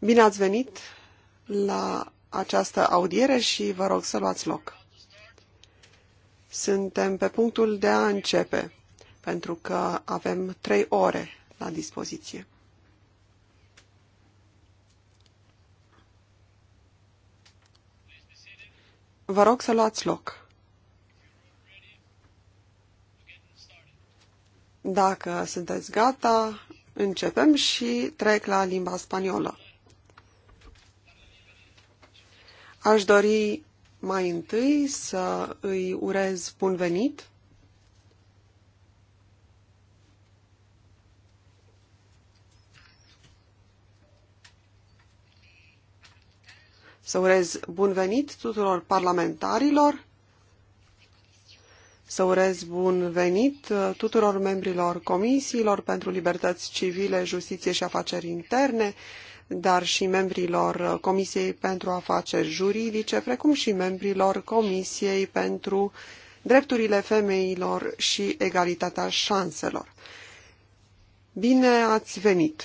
Bine ați venit la această audiere și vă rog să luați loc. Suntem pe punctul de a începe, pentru că avem trei ore la dispoziție. Vă rog să luați loc. Dacă sunteți gata, începem și trec la limba spaniolă. Aș dori mai întâi să îi urez bun venit. Să urez bun venit tuturor parlamentarilor. Să urez bun venit uh, tuturor membrilor comisiilor pentru libertăți civile, justiție și afaceri interne, dar și membrilor Comisiei pentru Afaceri Juridice, precum și membrilor Comisiei pentru Drepturile Femeilor și Egalitatea Șanselor. Bine ați venit!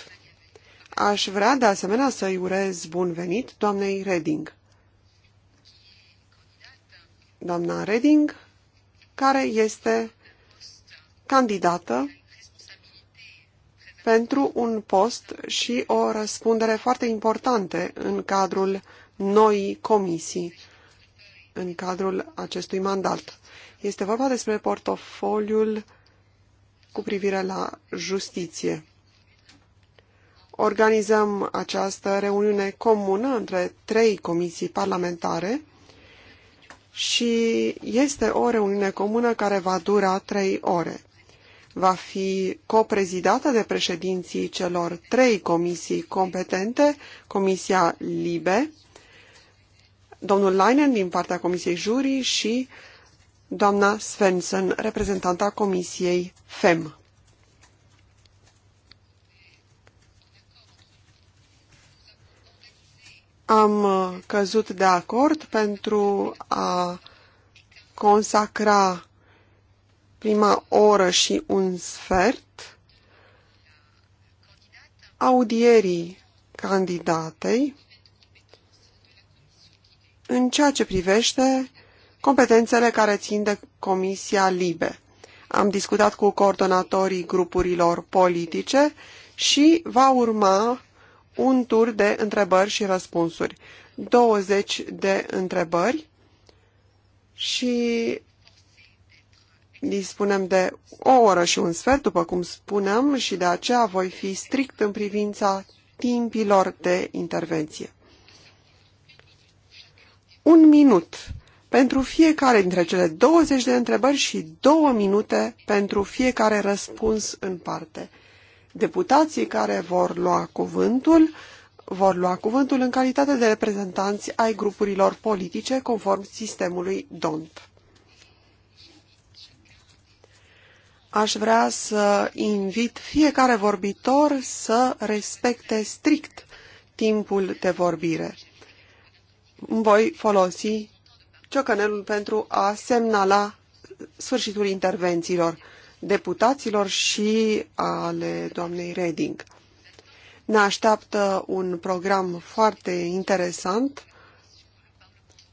Aș vrea de asemenea să-i urez bun venit doamnei Reding. Doamna Reding, care este candidată pentru un post și o răspundere foarte importante în cadrul noii comisii, în cadrul acestui mandat. Este vorba despre portofoliul cu privire la justiție. Organizăm această reuniune comună între trei comisii parlamentare și este o reuniune comună care va dura trei ore va fi coprezidată de președinții celor trei comisii competente, Comisia LIBE, domnul Leinen din partea Comisiei Jurii și doamna Svensson, reprezentanta Comisiei FEM. Am uh, căzut de acord pentru a consacra prima oră și un sfert audierii candidatei în ceea ce privește competențele care țin de Comisia Libe. Am discutat cu coordonatorii grupurilor politice și va urma un tur de întrebări și răspunsuri. 20 de întrebări și Dispunem de o oră și un sfert, după cum spunem, și de aceea voi fi strict în privința timpilor de intervenție. Un minut pentru fiecare dintre cele 20 de întrebări și două minute pentru fiecare răspuns în parte. Deputații care vor lua cuvântul vor lua cuvântul în calitate de reprezentanți ai grupurilor politice conform sistemului DONT. aș vrea să invit fiecare vorbitor să respecte strict timpul de vorbire. Voi folosi ciocănelul pentru a semnala sfârșitul intervențiilor deputaților și ale doamnei Reding. Ne așteaptă un program foarte interesant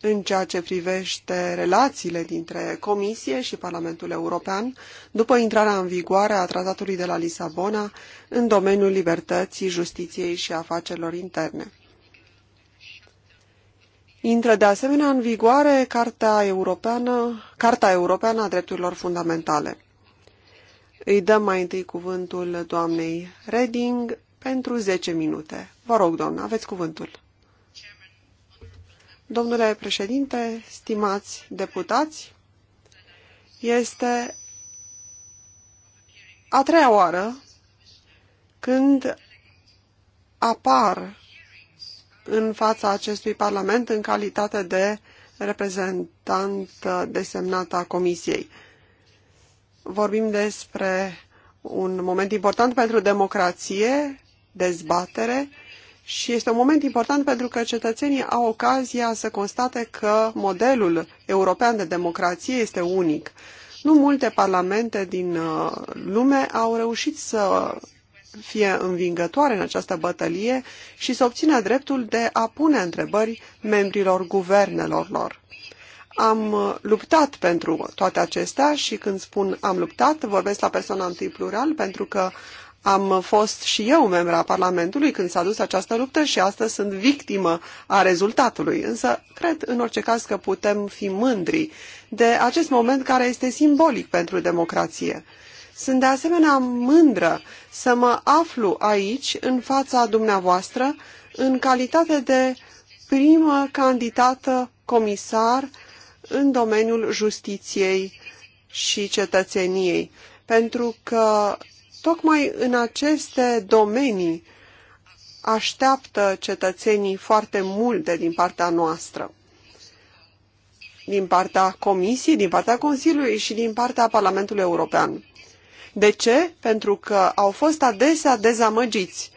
în ceea ce privește relațiile dintre Comisie și Parlamentul European după intrarea în vigoare a Tratatului de la Lisabona în domeniul libertății, justiției și afacerilor interne. Intră de asemenea în vigoare Carta Europeană, Carta Europeană a Drepturilor Fundamentale. Îi dăm mai întâi cuvântul doamnei Reding pentru 10 minute. Vă rog, doamnă, aveți cuvântul. Domnule președinte, stimați deputați, este a treia oară când apar în fața acestui Parlament în calitate de reprezentant desemnat a Comisiei. Vorbim despre un moment important pentru democrație, dezbatere și este un moment important pentru că cetățenii au ocazia să constate că modelul european de democrație este unic. Nu multe parlamente din uh, lume au reușit să fie învingătoare în această bătălie și să obțină dreptul de a pune întrebări membrilor guvernelor lor. Am uh, luptat pentru toate acestea și când spun am luptat, vorbesc la persoana întâi plural, pentru că am fost și eu membra Parlamentului când s-a dus această luptă și astăzi sunt victimă a rezultatului, însă cred în orice caz că putem fi mândri de acest moment care este simbolic pentru democrație. Sunt de asemenea mândră să mă aflu aici, în fața dumneavoastră, în calitate de primă candidată comisar în domeniul justiției și cetățeniei, pentru că Tocmai în aceste domenii așteaptă cetățenii foarte multe din partea noastră, din partea Comisiei, din partea Consiliului și din partea Parlamentului European. De ce? Pentru că au fost adesea dezamăgiți.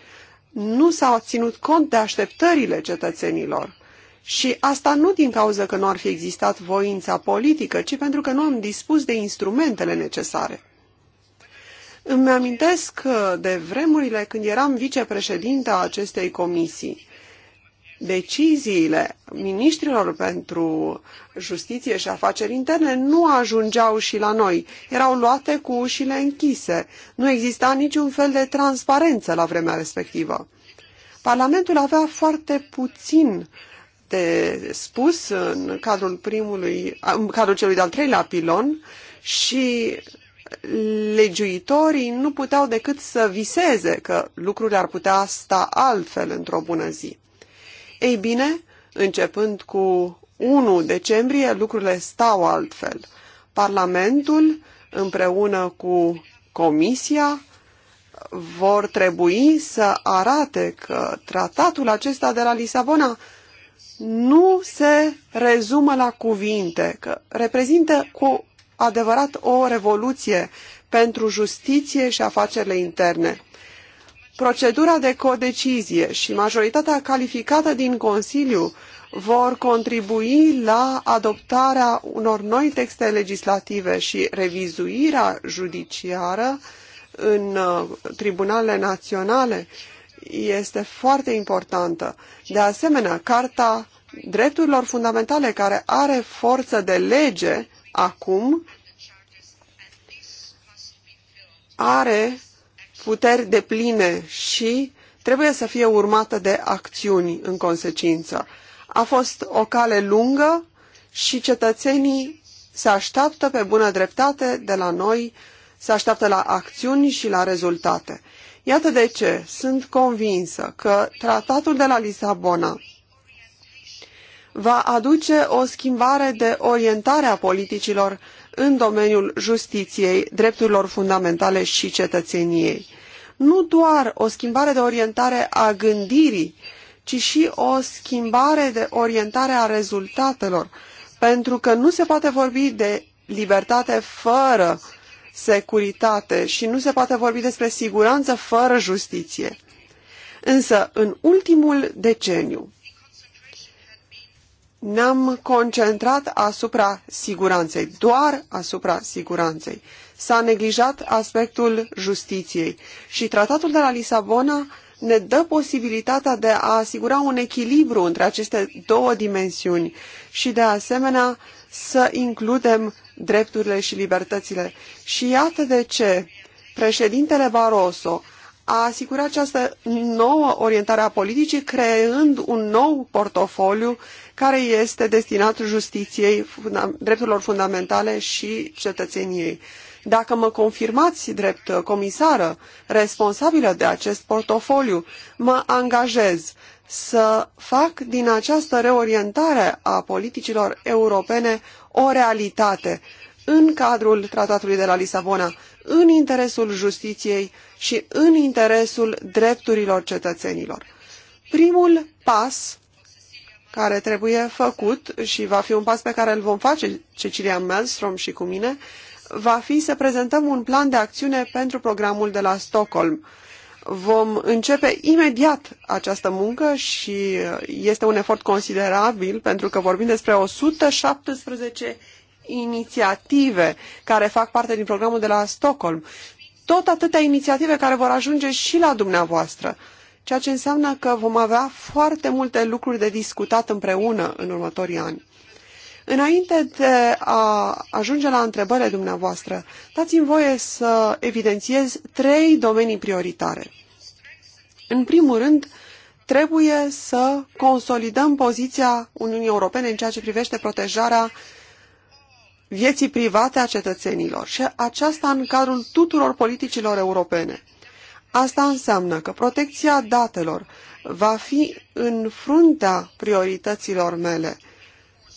Nu s-au ținut cont de așteptările cetățenilor. Și asta nu din cauza că nu ar fi existat voința politică, ci pentru că nu am dispus de instrumentele necesare. Îmi amintesc de vremurile când eram vicepreședinta acestei comisii. Deciziile ministrilor pentru justiție și afaceri interne nu ajungeau și la noi. Erau luate cu ușile închise. Nu exista niciun fel de transparență la vremea respectivă. Parlamentul avea foarte puțin de spus în cadrul primului, în cadrul celui de-al treilea pilon și legiuitorii nu puteau decât să viseze că lucrurile ar putea sta altfel într-o bună zi. Ei bine, începând cu 1 decembrie, lucrurile stau altfel. Parlamentul, împreună cu Comisia, vor trebui să arate că tratatul acesta de la Lisabona nu se rezumă la cuvinte, că reprezintă cu adevărat o revoluție pentru justiție și afacerile interne. Procedura de codecizie și majoritatea calificată din Consiliu vor contribui la adoptarea unor noi texte legislative și revizuirea judiciară în uh, tribunalele naționale este foarte importantă. De asemenea, Carta Drepturilor Fundamentale, care are forță de lege, acum are puteri de pline și trebuie să fie urmată de acțiuni în consecință. A fost o cale lungă și cetățenii se așteaptă pe bună dreptate de la noi, se așteaptă la acțiuni și la rezultate. Iată de ce sunt convinsă că tratatul de la Lisabona va aduce o schimbare de orientare a politicilor în domeniul justiției, drepturilor fundamentale și cetățeniei. Nu doar o schimbare de orientare a gândirii, ci și o schimbare de orientare a rezultatelor, pentru că nu se poate vorbi de libertate fără securitate și nu se poate vorbi despre siguranță fără justiție. Însă, în ultimul deceniu, ne-am concentrat asupra siguranței, doar asupra siguranței. S-a neglijat aspectul justiției și tratatul de la Lisabona ne dă posibilitatea de a asigura un echilibru între aceste două dimensiuni și, de asemenea, să includem drepturile și libertățile. Și iată de ce președintele Barroso a asigura această nouă orientare a politicii, creând un nou portofoliu care este destinat justiției, drepturilor fundamentale și cetățeniei. Dacă mă confirmați drept comisară responsabilă de acest portofoliu, mă angajez să fac din această reorientare a politicilor europene o realitate în cadrul Tratatului de la Lisabona în interesul justiției și în interesul drepturilor cetățenilor. Primul pas care trebuie făcut și va fi un pas pe care îl vom face Cecilia Melstrom și cu mine, va fi să prezentăm un plan de acțiune pentru programul de la Stockholm. Vom începe imediat această muncă și este un efort considerabil pentru că vorbim despre 117 inițiative care fac parte din programul de la Stockholm. Tot atâtea inițiative care vor ajunge și la dumneavoastră. Ceea ce înseamnă că vom avea foarte multe lucruri de discutat împreună în următorii ani. Înainte de a ajunge la întrebările dumneavoastră, dați-mi voie să evidențiez trei domenii prioritare. În primul rând, trebuie să consolidăm poziția Uniunii Europene în ceea ce privește protejarea vieții private a cetățenilor și aceasta în cadrul tuturor politicilor europene. Asta înseamnă că protecția datelor va fi în fruntea priorităților mele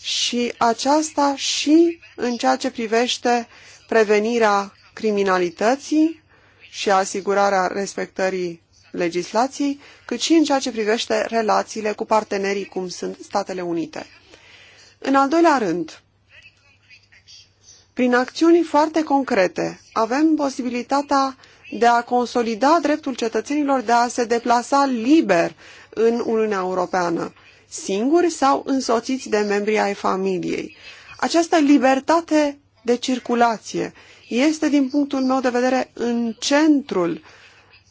și aceasta și în ceea ce privește prevenirea criminalității și asigurarea respectării legislației, cât și în ceea ce privește relațiile cu partenerii cum sunt Statele Unite. În al doilea rând, prin acțiuni foarte concrete avem posibilitatea de a consolida dreptul cetățenilor de a se deplasa liber în Uniunea Europeană, singuri sau însoțiți de membrii ai familiei. Această libertate de circulație este, din punctul meu de vedere, în centrul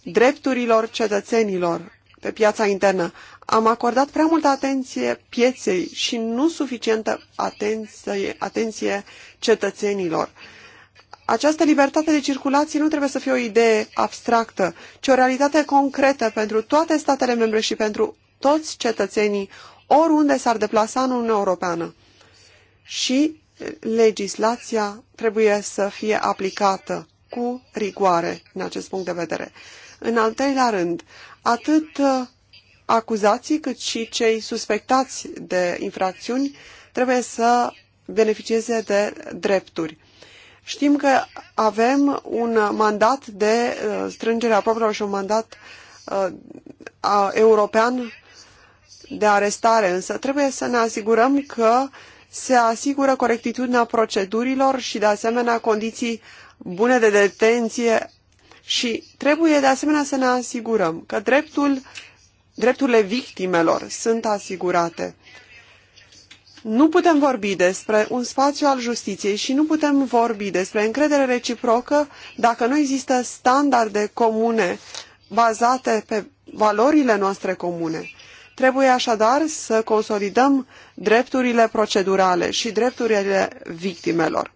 drepturilor cetățenilor pe piața internă. Am acordat prea multă atenție pieței și nu suficientă atenție, atenție cetățenilor. Această libertate de circulație nu trebuie să fie o idee abstractă, ci o realitate concretă pentru toate statele membre și pentru toți cetățenii, oriunde s-ar deplasa în Uniunea Europeană. Și eh, legislația trebuie să fie aplicată cu rigoare în acest punct de vedere. În al treilea rând, atât eh, acuzații cât și cei suspectați de infracțiuni trebuie să beneficieze de drepturi. Știm că avem un mandat de uh, strângere a probelor și un mandat uh, european de arestare, însă trebuie să ne asigurăm că se asigură corectitudinea procedurilor și, de asemenea, condiții bune de detenție și trebuie, de asemenea, să ne asigurăm că dreptul, drepturile victimelor sunt asigurate. Nu putem vorbi despre un spațiu al justiției și nu putem vorbi despre încredere reciprocă dacă nu există standarde comune bazate pe valorile noastre comune. Trebuie așadar să consolidăm drepturile procedurale și drepturile victimelor.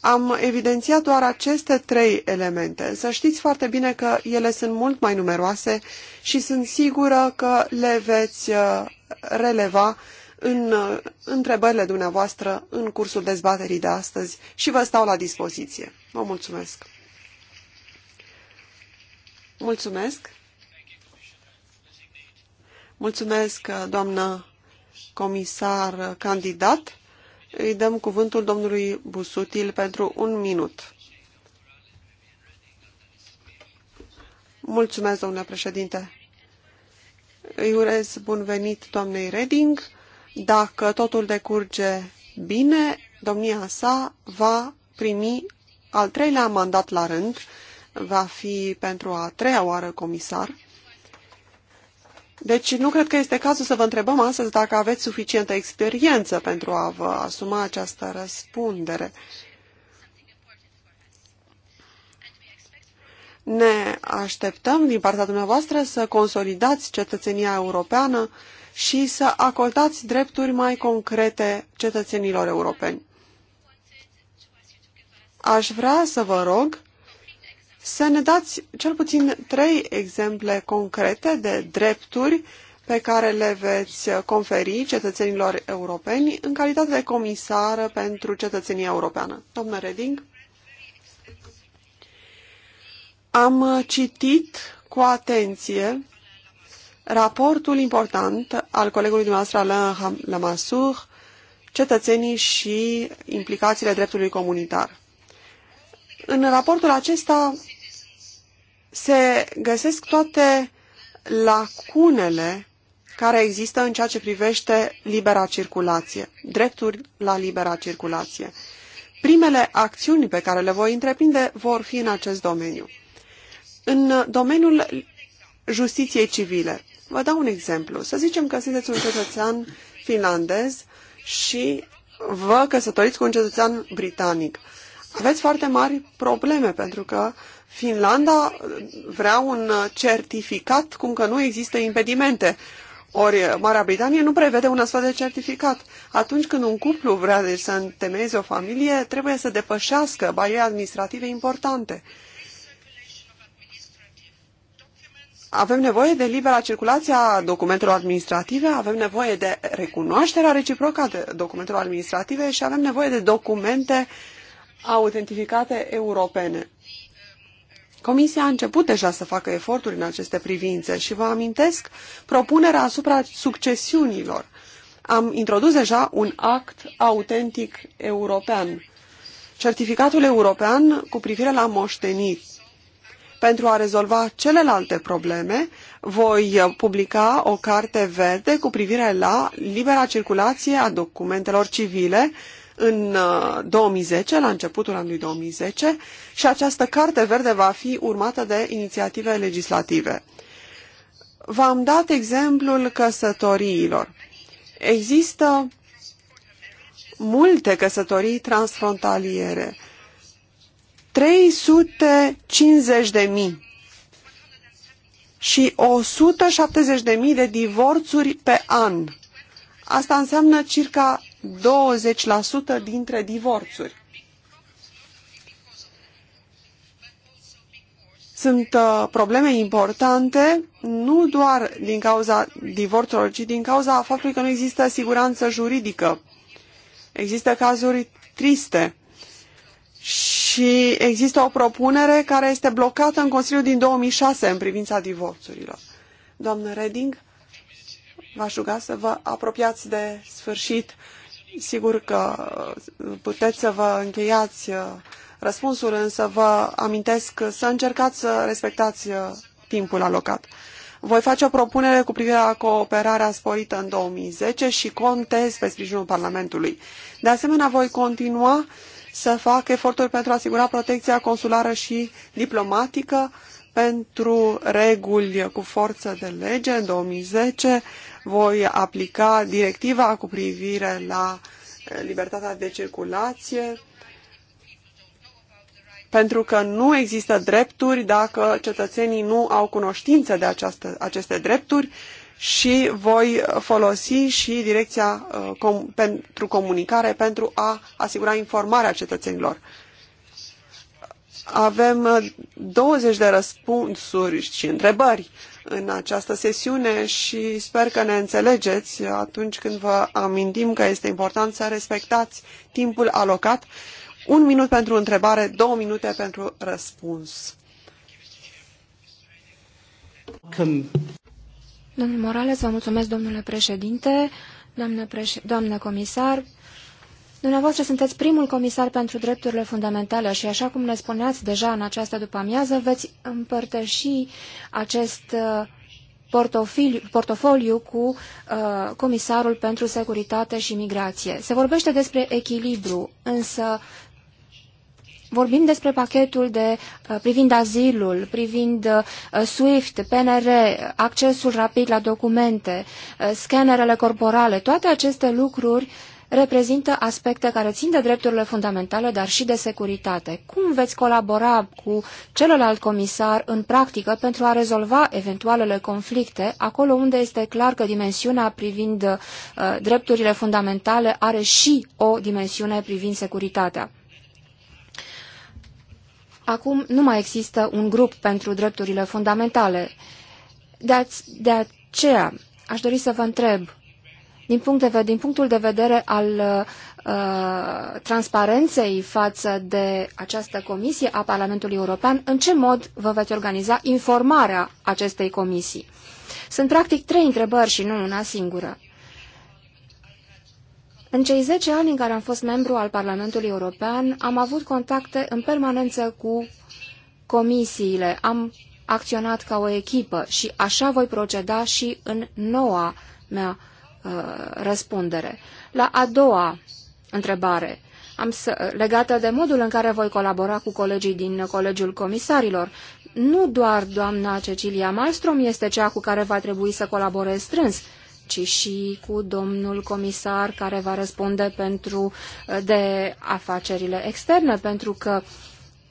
Am evidențiat doar aceste trei elemente. Să știți foarte bine că ele sunt mult mai numeroase și sunt sigură că le veți uh, releva în uh, întrebările dumneavoastră în cursul dezbaterii de astăzi și vă stau la dispoziție. Vă mulțumesc! Mulțumesc! Mulțumesc, uh, doamnă comisar uh, candidat. Îi dăm cuvântul domnului Busutil pentru un minut. Mulțumesc, domnule președinte. Îi urez bun venit doamnei Reding dacă totul decurge bine, domnia sa va primi al treilea mandat la rând, va fi pentru a treia oară comisar. Deci nu cred că este cazul să vă întrebăm astăzi dacă aveți suficientă experiență pentru a vă asuma această răspundere. Ne așteptăm din partea dumneavoastră să consolidați cetățenia europeană și să acordați drepturi mai concrete cetățenilor europeni. Aș vrea să vă rog să ne dați cel puțin trei exemple concrete de drepturi pe care le veți conferi cetățenilor europeni în calitate de comisară pentru cetățenia europeană. Domnule Reding, am citit cu atenție raportul important al colegului dumneavoastră Alain Lamassur, cetățenii și implicațiile dreptului comunitar. În raportul acesta se găsesc toate lacunele care există în ceea ce privește libera circulație, drepturi la libera circulație. Primele acțiuni pe care le voi întreprinde vor fi în acest domeniu. În domeniul justiției civile, Vă dau un exemplu. Să zicem că sunteți un cetățean finlandez și vă căsătoriți cu un cetățean britanic. Aveți foarte mari probleme pentru că Finlanda vrea un certificat cum că nu există impedimente. Ori Marea Britanie nu prevede un astfel de certificat. Atunci când un cuplu vrea deci, să întemeieze o familie, trebuie să depășească bariere administrative importante. avem nevoie de libera circulație a documentelor administrative, avem nevoie de recunoașterea reciprocă a documentelor administrative și avem nevoie de documente autentificate europene. Comisia a început deja să facă eforturi în aceste privințe și vă amintesc propunerea asupra succesiunilor. Am introdus deja un act autentic european. Certificatul european cu privire la moștenit pentru a rezolva celelalte probleme, voi uh, publica o carte verde cu privire la libera circulație a documentelor civile în 2010, uh, la începutul anului 2010, și această carte verde va fi urmată de inițiative legislative. V-am dat exemplul căsătoriilor. Există multe căsătorii transfrontaliere 350.000 și 170.000 de de divorțuri pe an. Asta înseamnă circa 20% dintre divorțuri. Sunt uh, probleme importante nu doar din cauza divorțurilor, ci din cauza faptului că nu există siguranță juridică. Există cazuri triste și există o propunere care este blocată în Consiliul din 2006 în privința divorțurilor. Doamnă Reding, v-aș ruga să vă apropiați de sfârșit. Sigur că puteți să vă încheiați uh, răspunsul, însă vă amintesc să încercați să respectați uh, timpul alocat. Voi face o propunere cu privire la cooperarea sporită în 2010 și contez pe sprijinul Parlamentului. De asemenea, voi continua uh, să facă eforturi pentru a asigura protecția consulară și diplomatică, pentru reguli cu forță de lege. În 2010 voi aplica directiva cu privire la eh, libertatea de circulație, pentru că nu există drepturi dacă cetățenii nu au cunoștință de această, aceste drepturi și voi folosi și direcția uh, com pentru comunicare pentru a asigura informarea cetățenilor. Avem 20 uh, de răspunsuri și întrebări în această sesiune și sper că ne înțelegeți atunci când vă amintim că este important să respectați timpul alocat. Un minut pentru întrebare, două minute pentru răspuns. Domnul Morales, vă mulțumesc, domnule președinte, doamnă, preș doamnă comisar. Dumneavoastră sunteți primul comisar pentru drepturile fundamentale și, așa cum ne spuneați deja în această după-amiază, veți împărtăși acest uh, portofoliu, cu uh, comisarul pentru securitate și migrație. Se vorbește despre echilibru, însă Vorbim despre pachetul de uh, privind azilul, privind uh, SWIFT, PNR, accesul rapid la documente, uh, scanerele corporale, toate aceste lucruri reprezintă aspecte care țin de drepturile fundamentale, dar și de securitate. Cum veți colabora cu celălalt comisar în practică pentru a rezolva eventualele conflicte, acolo unde este clar că dimensiunea privind uh, drepturile fundamentale are și o dimensiune privind securitatea? acum nu mai există un grup pentru drepturile fundamentale. De, de aceea aș dori să vă întreb, din, punct de, din punctul de vedere al uh, transparenței față de această comisie a Parlamentului European, în ce mod vă veți organiza informarea acestei comisii? Sunt practic trei întrebări și nu una singură. În cei 10 ani în care am fost membru al Parlamentului European, am avut contacte în permanență cu comisiile. Am acționat ca o echipă și așa voi proceda și în noua mea uh, răspundere. La a doua întrebare, am să, legată de modul în care voi colabora cu colegii din Colegiul Comisarilor, nu doar doamna Cecilia Malmström este cea cu care va trebui să colaborez strâns, ci și cu domnul comisar care va răspunde pentru, uh, de afacerile externe, pentru că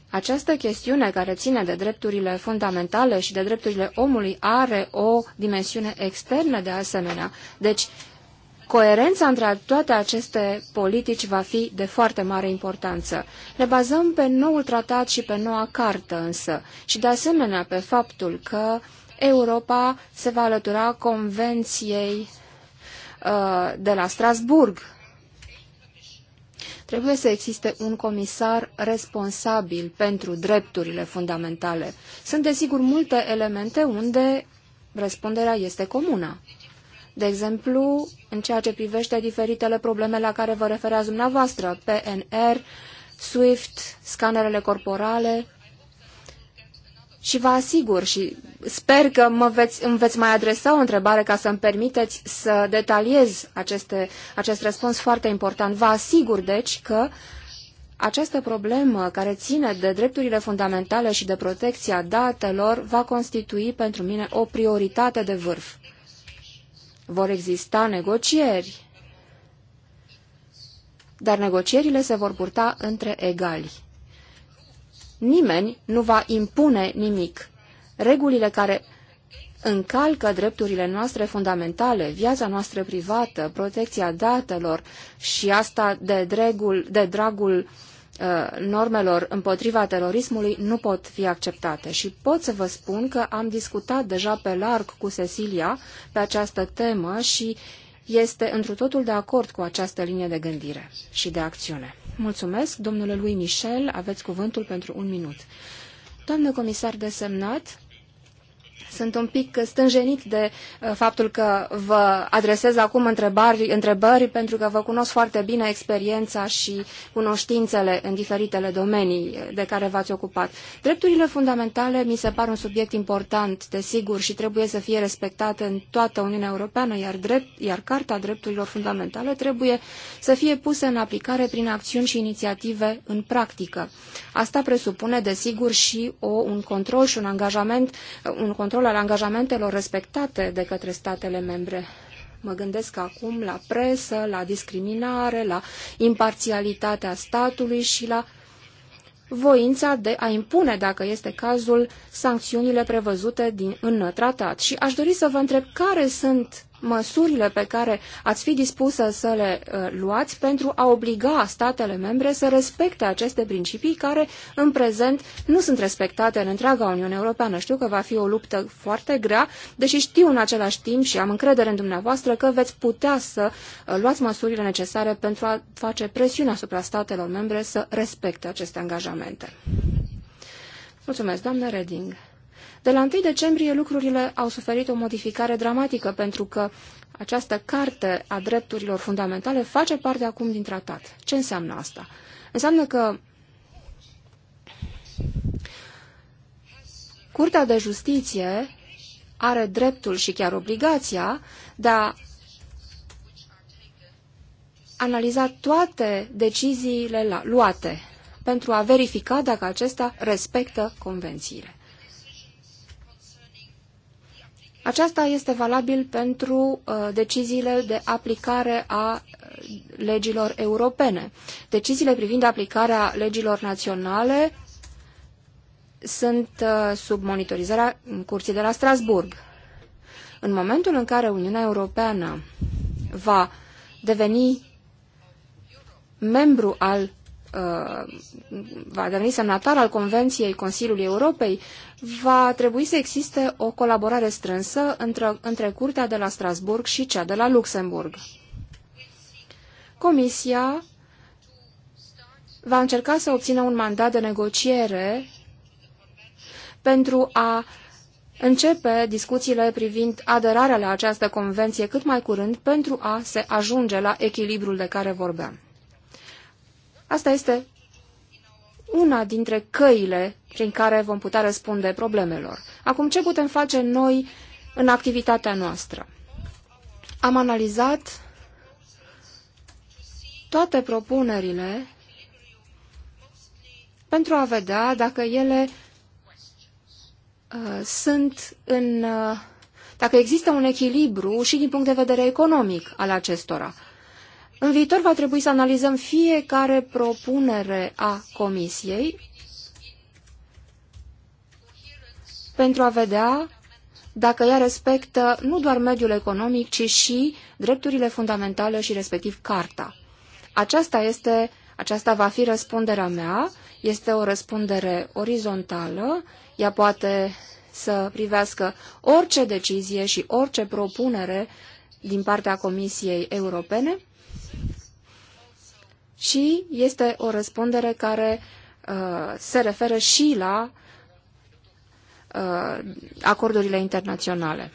această chestiune care ține de drepturile fundamentale și de drepturile omului are o dimensiune externă de asemenea. Deci, coerența între toate aceste politici va fi de foarte mare importanță. Ne bazăm pe noul tratat și pe noua cartă însă și de asemenea pe faptul că Europa se va alătura Convenției uh, de la Strasburg. Trebuie să existe un comisar responsabil pentru drepturile fundamentale. Sunt, desigur, multe elemente unde răspunderea este comună. De exemplu, în ceea ce privește diferitele probleme la care vă referează dumneavoastră, PNR, SWIFT, scanerele corporale, și vă asigur și sper că mă veți, îmi veți mai adresa o întrebare ca să-mi permiteți să detaliez aceste, acest răspuns foarte important. Vă asigur, deci, că această problemă care ține de drepturile fundamentale și de protecția datelor va constitui pentru mine o prioritate de vârf. Vor exista negocieri, dar negocierile se vor purta între egali. Nimeni nu va impune nimic. Regulile care încalcă drepturile noastre fundamentale, viața noastră privată, protecția datelor și asta de, dregul, de dragul uh, normelor împotriva terorismului nu pot fi acceptate. Și pot să vă spun că am discutat deja pe larg cu Cecilia pe această temă și uh, este întru totul de acord cu această linie de gândire și de acțiune. Mulțumesc, domnule lui Michel, aveți cuvântul pentru un minut. Doamnă comisar desemnat, sunt un pic stânjenit de uh, faptul că vă adresez acum întrebări, întrebări pentru că vă cunosc foarte bine experiența și cunoștințele în diferitele domenii de care v-ați ocupat. Drepturile fundamentale mi se par un subiect important, desigur, și trebuie să fie respectate în toată Uniunea Europeană, iar, drept, iar Carta Drepturilor Fundamentale trebuie să fie pusă în aplicare prin acțiuni și inițiative în practică. Asta presupune, desigur, și o, un control și un angajament, un control control al angajamentelor respectate de către statele membre. Mă gândesc acum la presă, la discriminare, la imparțialitatea statului și la voința de a impune, dacă este cazul, sancțiunile prevăzute din, în tratat. Și aș dori să vă întreb care sunt măsurile pe care ați fi dispusă să le uh, luați pentru a obliga statele membre să respecte aceste principii care în prezent nu sunt respectate în întreaga Uniune Europeană. Știu că va fi o luptă foarte grea, deși știu în același timp și am încredere în dumneavoastră că veți putea să uh, luați măsurile necesare pentru a face presiune asupra statelor membre să respecte aceste angajamente. Mulțumesc, doamnă Reding. De la 1 decembrie lucrurile au suferit o modificare dramatică pentru că această carte a drepturilor fundamentale face parte acum din tratat. Ce înseamnă asta? Înseamnă că Curtea de Justiție are dreptul și chiar obligația de a analiza toate deciziile luate pentru a verifica dacă acesta respectă convențiile. Aceasta este valabil pentru uh, deciziile de aplicare a uh, legilor europene. Deciziile privind aplicarea legilor naționale sunt uh, sub monitorizarea curții de la Strasburg. În momentul în care Uniunea Europeană va deveni membru al Uh, va deveni semnatar al Convenției Consiliului Europei, va trebui să existe o colaborare strânsă între, între Curtea de la Strasburg și cea de la Luxemburg. Comisia va încerca să obțină un mandat de negociere pentru a începe discuțiile privind aderarea la această convenție cât mai curând pentru a se ajunge la echilibrul de care vorbeam. Asta este una dintre căile prin care vom putea răspunde problemelor. Acum, ce putem face noi în activitatea noastră? Am analizat toate propunerile pentru a vedea dacă ele uh, sunt în... Uh, dacă există un echilibru și din punct de vedere economic al acestora. În viitor va trebui să analizăm fiecare propunere a Comisiei pentru a vedea dacă ea respectă nu doar mediul economic, ci și drepturile fundamentale și respectiv carta. Aceasta, este, aceasta va fi răspunderea mea, este o răspundere orizontală, ea poate să privească orice decizie și orice propunere din partea Comisiei Europene, și este o răspundere care uh, se referă și la uh, acordurile internaționale.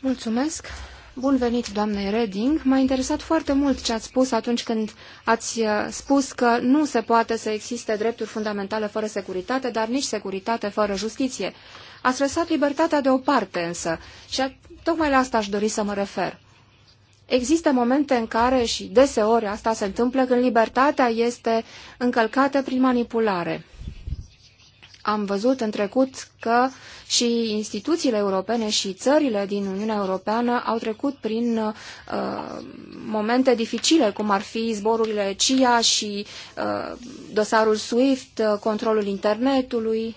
Mulțumesc! Bun venit, doamnei Reding. M-a interesat foarte mult ce ați spus atunci când ați uh, spus că nu se poate să existe drepturi fundamentale fără securitate, dar nici securitate fără justiție. Ați lăsat libertatea deoparte însă și tocmai la asta aș dori să mă refer. Există momente în care, și deseori asta se întâmplă, când libertatea este încălcată prin manipulare. Am văzut în trecut că și instituțiile europene și țările din Uniunea Europeană au trecut prin uh, momente dificile, cum ar fi zborurile CIA și uh, dosarul SWIFT, uh, controlul internetului,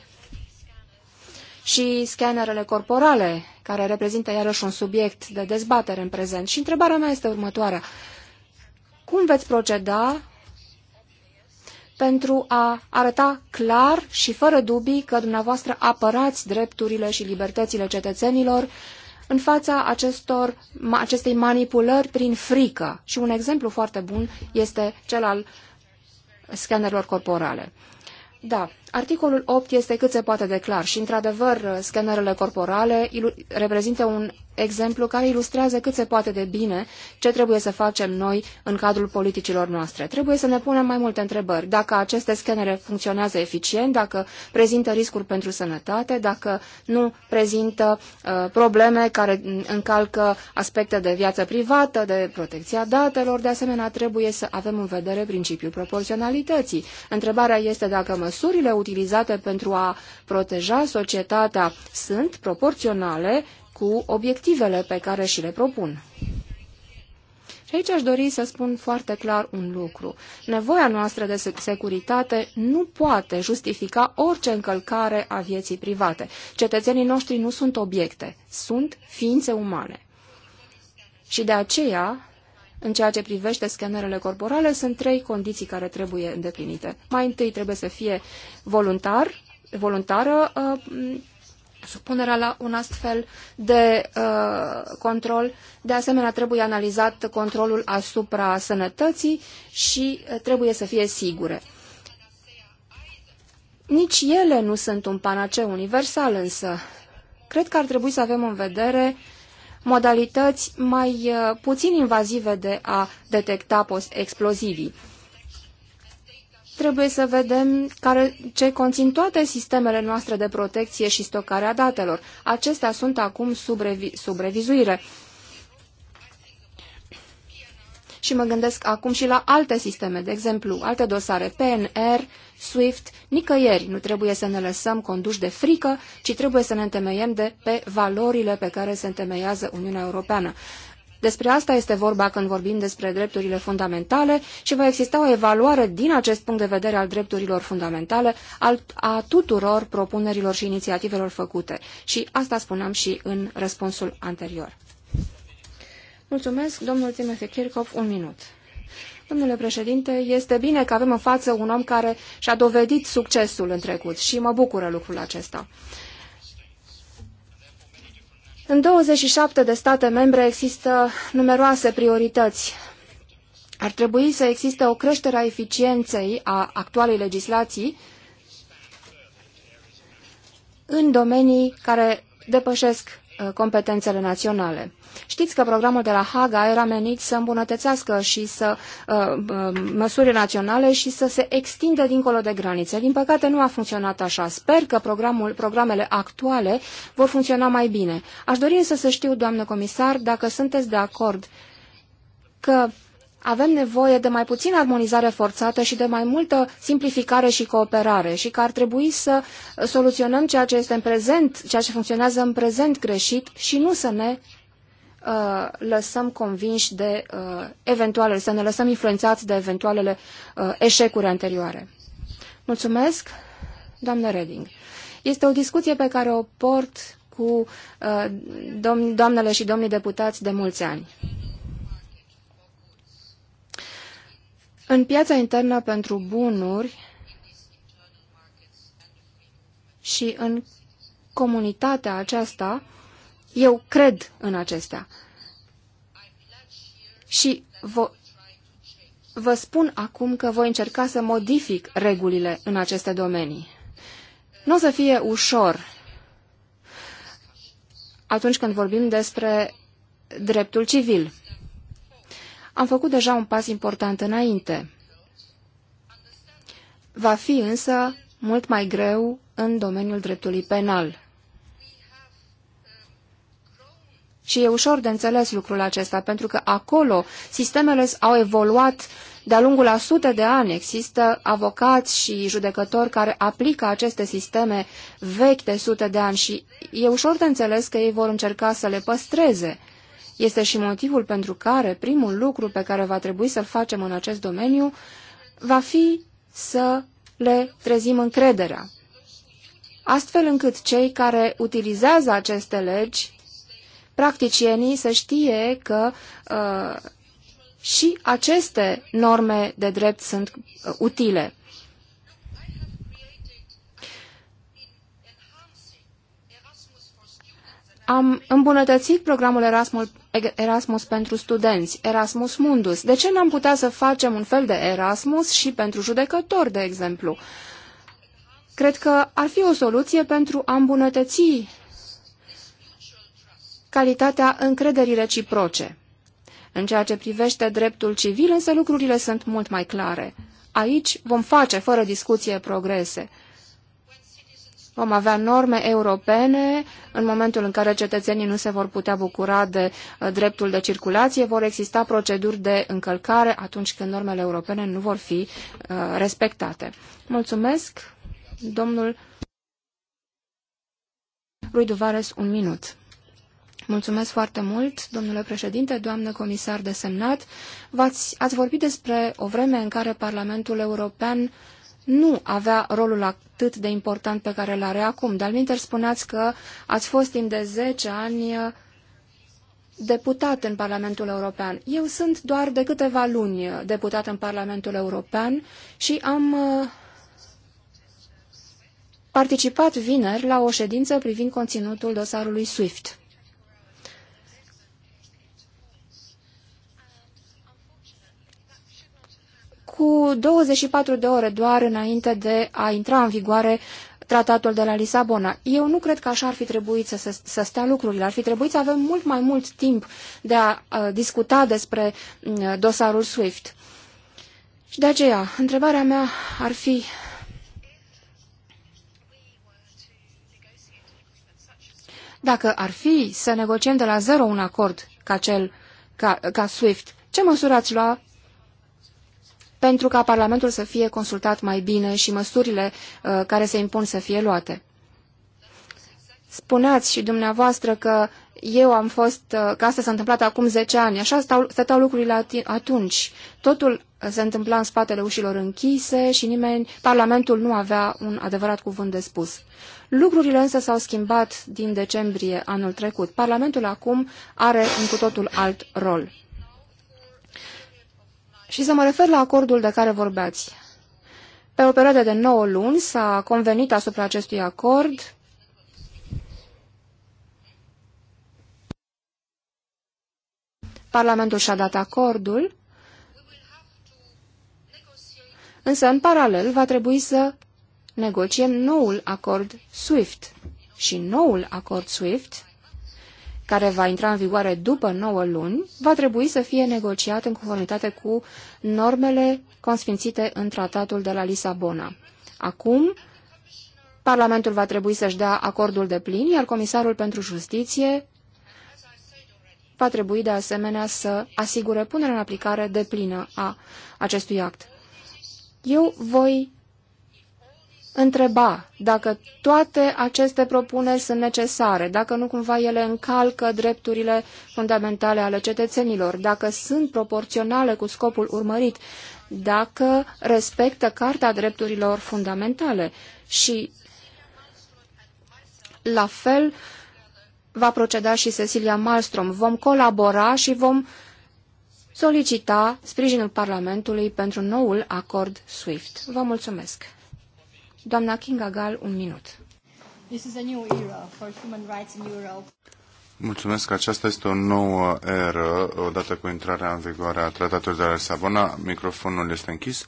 și scanerele corporale, care reprezintă iarăși un subiect de dezbatere în prezent. Și întrebarea mea este următoarea. Cum veți proceda pentru a arăta clar și fără dubii că dumneavoastră apărați drepturile și libertățile cetățenilor în fața acestor, acestei manipulări prin frică. Și un exemplu foarte bun este cel al scanerelor corporale. Da, Articolul 8 este cât se poate de clar și, într-adevăr, scanerele corporale reprezintă un exemplu care ilustrează cât se poate de bine ce trebuie să facem noi în cadrul politicilor noastre. Trebuie să ne punem mai multe întrebări. Dacă aceste scanere funcționează eficient, dacă prezintă riscuri pentru sănătate, dacă nu prezintă uh, probleme care încalcă aspecte de viață privată, de protecția datelor, de asemenea trebuie să avem în vedere principiul proporționalității. Întrebarea este dacă măsurile utilizate pentru a proteja societatea sunt proporționale cu obiectivele pe care și le propun. Și aici aș dori să spun foarte clar un lucru. Nevoia noastră de securitate nu poate justifica orice încălcare a vieții private. Cetățenii noștri nu sunt obiecte, sunt ființe umane. Și de aceea în ceea ce privește scanerele corporale, sunt trei condiții care trebuie îndeplinite. Mai întâi trebuie să fie voluntar, voluntară uh, supunerea la un astfel de uh, control. De asemenea, trebuie analizat controlul asupra sănătății și uh, trebuie să fie sigure. Nici ele nu sunt un panaceu universal, însă cred că ar trebui să avem în vedere uh, modalități mai uh, puțin invazive de a detecta explozivii. Trebuie să vedem care, ce conțin toate sistemele noastre de protecție și stocare a datelor. Acestea sunt acum sub, revi, sub revizuire și mă gândesc acum și la alte sisteme, de exemplu, alte dosare, PNR, SWIFT, nicăieri nu trebuie să ne lăsăm conduși de frică, ci trebuie să ne întemeiem de pe valorile pe care se întemeiază Uniunea Europeană. Despre asta este vorba când vorbim despre drepturile fundamentale și va exista o evaluare din acest punct de vedere al drepturilor fundamentale a tuturor propunerilor și inițiativelor făcute. Și asta spuneam și în răspunsul anterior. Mulțumesc, domnul Timothy Kirchhoff, un minut. Domnule președinte, este bine că avem în față un om care și-a dovedit succesul în trecut și mă bucură lucrul acesta. În 27 de state membre există numeroase priorități. Ar trebui să existe o creștere a eficienței a actualei legislații în domenii care depășesc Uh, competențele naționale. Știți că programul de la Haga era menit să îmbunătățească și să uh, uh, măsuri naționale și să se extindă dincolo de granițe. Din păcate nu a funcționat așa. Sper că programul, programele actuale vor funcționa mai bine. Aș dori însă să știu, doamnă comisar, dacă sunteți de acord că avem nevoie de mai puțină armonizare forțată și de mai multă simplificare și cooperare și că ar trebui să soluționăm ceea ce este în prezent, ceea ce funcționează în prezent greșit și nu să ne uh, lăsăm convinși de uh, eventualele, să ne lăsăm influențați de eventualele uh, eșecuri anterioare. Mulțumesc, doamnă Reding. Este o discuție pe care o port cu uh, doamnele și domnii deputați de mulți ani. În piața internă pentru bunuri și în comunitatea aceasta, eu cred în acestea. Și vă, vă spun acum că voi încerca să modific regulile în aceste domenii. Nu o să fie ușor atunci când vorbim despre dreptul civil. Am făcut deja un pas important înainte. Va fi însă mult mai greu în domeniul dreptului penal. Și e ușor de înțeles lucrul acesta, pentru că acolo sistemele au evoluat de-a lungul a sute de ani. Există avocați și judecători care aplică aceste sisteme vechi de sute de ani și e ușor de înțeles că ei vor încerca să le păstreze. Este și motivul pentru care primul lucru pe care va trebui să-l facem în acest domeniu va fi să le trezim încrederea. Astfel încât cei care utilizează aceste legi, practicienii, să știe că uh, și aceste norme de drept sunt uh, utile. am îmbunătățit programul Erasmus, Erasmus pentru studenți, Erasmus Mundus. De ce n-am putea să facem un fel de Erasmus și pentru judecători, de exemplu? Cred că ar fi o soluție pentru a îmbunătăți calitatea încrederii reciproce. În ceea ce privește dreptul civil, însă lucrurile sunt mult mai clare. Aici vom face, fără discuție, progrese. Vom avea norme europene în momentul în care cetățenii nu se vor putea bucura de uh, dreptul de circulație, vor exista proceduri de încălcare atunci când normele europene nu vor fi uh, respectate. Mulțumesc, domnul Ruiduvares, un minut. Mulțumesc foarte mult, domnule președinte, doamnă comisar desemnat. v ați vorbit despre o vreme în care Parlamentul European nu avea rolul atât de important pe care îl are acum. De-al spuneați că ați fost timp de 10 ani uh, deputat în Parlamentul European. Eu sunt doar de câteva luni uh, deputat în Parlamentul European și am uh, participat vineri la o ședință privind conținutul dosarului SWIFT. cu 24 de ore doar înainte de a intra în vigoare tratatul de la Lisabona. Eu nu cred că așa ar fi trebuit să, să, să stea lucrurile. Ar fi trebuit să avem mult mai mult timp de a, a discuta despre a, dosarul SWIFT. Și de aceea, întrebarea mea ar fi... Dacă ar fi să negociem de la zero un acord ca cel, ca, ca SWIFT, ce măsuri ați lua pentru ca Parlamentul să fie consultat mai bine și măsurile uh, care se impun să fie luate. Spuneați și dumneavoastră că eu am fost, uh, că asta s-a întâmplat acum 10 ani, așa stau, stăteau lucrurile atunci. Totul uh, se întâmpla în spatele ușilor închise și nimeni, Parlamentul nu avea un adevărat cuvânt de spus. Lucrurile însă s-au schimbat din decembrie anul trecut. Parlamentul acum are un cu totul alt rol. Și să mă refer la acordul de care vorbeați. Pe o perioadă de 9 luni s-a convenit asupra acestui acord Parlamentul și-a dat acordul, însă în paralel va trebui să negociem noul acord SWIFT. Și noul acord SWIFT care va intra în vigoare după 9 luni, va trebui să fie negociat în conformitate cu normele consfințite în tratatul de la Lisabona. Acum, Parlamentul va trebui să-și dea acordul de plin, iar Comisarul pentru Justiție va trebui de asemenea să asigure punerea în aplicare de plină a acestui act. Eu voi întreba dacă toate aceste propuneri sunt necesare, dacă nu cumva ele încalcă drepturile fundamentale ale cetățenilor, dacă sunt proporționale cu scopul urmărit, dacă respectă Carta Drepturilor Fundamentale și la fel va proceda și Cecilia Malmström. Vom colabora și vom solicita sprijinul Parlamentului pentru noul acord SWIFT. Vă mulțumesc! Doamna Kinga Gal, un minut. This is a new era for human rights in Europe. Mulțumesc că aceasta este o nouă eră, odată cu intrarea în vigoare a tratatului de la Lisabona. Microfonul este închis.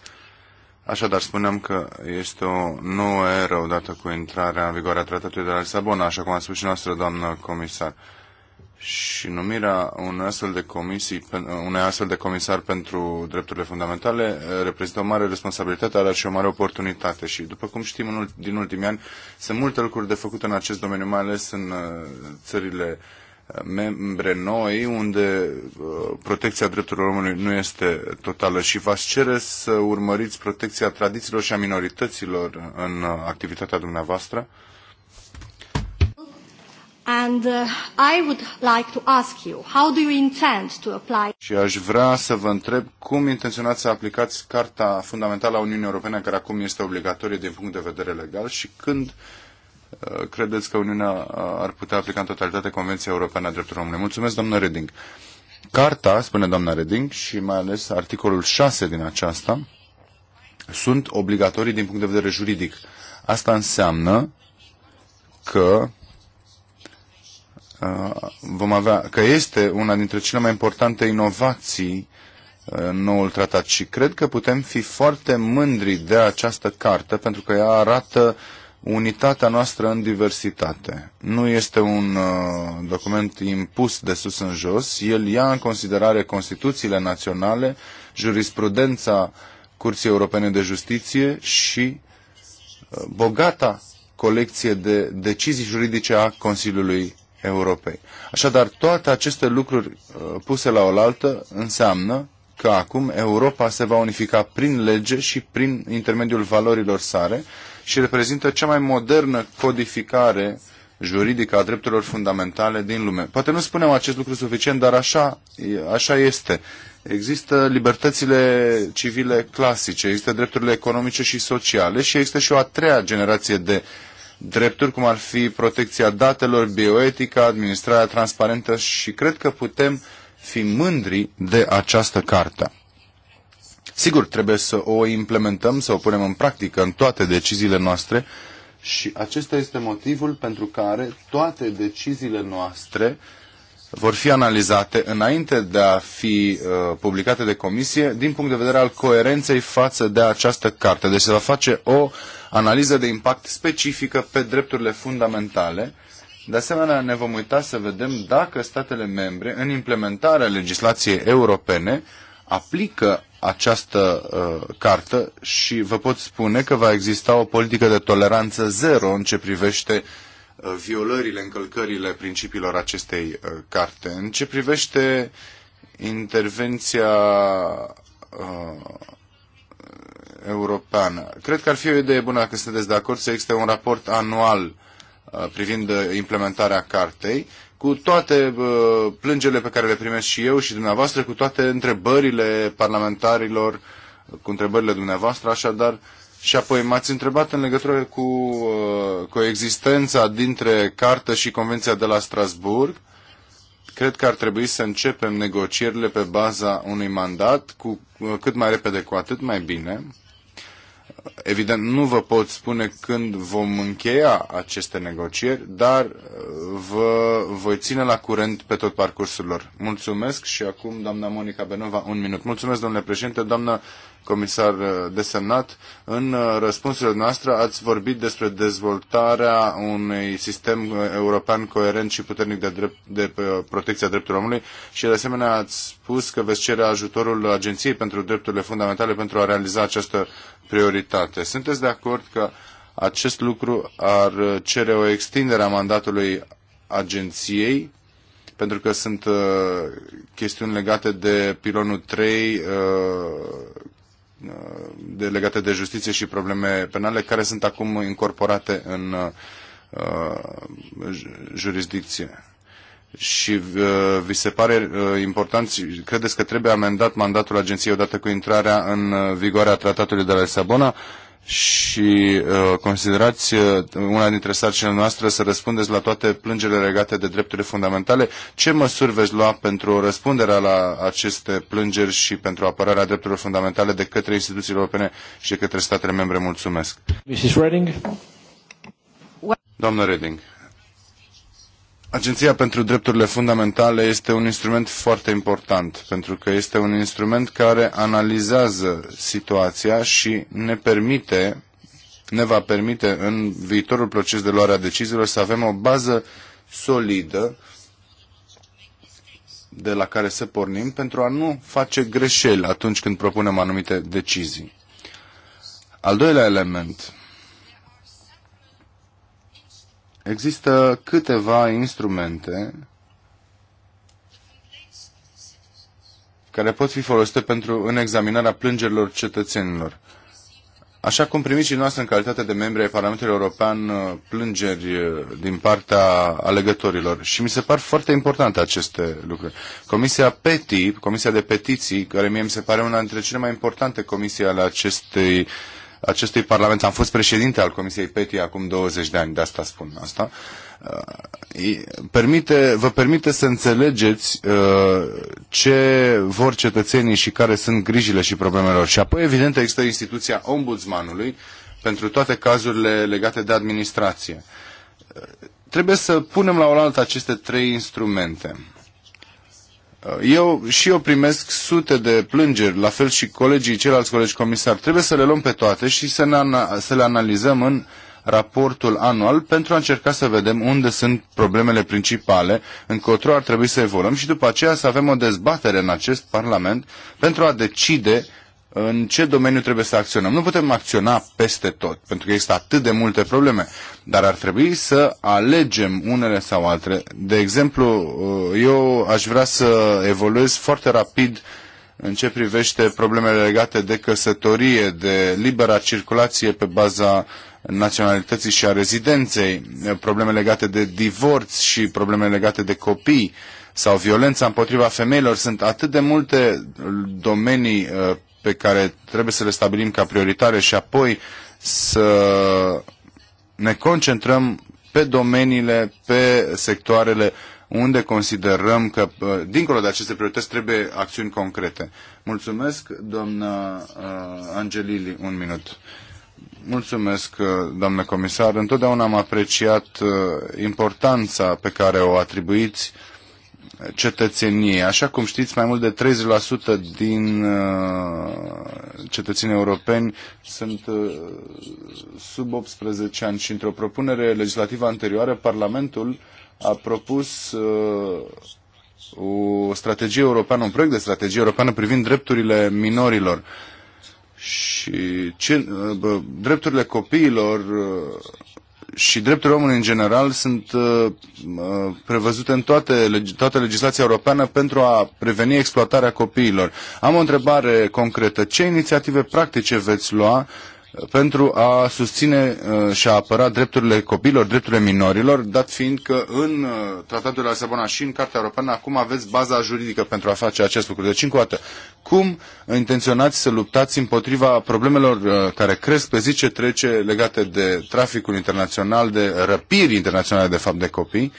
Așadar, spuneam că este o nouă eră odată cu intrarea în vigoare a tratatului de la Lisabona, așa cum a spus și noastră, doamnă comisar și numirea unui astfel de, comisii, unei astfel de comisar pentru drepturile fundamentale eh, reprezintă o mare responsabilitate, dar și o mare oportunitate. Și după cum știm din ultimii ani, sunt multe lucruri de făcut în acest domeniu, mai ales în eh, țările eh, membre noi, unde protecția drepturilor omului nu este totală și v cere să urmăriți protecția tradițiilor și a minorităților în activitatea dumneavoastră. Uh, And uh, I would like to ask you, how do you intend to apply? Și aș vrea să vă întreb cum intenționați să aplicați Carta Fundamentală a Uniunii Europene, care acum este obligatorie din punct de vedere legal, și când uh, credeți că Uniunea uh, ar putea aplica în totalitate Convenția Europeană a Drepturilor Omului. Mulțumesc, doamnă Reding. Carta, spune doamna Reding, și mai ales articolul 6 din aceasta, sunt obligatorii din punct de vedere juridic. Asta înseamnă că Uh, vom avea, că este una dintre cele mai importante inovații uh, în noul tratat și cred că putem fi foarte mândri de această carte pentru că ea arată unitatea noastră în diversitate. Nu este un uh, document impus de sus în jos, el ia în considerare Constituțiile naționale, jurisprudența Curții Europene de Justiție și bogata colecție de decizii juridice a Consiliului Europei. Așadar, toate aceste lucruri uh, puse la oaltă înseamnă că acum Europa se va unifica prin lege și prin intermediul valorilor sale și reprezintă cea mai modernă codificare juridică a drepturilor fundamentale din lume. Poate nu spunem acest lucru suficient, dar așa, așa este. Există libertățile civile clasice, există drepturile economice și sociale și există și o a treia generație de drepturi, cum ar fi protecția datelor, bioetica, administrarea transparentă și cred că putem fi mândri de această carte. Sigur, trebuie să o implementăm, să o punem în practică în toate deciziile noastre și acesta este motivul pentru care toate deciziile noastre vor fi analizate înainte de a fi uh, publicate de comisie din punct de vedere al coerenței față de această carte. Deci se va face o uh, analiză de impact specifică pe drepturile fundamentale. De asemenea, ne vom uita să vedem dacă statele membre, în implementarea legislației europene, aplică această uh, cartă și vă pot spune că va exista o politică de toleranță zero în ce privește uh, violările, încălcările principiilor acestei uh, carte. În ce privește intervenția uh, europeană. Cred că ar fi o idee bună, dacă sunteți de acord, să existe un raport anual uh, privind uh, implementarea cartei, cu toate uh, plângele pe care le primesc și eu și dumneavoastră, cu toate întrebările parlamentarilor, cu întrebările dumneavoastră, așadar, și apoi m-ați întrebat în legătură cu coexistența dintre cartă și Convenția de la Strasburg. Cred că ar trebui să începem negocierile pe baza unui mandat, cu cât mai repede, cu atât mai bine. Evident, nu vă pot spune când vom încheia aceste negocieri, dar uh, vă voi ține la curent pe tot parcursul lor. Mulțumesc și acum, doamna Monica Benova, un minut. Mulțumesc, domnule președinte, doamna comisar uh, desemnat, în uh, răspunsurile noastre ați vorbit despre dezvoltarea unui sistem uh, european coerent și puternic de, drept, de protecția drepturilor omului și de asemenea ați spus că veți cere ajutorul Agenției pentru Drepturile Fundamentale pentru a realiza această prioritate. Sunteți de acord că acest lucru ar cere o extindere a mandatului agenției pentru că sunt uh, chestiuni legate de pilonul 3, uh, Uh, de, legate de justiție și probleme penale care sunt acum incorporate în uh, jurisdicție. Și uh, vi se pare uh, important, credeți că trebuie amendat mandatul agenției odată cu intrarea în uh, vigoare a tratatului de la Lisabona? și uh, considerați uh, una dintre sarcinile noastre să răspundeți la toate plângerile legate de drepturile fundamentale. Ce măsuri veți lua pentru răspunderea la aceste plângeri și pentru apărarea drepturilor fundamentale de către instituțiile europene și de către statele membre? Mulțumesc. Mrs. Reding. Doamnă Reding. Agenția pentru Drepturile Fundamentale este un instrument foarte important, pentru că este un instrument care analizează situația și ne permite, ne va permite în viitorul proces de luare a deciziilor să avem o bază solidă de la care să pornim pentru a nu face greșeli atunci când propunem anumite decizii. Al doilea element Există câteva instrumente care pot fi folosite pentru în examinarea plângerilor cetățenilor. Așa cum primiți și noastră în calitate de membri ai Parlamentului European uh, plângeri uh, din partea alegătorilor și mi se par foarte importante aceste lucruri. Comisia PETI, Comisia de Petiții, care mie mi se pare una dintre cele mai importante comisii ale acestei acestui Parlament. Am fost președinte al Comisiei PETI acum 20 de ani, de asta spun asta. Uh, permite, vă permite să înțelegeți uh, ce vor cetățenii și care sunt grijile și problemele lor. Și apoi, evident, există instituția ombudsmanului pentru toate cazurile legate de administrație. Uh, trebuie să punem la oaltă aceste trei instrumente eu și eu primesc sute de plângeri, la fel și colegii, ceilalți colegi comisari. Trebuie să le luăm pe toate și să, ne, să le analizăm în raportul anual pentru a încerca să vedem unde sunt problemele principale, încotro ar trebui să evoluăm și după aceea să avem o dezbatere în acest Parlament pentru a decide în ce domeniu trebuie să acționăm. Nu putem acționa peste tot, pentru că există atât de multe probleme, dar ar trebui să alegem unele sau altele. De exemplu, uh, eu aș vrea să evoluez foarte rapid în ce privește problemele legate de căsătorie, de libera circulație pe baza naționalității și a rezidenței, probleme legate de divorț și probleme legate de copii sau violența împotriva femeilor. Sunt atât de multe domenii uh, pe care trebuie să le stabilim ca prioritare și apoi să ne concentrăm pe domeniile, pe sectoarele unde considerăm că, uh, dincolo de aceste priorități, trebuie acțiuni concrete. Mulțumesc, doamna uh, Angelili, un minut. Mulțumesc, uh, doamnă comisar. Întotdeauna am apreciat importanța pe care o atribuiți cetățenie. Așa cum știți, mai mult de 30% din uh, cetățenii europeni sunt uh, sub 18 ani și într-o propunere legislativă anterioară, Parlamentul a propus uh, o strategie europeană, un proiect de strategie europeană privind drepturile minorilor și ce, drepturile copiilor și drepturile omului în general sunt uh, uh, prevăzute în toate, toată legislația europeană pentru a preveni exploatarea copiilor. Am o întrebare concretă. Ce inițiative practice veți lua pentru a susține uh, și a apăra drepturile copiilor, drepturile minorilor, dat fiind că în uh, Tratatul de la Sabona și în Cartea Europeană acum aveți baza juridică pentru a face acest lucru. Deci, încă o dată, cum intenționați să luptați împotriva problemelor uh, care cresc pe zi ce trece legate de traficul internațional, de răpiri internaționale, de fapt, de copii?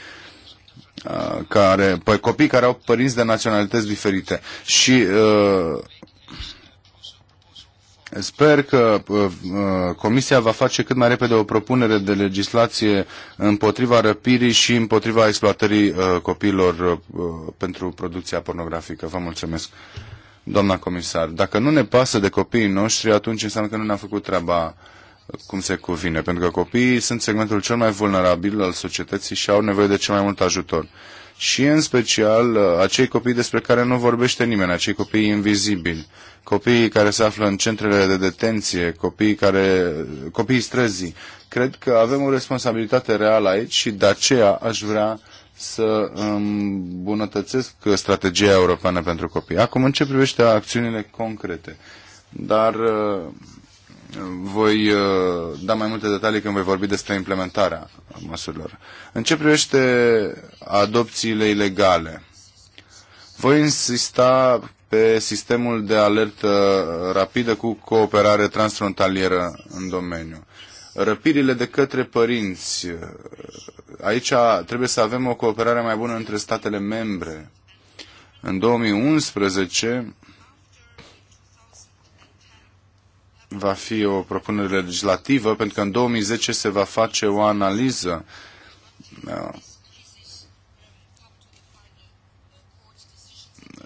care, pe copii care au părinți de naționalități diferite. Și Sper că uh, uh, Comisia va face cât mai repede o propunere de legislație împotriva răpirii și împotriva exploatării uh, copiilor uh, pentru producția pornografică. Vă mulțumesc, doamna comisar. Dacă nu ne pasă de copiii noștri, atunci înseamnă că nu ne-am făcut treaba uh, cum se cuvine, pentru că copiii sunt segmentul cel mai vulnerabil al societății și au nevoie de cel mai mult ajutor și în special uh, acei copii despre care nu vorbește nimeni, acei copii invizibili, copiii care se află în centrele de detenție, copiii, care, copiii străzii. Cred că avem o responsabilitate reală aici și de aceea aș vrea să îmbunătățesc strategia europeană pentru copii. Acum, în ce privește acțiunile concrete, dar uh, voi uh, da mai multe detalii când voi vorbi despre implementarea măsurilor. În ce privește adopțiile ilegale, voi insista pe sistemul de alertă rapidă cu cooperare transfrontalieră în domeniu. Răpirile de către părinți. Uh, aici trebuie să avem o cooperare mai bună între statele membre. În 2011, va fi o propunere legislativă, pentru că în 2010 se va face o analiză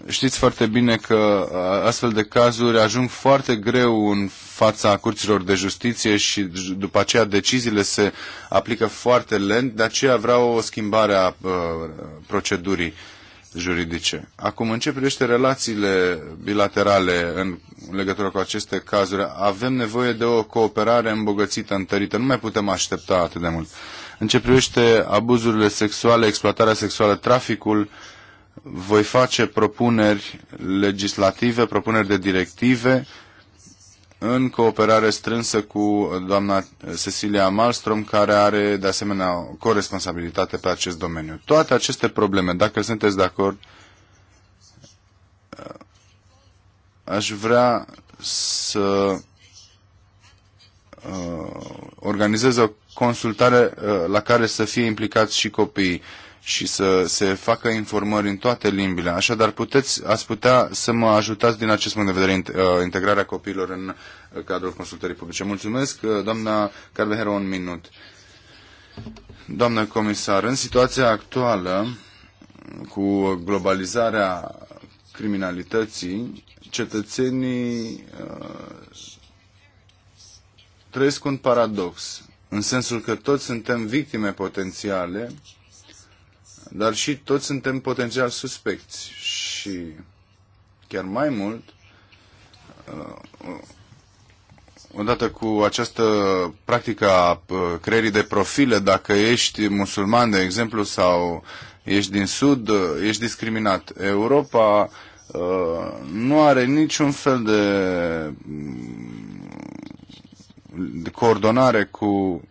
știți foarte bine că astfel de cazuri ajung foarte greu în fața curților de justiție și după aceea deciziile se aplică foarte lent, de aceea vreau o schimbare a uh, procedurii juridice. Acum, în ce privește relațiile bilaterale în legătură cu aceste cazuri, avem nevoie de o cooperare îmbogățită, întărită. Nu mai putem aștepta atât de mult. În ce privește abuzurile sexuale, exploatarea sexuală, traficul, voi face propuneri legislative, propuneri de directive în cooperare strânsă cu doamna Cecilia Malmström, care are de asemenea o corresponsabilitate pe acest domeniu. Toate aceste probleme, dacă sunteți de acord, uh, aș vrea să uh, organizez o consultare uh, la care să fie implicați și copiii și să se facă informări în toate limbile. Așadar, puteți, ați putea să mă ajutați din acest punct de vedere uh, integrarea copiilor în uh, cadrul consultării publice. Mulțumesc, uh, doamna Carvehero, un minut. Doamna comisar, în situația actuală, cu globalizarea criminalității, cetățenii uh, trăiesc un paradox, în sensul că toți suntem victime potențiale dar și toți suntem potențial suspecți și chiar mai mult, uh, uh, odată cu această practică a uh, creierii de profile, dacă ești musulman, de exemplu, sau ești din Sud, ești discriminat. Europa nu are niciun fel de, mm, de coordonare cu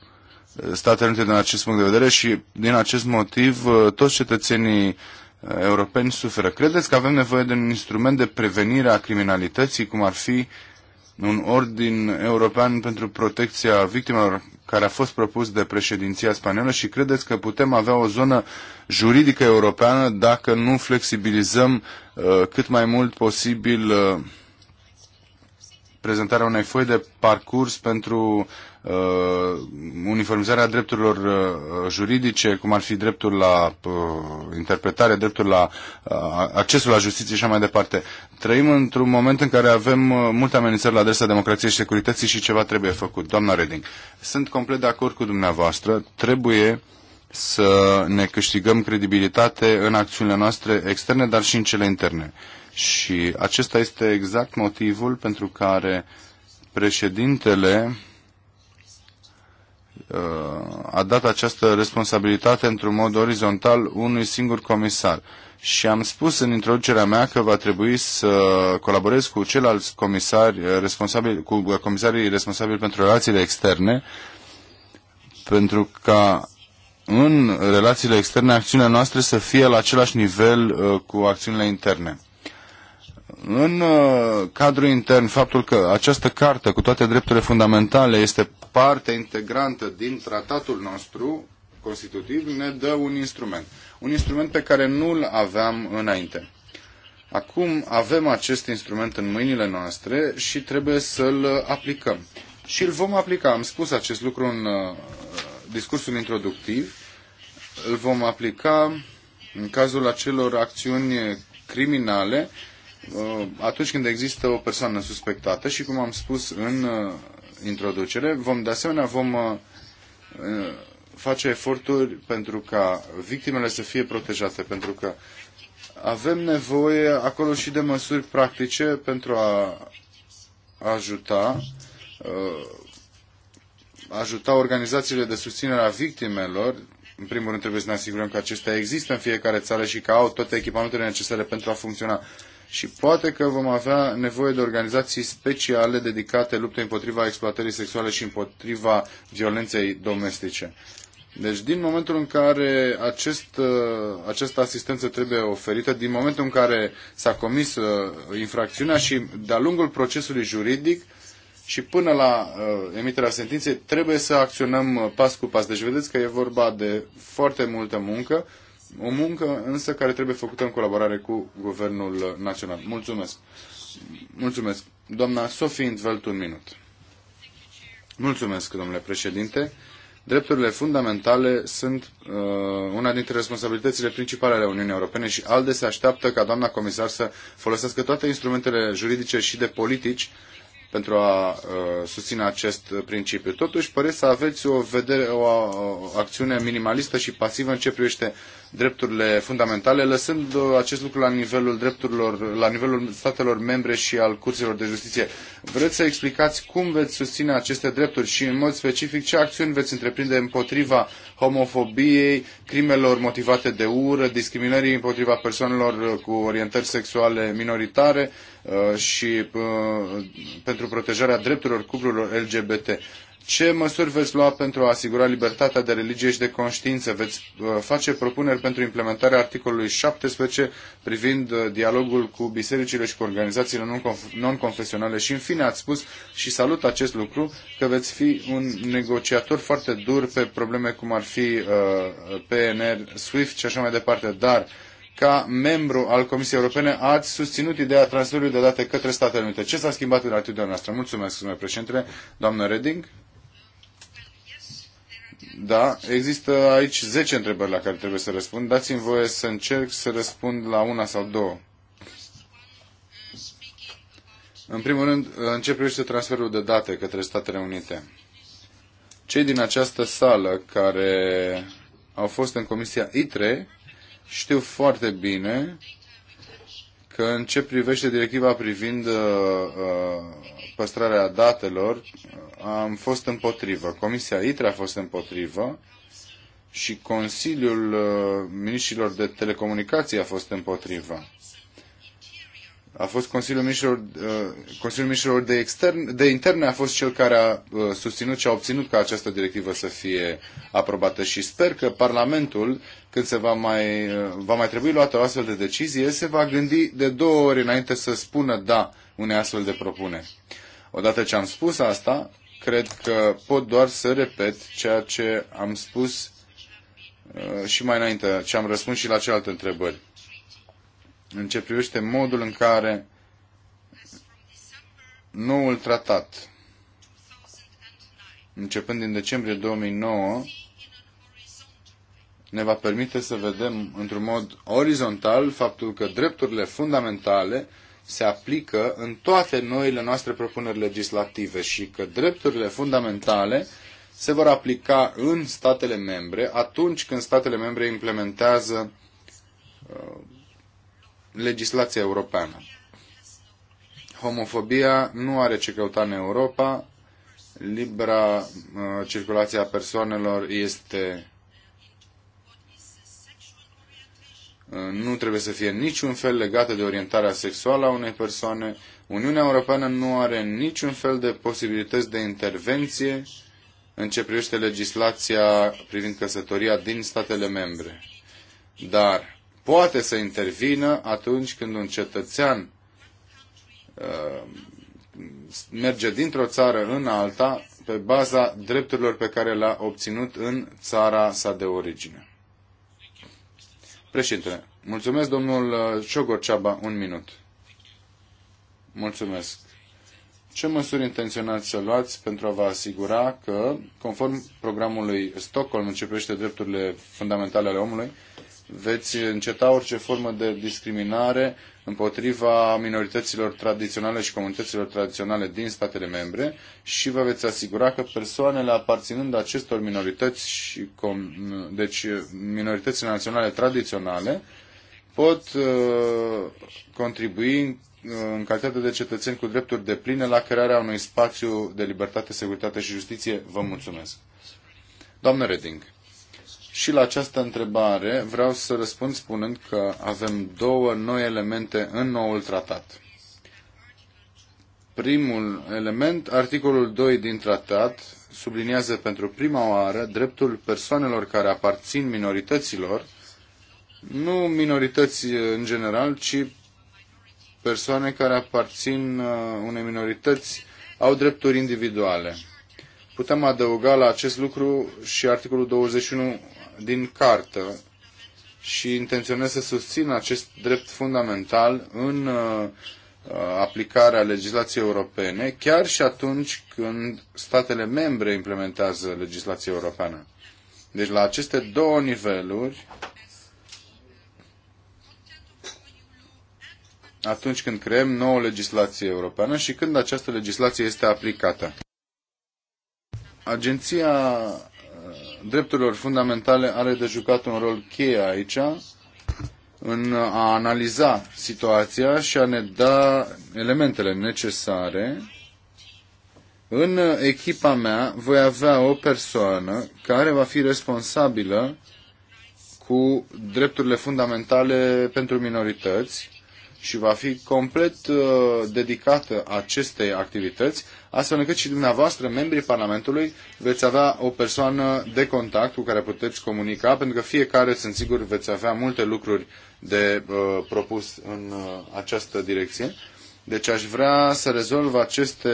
Statele Unite din acest punct de vedere și din acest motiv uh, toți cetățenii uh, europeni suferă. Credeți că avem nevoie de un instrument de prevenire a criminalității, cum ar fi un ordin european pentru protecția victimelor care a fost propus de președinția spaniolă și credeți că putem avea o zonă juridică europeană dacă nu flexibilizăm uh, cât mai mult posibil uh, prezentarea unei foi de parcurs pentru Uh, uniformizarea drepturilor uh, juridice, cum ar fi dreptul la uh, interpretare, dreptul la accesul la justiție și așa mai departe. Trăim într-un moment în care avem multe amenințări la adresa democrației și securității și ceva trebuie făcut. Doamna Reding, sunt complet de acord cu dumneavoastră. Trebuie să ne câștigăm credibilitate în acțiunile noastre externe, dar și în cele interne. Și acesta este exact motivul pentru care președintele Uh, a dat această responsabilitate într-un mod orizontal unui singur comisar. Și am spus în introducerea mea că va trebui să colaborez cu ceilalți comisari uh, responsabili, cu uh, comisarii responsabili pentru relațiile externe, pentru ca în relațiile externe acțiunile noastre să fie la același nivel cu acțiunile interne în uh, cadrul intern faptul că această carte cu toate drepturile fundamentale este parte integrantă din tratatul nostru constitutiv ne dă un instrument. Un instrument pe care nu-l aveam înainte. Acum avem acest instrument în mâinile noastre și trebuie să-l aplicăm. Și îl vom aplica. Am spus acest lucru în uh, discursul introductiv. Îl vom aplica în cazul acelor acțiuni criminale Uh, atunci când există o persoană suspectată și, cum am spus în uh, introducere, vom de asemenea vom uh, face eforturi pentru ca victimele să fie protejate, pentru că avem nevoie acolo și de măsuri practice pentru a ajuta ajuta organizațiile de susținere a victimelor. În primul rând trebuie să ne asigurăm că acestea există în fiecare țară și că au toate echipamentele necesare pentru a funcționa și poate că vom avea nevoie de organizații speciale dedicate luptei împotriva exploatării sexuale și împotriva violenței domestice. Deci din momentul în care acest, uh, această asistență trebuie oferită, din momentul în care s-a comis uh, infracțiunea și de-a lungul procesului juridic și până la uh, emiterea sentinței, trebuie să acționăm pas cu pas. Deci vedeți că e vorba de foarte multă muncă o muncă însă care trebuie făcută în colaborare cu Guvernul Național. Mulțumesc. Mulțumesc. Doamna Sofie Intvelt, un minut. Mulțumesc, domnule președinte. Drepturile fundamentale sunt uh, una dintre responsabilitățile principale ale Uniunii Europene și ALDE se așteaptă ca doamna comisar să folosească toate instrumentele juridice și de politici pentru a uh, susține acest principiu. Totuși, păreți să aveți o, vedere, o acțiune minimalistă și pasivă în ce privește drepturile fundamentale, lăsând uh, acest lucru la nivelul drepturilor, la nivelul statelor membre și al curților de justiție. Vreți să explicați cum veți susține aceste drepturi și, în mod specific, ce acțiuni veți întreprinde împotriva homofobiei, crimelor motivate de ură, discriminării împotriva persoanelor uh, cu orientări sexuale minoritare, Uh, și uh, pentru protejarea drepturilor cuplurilor LGBT. Ce măsuri veți lua pentru a asigura libertatea de religie și de conștiință? Veți uh, face propuneri pentru implementarea articolului 17 privind dialogul cu bisericile și cu organizațiile non-confesionale și în fine ați spus și salut acest lucru că veți fi un negociator foarte dur pe probleme cum ar fi PNR, SWIFT și așa mai departe, dar uh, ca membru al Comisiei Europene, ați susținut ideea transferului de date către Statele Unite. Ce s-a schimbat în atitudinea noastră? Mulțumesc, domnule președinte. Doamnă Reding? Da, există aici 10 întrebări la care trebuie să răspund. Dați-mi voie să încerc să răspund la una sau două. În primul rând, în ce privește transferul de date către Statele Unite. Cei din această sală care au fost în Comisia ITRE știu foarte bine că în ce privește directiva privind uh, uh, păstrarea datelor, am fost împotrivă. Comisia ITRE a fost împotrivă și Consiliul uh, Ministrilor de Telecomunicații a fost împotrivă a fost Consiliul Ministrilor, uh, Consiliul de, extern, de Interne a fost cel care a uh, susținut și a obținut ca această directivă să fie aprobată și sper că Parlamentul, când se va mai, uh, va mai trebui luată o astfel de decizie, se va gândi de două ori înainte să spună da unei astfel de propuneri. Odată ce am spus asta, cred că pot doar să repet ceea ce am spus și mai înainte, ce am răspuns și la celelalte întrebări în ce privește modul în care noul tratat, începând din decembrie 2009, ne va permite să vedem într-un mod orizontal faptul că drepturile fundamentale se aplică în toate noile noastre propuneri legislative și că drepturile fundamentale se vor aplica în statele membre atunci când statele membre implementează uh, legislația europeană. Homofobia nu are ce căuta în Europa, libera uh, circulație a persoanelor este uh, nu trebuie să fie niciun fel legată de orientarea sexuală a unei persoane. Uniunea Europeană nu are niciun fel de posibilități de intervenție în ce privește legislația privind căsătoria din statele membre. Dar poate să intervină atunci când un cetățean uh, merge dintr-o țară în alta pe baza drepturilor pe care le-a obținut în țara sa de origine. Președinte, mulțumesc domnul Ciogor uh, Ceaba, un minut. Mulțumesc. Ce măsuri intenționați să luați pentru a vă asigura că, conform programului Stockholm, începește drepturile fundamentale ale omului, veți înceta orice formă de discriminare împotriva minorităților tradiționale și comunităților tradiționale din statele membre și vă veți asigura că persoanele aparținând acestor minorități, și com- deci minoritățile naționale tradiționale, pot uh, contribui uh, în calitate de cetățeni cu drepturi de pline la crearea unui spațiu de libertate, securitate și justiție. Vă mulțumesc. Doamnă Reding. Și la această întrebare vreau să răspund spunând că avem două noi elemente în noul tratat. Primul element, articolul 2 din tratat, subliniază pentru prima oară dreptul persoanelor care aparțin minorităților, nu minorități în general, ci persoane care aparțin uh, unei minorități au drepturi individuale. Putem adăuga la acest lucru și articolul 21 din cartă și intenționez să susțin acest drept fundamental în uh, uh, aplicarea legislației europene, chiar și atunci când statele membre implementează legislația europeană. Deci la aceste două niveluri, atunci când creăm nouă legislație europeană și când această legislație este aplicată. Agenția drepturilor fundamentale are de jucat un rol cheie aici în a analiza situația și a ne da elementele necesare. În echipa mea voi avea o persoană care va fi responsabilă cu drepturile fundamentale pentru minorități și va fi complet uh, dedicată acestei activități, astfel încât și dumneavoastră, membrii Parlamentului, veți avea o persoană de contact cu care puteți comunica, pentru că fiecare, sunt sigur, veți avea multe lucruri de uh, propus în uh, această direcție. Deci aș vrea să rezolv aceste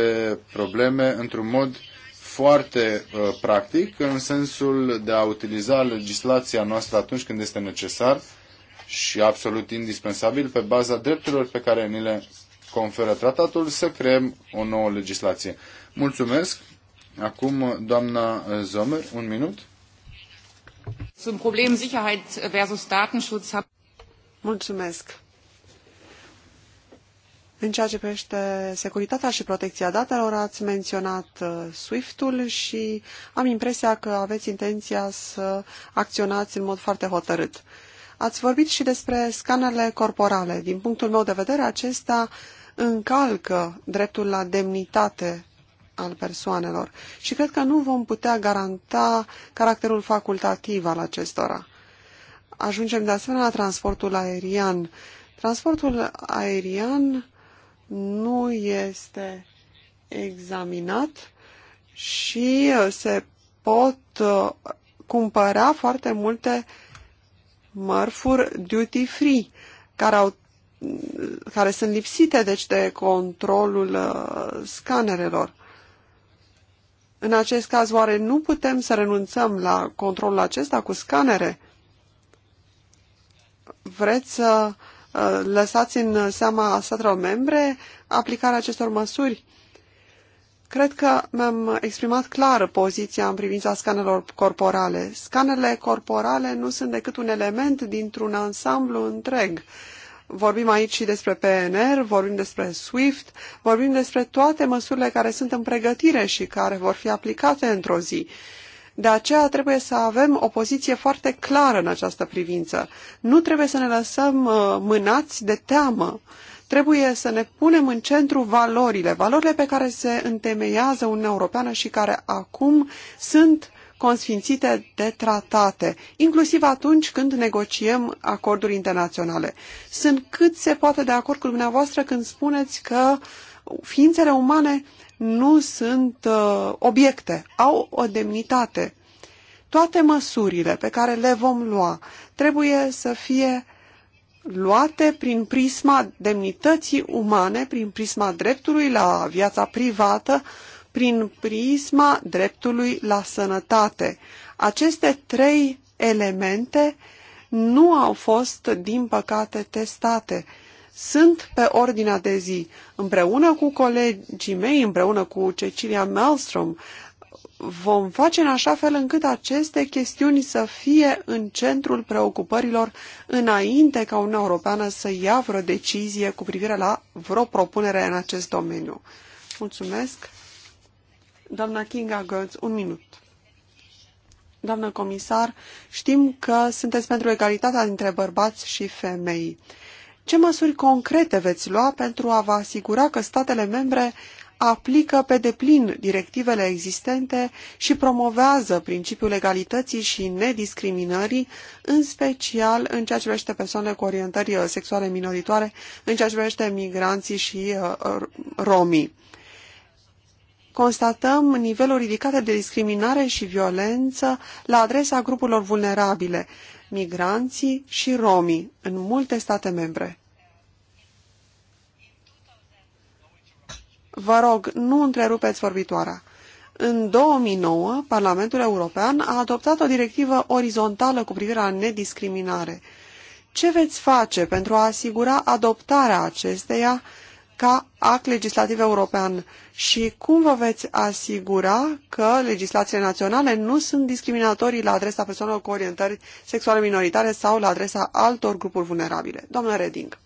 probleme într-un mod foarte uh, practic, în sensul de a utiliza legislația noastră atunci când este necesar, uh, și absolut indispensabil pe baza drepturilor pe care ni le conferă tratatul să creăm o nouă legislație. Mulțumesc. Acum, doamna Zomer, un minut. Problem versus Datenschutz. Mulțumesc. În ceea ce privește securitatea și protecția datelor, ați menționat uh, SWIFT-ul și am impresia că aveți intenția să acționați în mod foarte hotărât. Ați vorbit și despre scanerele corporale. Din punctul meu de vedere, acesta încalcă dreptul la demnitate al persoanelor și cred că nu vom putea garanta caracterul facultativ al acestora. Ajungem de asemenea la transportul aerian. Transportul aerian nu este examinat și se pot uh, cumpăra foarte multe mărfuri duty free, care, au, care sunt lipsite deci de controlul uh, scanerelor. În acest caz, oare nu putem să renunțăm la controlul acesta cu scanere? Vreți să uh, lăsați în seama statelor membre aplicarea acestor măsuri? Cred că mi-am exprimat clar poziția în privința scanelor corporale. Scanele corporale nu sunt decât un element dintr-un ansamblu întreg. Vorbim aici și despre PNR, vorbim despre SWIFT, vorbim despre toate măsurile care sunt în pregătire și care vor fi aplicate într-o zi. De aceea trebuie să avem o poziție foarte clară în această privință. Nu trebuie să ne lăsăm uh, mânați de teamă. Trebuie să ne punem în centru valorile, valorile pe care se întemeiază Uniunea Europeană și care acum sunt consfințite de tratate, inclusiv atunci când negociem acorduri internaționale. Sunt cât se poate de acord cu dumneavoastră când spuneți că ființele umane nu sunt uh, obiecte, au o demnitate. Toate măsurile pe care le vom lua trebuie să fie luate prin prisma demnității umane, prin prisma dreptului la viața privată, prin prisma dreptului la sănătate. Aceste trei elemente nu au fost, din păcate, testate. Sunt pe ordinea de zi. Împreună cu colegii mei, împreună cu Cecilia Malmström, vom face în așa fel încât aceste chestiuni să fie în centrul preocupărilor înainte ca Uniunea Europeană să ia vreo decizie cu privire la vreo propunere în acest domeniu. Mulțumesc. Doamna Kinga Götz, un minut. Doamnă comisar, știm că sunteți pentru egalitatea dintre bărbați și femei. Ce măsuri concrete veți lua pentru a vă asigura că statele membre aplică pe deplin directivele existente și promovează principiul egalității și nediscriminării, în special în ceea ce privește persoanele cu orientări uh, sexuale minoritoare, în ceea ce privește migranții și uh, romii. Constatăm niveluri ridicate de discriminare și violență la adresa grupurilor vulnerabile, migranții și romii, în multe state membre. Vă rog, nu întrerupeți vorbitoarea. În 2009, Parlamentul European a adoptat o directivă orizontală cu privire la nediscriminare. Ce veți face pentru a asigura adoptarea acesteia ca act legislativ european și cum vă veți asigura că legislațiile naționale nu sunt discriminatorii la adresa persoanelor cu orientări sexuale minoritare sau la adresa altor grupuri vulnerabile? Doamnă Reding.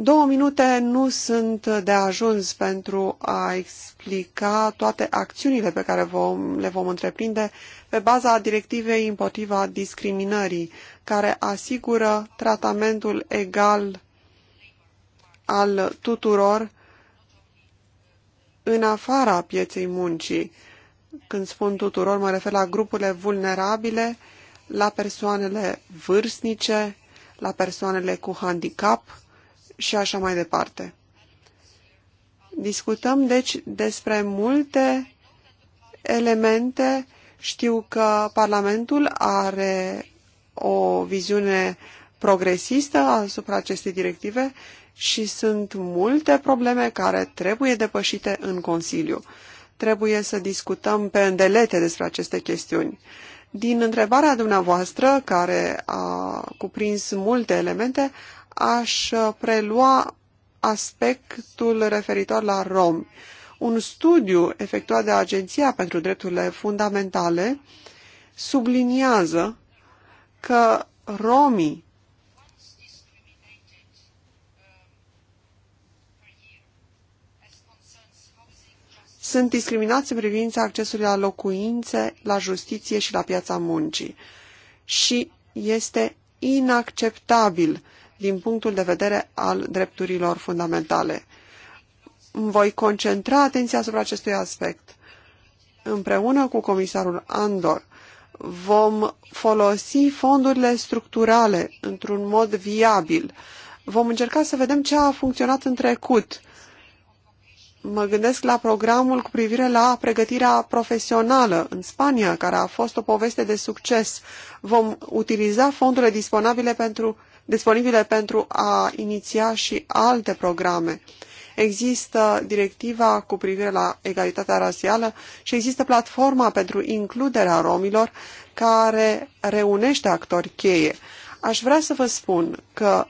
Două minute nu sunt de ajuns pentru a explica toate acțiunile pe care vom, le vom întreprinde pe baza directivei împotriva discriminării, care asigură tratamentul egal al tuturor în afara pieței muncii. Când spun tuturor, mă refer la grupurile vulnerabile, la persoanele vârstnice, la persoanele cu handicap, și așa mai departe. Discutăm, deci, despre multe elemente. Știu că Parlamentul are o viziune progresistă asupra acestei directive și sunt multe probleme care trebuie depășite în Consiliu. Trebuie să discutăm pe îndelete despre aceste chestiuni. Din întrebarea dumneavoastră, care a cuprins multe elemente, aș uh, prelua aspectul referitor la romi. Un studiu efectuat de Agenția pentru Drepturile Fundamentale subliniază că romii sunt discriminați în privința accesului la locuințe, la justiție și la piața muncii. Și este inacceptabil din punctul de vedere al drepturilor fundamentale. Voi concentra atenția asupra acestui aspect. Împreună cu comisarul Andor vom folosi fondurile structurale într-un mod viabil. Vom încerca să vedem ce a funcționat în trecut. Mă gândesc la programul cu privire la pregătirea profesională în Spania, care a fost o poveste de succes. Vom utiliza fondurile disponibile pentru disponibile pentru a iniția și alte programe. Există directiva cu privire la egalitatea rasială și există platforma pentru includerea romilor care reunește actori cheie. Aș vrea să vă spun că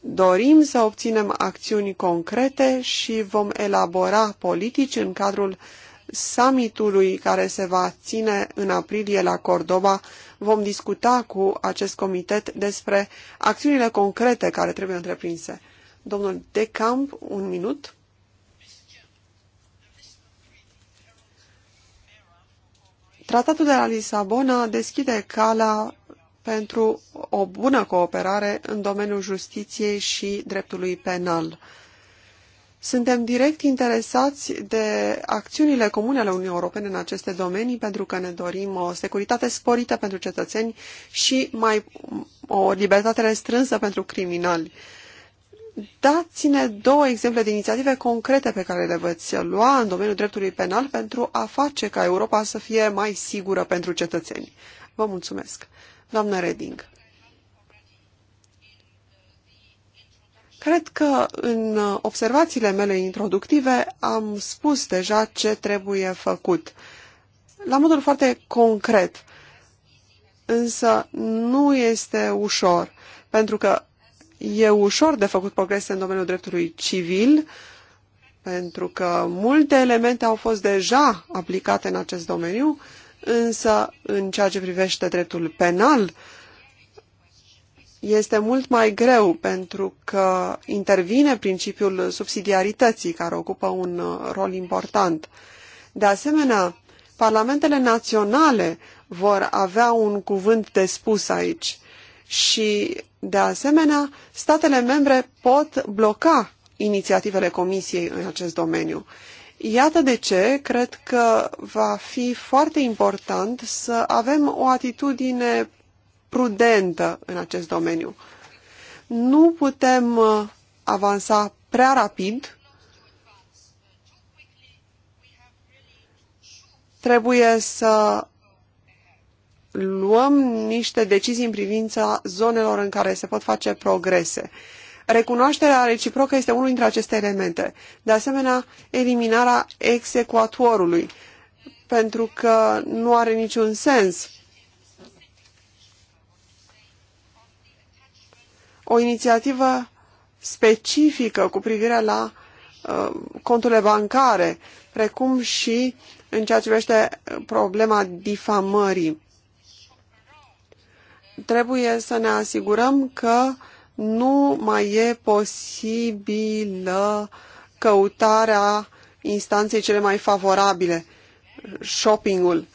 dorim să obținem acțiuni concrete și vom elabora politici în cadrul summitului care se va ține în aprilie la Cordoba vom discuta cu acest comitet despre acțiunile concrete care trebuie întreprinse. Domnul De Camp, un minut. Tratatul de la Lisabona deschide calea pentru o bună cooperare în domeniul justiției și dreptului penal. Suntem direct interesați de acțiunile comune ale Uniunii Europene în aceste domenii pentru că ne dorim o securitate sporită pentru cetățeni și mai o libertate restrânsă pentru criminali. Dați-ne două exemple de inițiative concrete pe care le veți lua în domeniul dreptului penal pentru a face ca Europa să fie mai sigură pentru cetățeni. Vă mulțumesc. Doamnă Reding. Cred că în uh, observațiile mele introductive am spus deja ce trebuie făcut. La modul foarte concret, însă nu este ușor, pentru că e ușor de făcut progrese în domeniul dreptului civil, pentru că multe elemente au fost deja aplicate în acest domeniu, însă în ceea ce privește dreptul penal, este mult mai greu pentru că intervine principiul subsidiarității, care ocupă un uh, rol important. De asemenea, parlamentele naționale vor avea un cuvânt de spus aici și, de asemenea, statele membre pot bloca inițiativele Comisiei în acest domeniu. Iată de ce cred că va fi foarte important să avem o atitudine prudentă în acest domeniu. Nu putem uh, avansa prea rapid. Trebuie să luăm niște decizii în privința zonelor în care se pot face progrese. Recunoașterea reciprocă este unul dintre aceste elemente. De asemenea, eliminarea execuatorului, pentru că nu are niciun sens o inițiativă specifică cu privire la uh, conturile bancare, precum și în ceea ce privește problema difamării. Trebuie să ne asigurăm că nu mai e posibilă căutarea instanței cele mai favorabile, shoppingul.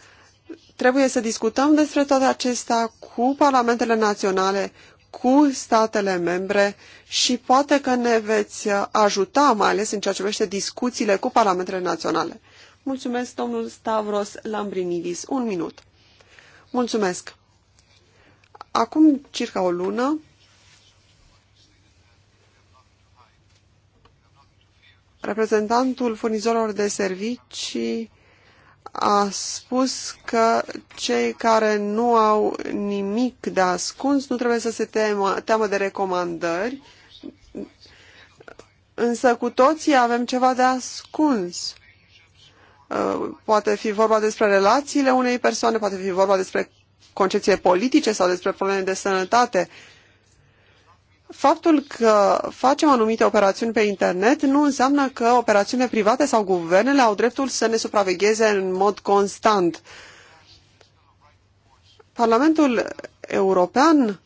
Trebuie să discutăm despre toate acestea cu parlamentele naționale, cu statele membre și poate că ne veți ajuta, mai ales în ceea ce privește discuțiile cu parlamentele naționale. Mulțumesc, domnul Stavros Lambrinidis. Un minut. Mulțumesc. Acum circa o lună, reprezentantul furnizorilor de servicii a spus că cei care nu au nimic de ascuns nu trebuie să se teamă, teamă de recomandări, însă cu toții avem ceva de ascuns. Uh, poate fi vorba despre relațiile unei persoane, poate fi vorba despre concepție politice sau despre probleme de sănătate faptul că facem anumite operațiuni pe internet nu înseamnă că operațiunile private sau guvernele au dreptul să ne supravegheze în mod constant. Parlamentul European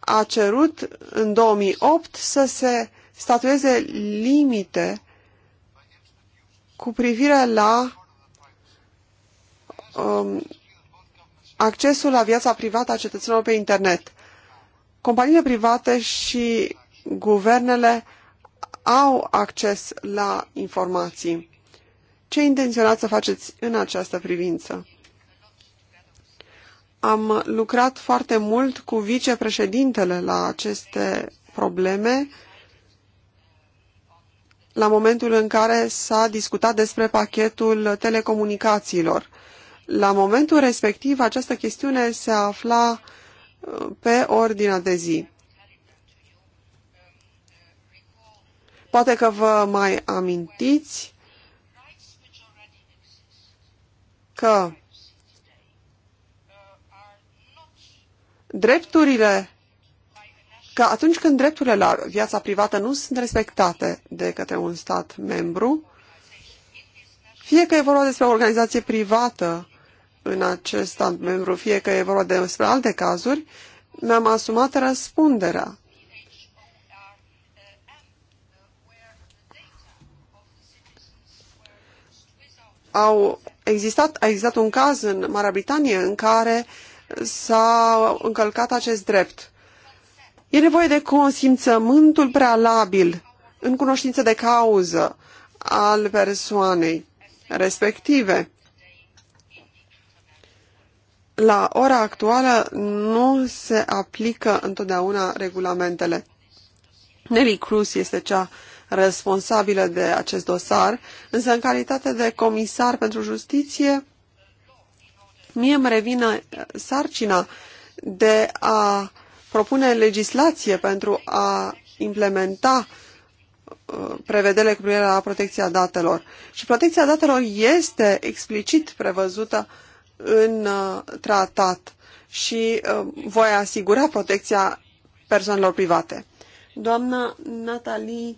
a cerut în 2008 să se statueze limite cu privire la um, accesul la viața privată a cetățenilor pe internet companiile private și guvernele au acces la informații. Ce intenționați să faceți în această privință? Am lucrat foarte mult cu vicepreședintele la aceste probleme la momentul în care s-a discutat despre pachetul telecomunicațiilor. La momentul respectiv, această chestiune se afla pe ordinea de zi. Poate că vă mai amintiți că drepturile că atunci când drepturile la viața privată nu sunt respectate de către un stat membru, fie că e vorba despre o organizație privată în acest stat membru, fie că e vorba despre alte cazuri, mi-am asumat răspunderea. Au existat, a existat un caz în Marea Britanie în care s-a încălcat acest drept. E nevoie de consimțământul prealabil în cunoștință de cauză al persoanei respective la ora actuală nu se aplică întotdeauna regulamentele. Nelly Cruz este cea responsabilă de acest dosar, însă în calitate de comisar pentru justiție, mie îmi revine sarcina de a propune legislație pentru a implementa uh, prevederile cu privire la protecția datelor. Și protecția datelor este explicit prevăzută uh, în uh, tratat și uh, voi asigura protecția persoanelor private. Doamna Natalie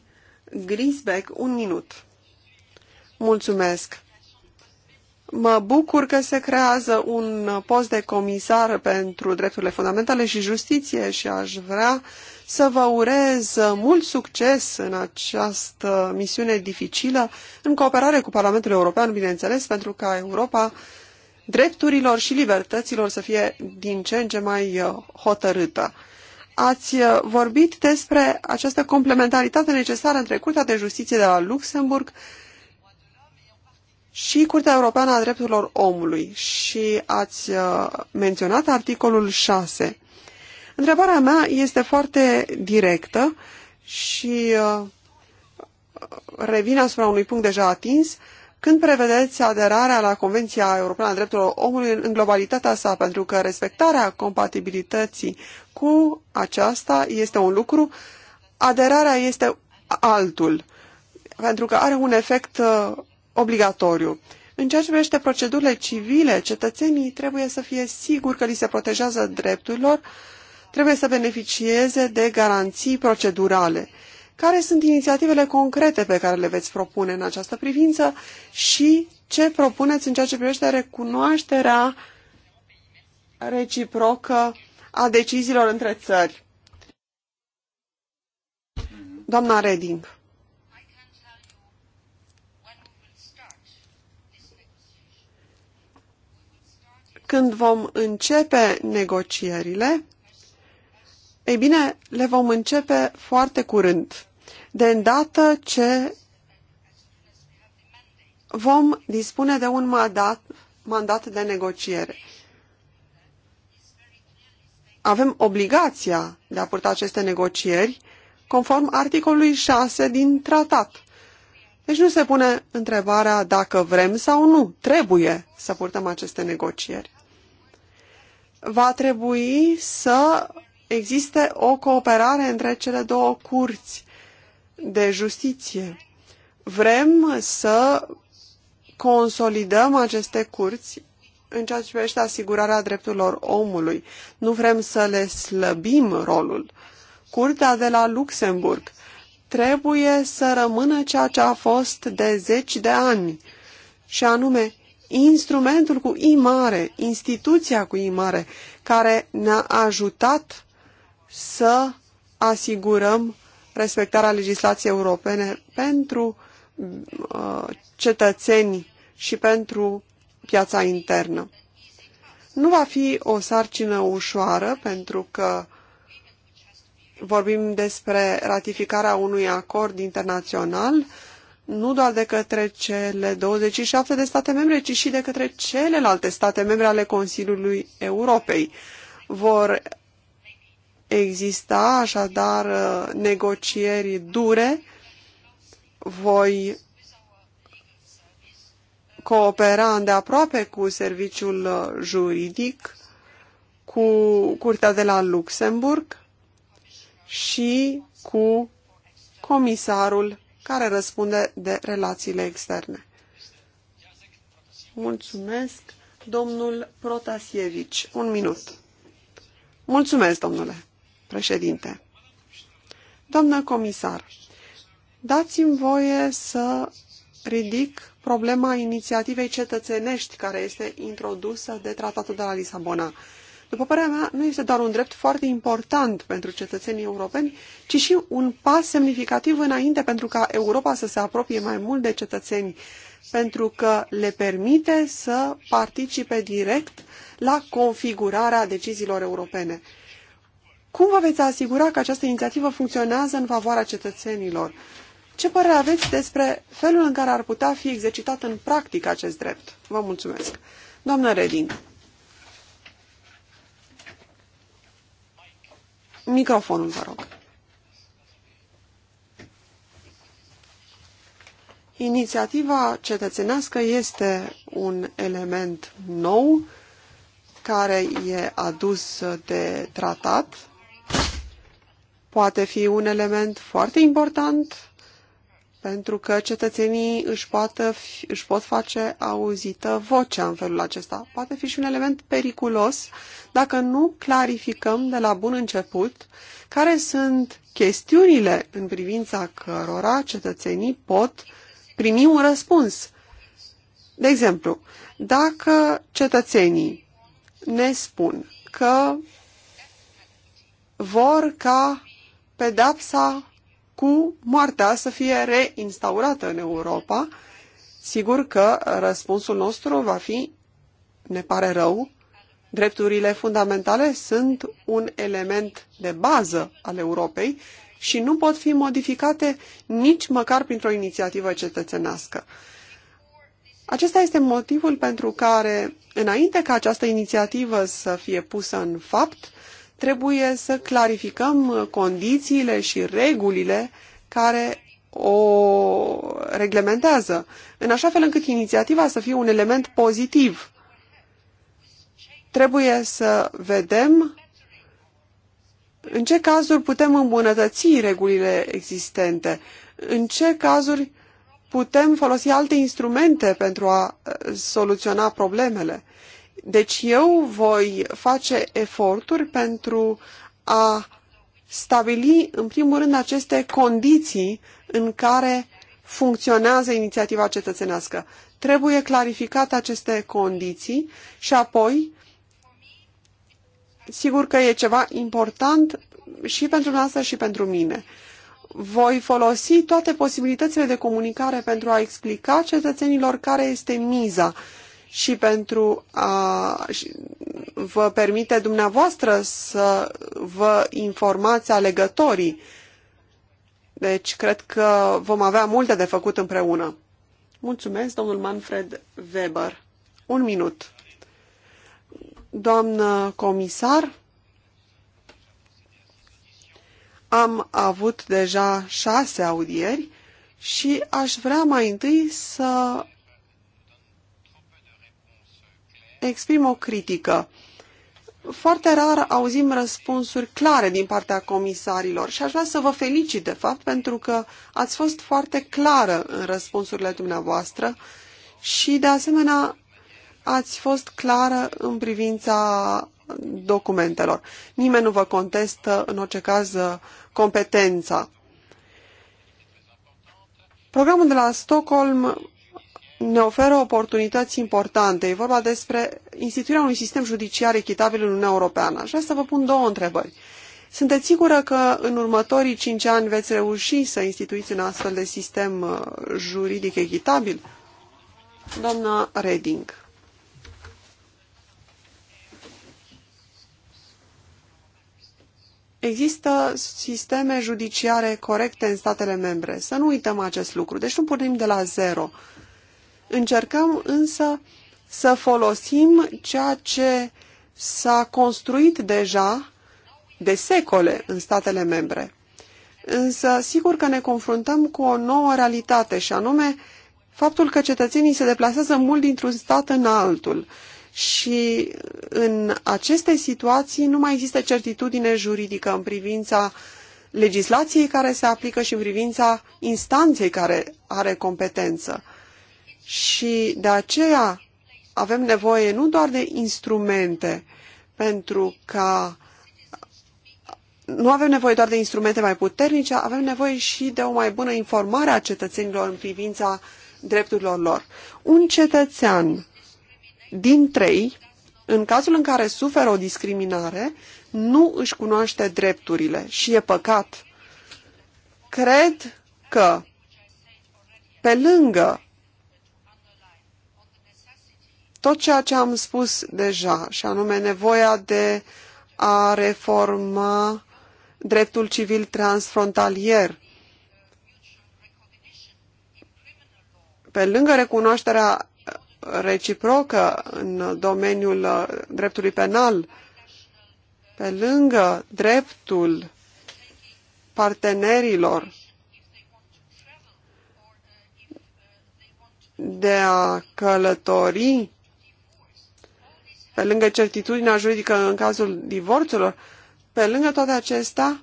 Grisbeck, un minut. Mulțumesc. Mă bucur că se creează un post de comisar pentru drepturile fundamentale și justiție și aș vrea să vă urez mult succes în această misiune dificilă, în cooperare cu Parlamentul European, bineînțeles, pentru ca Europa drepturilor și libertăților să fie din ce în ce mai uh, hotărâtă. Ați uh, vorbit despre această complementaritate necesară între Curtea de Justiție de la Luxemburg și Curtea Europeană a Drepturilor Omului și ați uh, menționat articolul 6. Întrebarea mea este foarte directă și revin asupra unui punct deja atins. Când prevedeți aderarea la Convenția Europeană a Drepturilor Omului în globalitatea sa? Pentru că respectarea compatibilității cu aceasta este un lucru, aderarea este altul, pentru că are un efect uh, obligatoriu. În ceea ce privește procedurile civile, cetățenii trebuie să fie siguri că li se protejează drepturilor, trebuie să beneficieze de garanții procedurale. Care sunt inițiativele concrete pe care le veți propune în această privință și ce propuneți în ceea ce privește recunoașterea reciprocă a deciziilor între țări? Doamna Reding. Când vom începe negocierile, ei bine, le vom începe foarte curând. De îndată ce vom dispune de un mandat, mandat de negociere. Avem obligația de a purta aceste negocieri conform articolului 6 din tratat. Deci nu se pune întrebarea dacă vrem sau nu. Trebuie să purtăm aceste negocieri. Va trebui să existe o cooperare între cele două curți de justiție. Vrem să consolidăm aceste curți în ceea ce privește asigurarea drepturilor omului. Nu vrem să le slăbim rolul. Curtea de la Luxemburg trebuie să rămână ceea ce a fost de zeci de ani, și anume instrumentul cu I mare, instituția cu I mare, care ne-a ajutat să asigurăm respectarea legislației europene pentru uh, cetățeni și pentru piața internă. Nu va fi o sarcină ușoară pentru că vorbim despre ratificarea unui acord internațional nu doar de către cele 27 de state membre, ci și de către celelalte state membre ale Consiliului Europei. Vor exista așadar uh, negocieri dure. Voi coopera îndeaproape cu serviciul uh, juridic, cu Curtea de la Luxemburg și cu comisarul care răspunde de relațiile externe. Mulțumesc, domnul Protasievici. Un minut. Mulțumesc, domnule. Președinte, doamnă comisar, dați-mi voie să ridic problema inițiativei cetățenești care este introdusă de Tratatul de la Lisabona. După părerea mea, nu este doar un drept foarte important pentru cetățenii europeni, ci și un pas semnificativ înainte pentru ca Europa să se apropie mai mult de cetățeni, pentru că le permite să participe direct la configurarea deciziilor europene. Cum vă veți asigura că această inițiativă funcționează în favoarea cetățenilor? Ce părere aveți despre felul în care ar putea fi exercitat în practică acest drept? Vă mulțumesc. Doamnă Reding. Microfonul, vă rog. Inițiativa cetățenească este un element nou care e adus de tratat poate fi un element foarte important pentru că cetățenii își, poată, își pot face auzită vocea în felul acesta. Poate fi și un element periculos dacă nu clarificăm de la bun început care sunt chestiunile în privința cărora cetățenii pot primi un răspuns. De exemplu, dacă cetățenii ne spun că vor ca pedapsa cu moartea să fie reinstaurată în Europa, sigur că răspunsul nostru va fi, ne pare rău, drepturile fundamentale sunt un element de bază al Europei și nu pot fi modificate nici măcar printr-o inițiativă cetățenească. Acesta este motivul pentru care, înainte ca această inițiativă să fie pusă în fapt, trebuie să clarificăm condițiile și regulile care o reglementează, în așa fel încât inițiativa să fie un element pozitiv. Trebuie să vedem în ce cazuri putem îmbunătăți regulile existente, în ce cazuri putem folosi alte instrumente pentru a eh, soluționa problemele. Deci eu voi face eforturi pentru a stabili, în primul rând, aceste condiții în care funcționează inițiativa cetățenească. Trebuie clarificate aceste condiții și apoi, sigur că e ceva important și pentru noastră și pentru mine. Voi folosi toate posibilitățile de comunicare pentru a explica cetățenilor care este miza și pentru a vă permite dumneavoastră să vă informați alegătorii. Deci, cred că vom avea multe de făcut împreună. Mulțumesc, domnul Manfred Weber. Un minut. Doamnă comisar, am avut deja șase audieri și aș vrea mai întâi să exprim o critică. Foarte rar auzim răspunsuri clare din partea comisarilor și aș vrea să vă felicit, de fapt, pentru că ați fost foarte clară în răspunsurile dumneavoastră și, de asemenea, ați fost clară în privința documentelor. Nimeni nu vă contestă, în orice caz, competența. Programul de la Stockholm ne oferă oportunități importante. E vorba despre instituirea unui sistem judiciar echitabil în Uniunea Europeană. Aș vrea să vă pun două întrebări. Sunteți sigură că în următorii cinci ani veți reuși să instituiți un astfel de sistem uh, juridic echitabil? Doamna Reding. Există sisteme judiciare corecte în statele membre. Să nu uităm acest lucru. Deci nu pornim de la zero. Uh, Încercăm însă să folosim ceea ce s-a construit deja de secole în statele membre. Însă, sigur că ne confruntăm cu o nouă realitate și anume faptul că cetățenii se deplasează mult dintr-un stat în altul și în aceste situații nu mai există certitudine juridică în privința legislației care se aplică și în privința instanței care are competență. Și de aceea avem nevoie nu doar de instrumente pentru ca nu avem nevoie doar de instrumente mai puternice, avem nevoie și de o mai bună informare a cetățenilor în privința drepturilor lor. Un cetățean din trei, în cazul în care suferă o discriminare, nu își cunoaște drepturile și e păcat. Cred că pe lângă tot ceea ce am spus deja, și anume nevoia de a reforma dreptul civil transfrontalier. Pe lângă recunoașterea reciprocă în domeniul uh, dreptului penal, pe lângă dreptul partenerilor de a călători pe lângă certitudinea juridică în cazul divorțurilor, pe lângă toate acestea,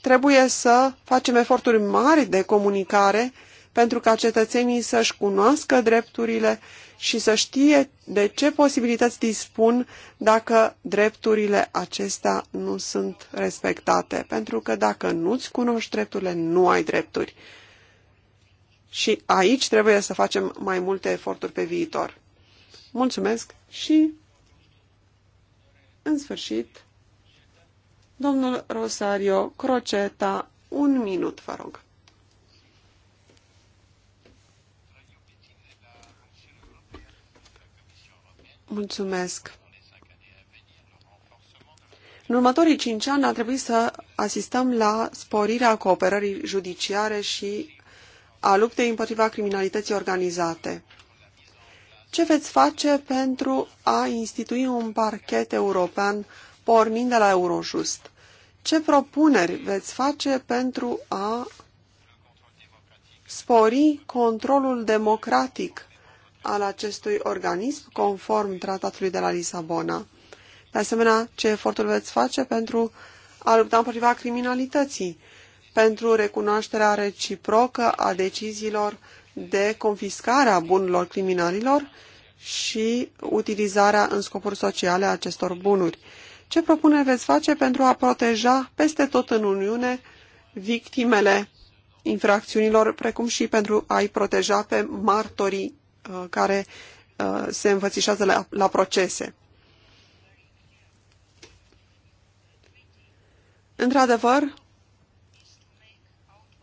trebuie să facem eforturi mari de comunicare pentru ca cetățenii să-și cunoască drepturile și să știe de ce posibilități dispun dacă drepturile acestea nu sunt respectate. Pentru că dacă nu-ți cunoști drepturile, nu ai drepturi. Și aici trebuie să facem mai multe eforturi pe viitor. Mulțumesc și în sfârșit, domnul Rosario Croceta, un minut, vă rog. Mulțumesc. În următorii cinci ani a trebuit să asistăm la sporirea cooperării judiciare și a luptei împotriva criminalității organizate. Ce veți face pentru a institui un parchet european pornind de la Eurojust? Ce propuneri veți face pentru a spori controlul democratic al acestui organism conform tratatului de la Lisabona? De asemenea, ce eforturi veți face pentru a lupta împotriva criminalității, pentru recunoașterea reciprocă a deciziilor de confiscarea bunurilor criminalilor și utilizarea în scopuri sociale a acestor bunuri. Ce propuneri veți face pentru a proteja peste tot în Uniune victimele infracțiunilor, precum și pentru a-i proteja pe martorii uh, care uh, se învățișează la, la procese? Într-adevăr,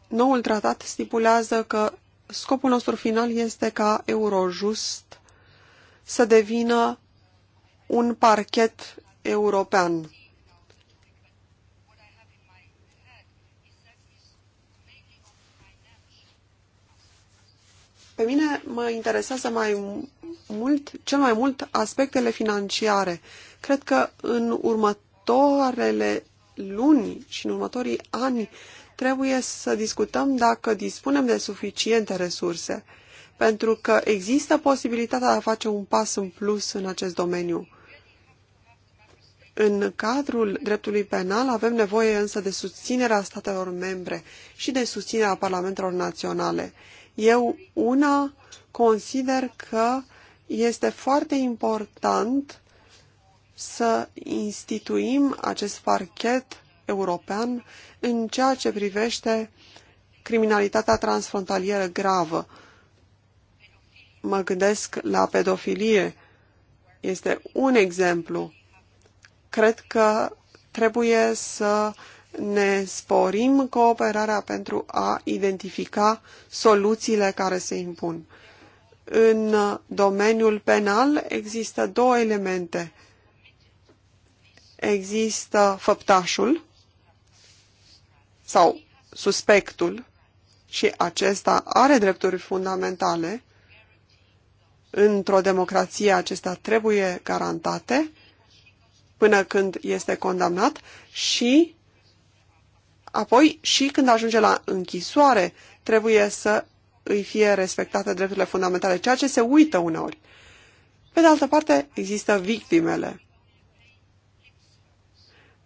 noul tratat stipulează că scopul nostru final este ca Eurojust să devină un parchet european. Pe mine mă interesează mai mult, cel mai mult aspectele financiare. Cred că în următoarele luni și în următorii ani trebuie să discutăm dacă dispunem de suficiente resurse, pentru că există posibilitatea de a face un pas în plus în acest domeniu. În cadrul dreptului penal avem nevoie însă de susținerea statelor membre și de susținerea parlamentelor naționale. Eu, una, consider că este foarte important să instituim acest parchet european în ceea ce privește criminalitatea transfrontalieră gravă. Mă gândesc la pedofilie. Este un exemplu. Cred că trebuie să ne sporim cooperarea pentru a identifica soluțiile care se impun. În domeniul penal există două elemente. Există făptașul, sau suspectul și acesta are drepturi fundamentale, într-o democrație acestea trebuie garantate până când este condamnat și apoi și când ajunge la închisoare trebuie să îi fie respectate drepturile fundamentale, ceea ce se uită uneori. Pe de altă parte, există victimele.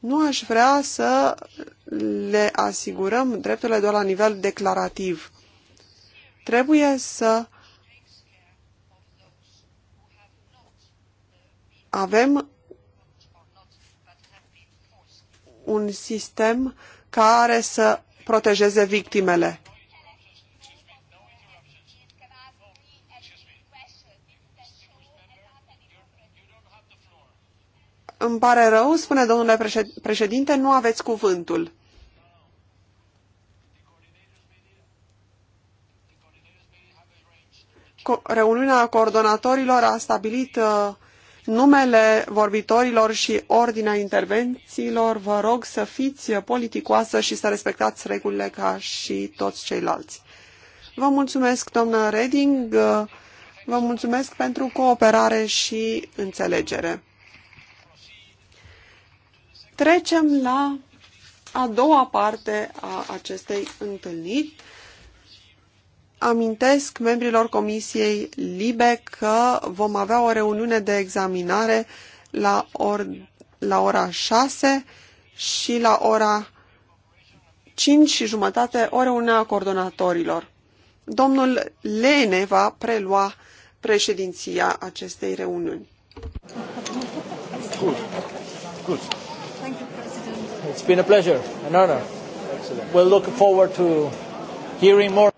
Nu aș vrea să le asigurăm drepturile doar la nivel declarativ. Trebuie să avem un sistem care să protejeze victimele. Îmi pare rău, spune domnule președinte, nu aveți cuvântul. reuniunea coordonatorilor a stabilit uh, numele vorbitorilor și ordinea intervențiilor. Vă rog să fiți politicoasă și să respectați regulile ca și toți ceilalți. Vă mulțumesc, doamnă Reding, uh, vă mulțumesc pentru cooperare și înțelegere. Trecem la a doua parte a acestei întâlniri. Amintesc membrilor Comisiei Libe că vom avea o reuniune de examinare la, or, la ora 6 și la ora 5 și jumătate o reuniune a coordonatorilor. Domnul Lene va prelua președinția acestei reuniuni. Good. Good. It's been a pleasure, an honor. Excellent. We'll look forward to hearing more.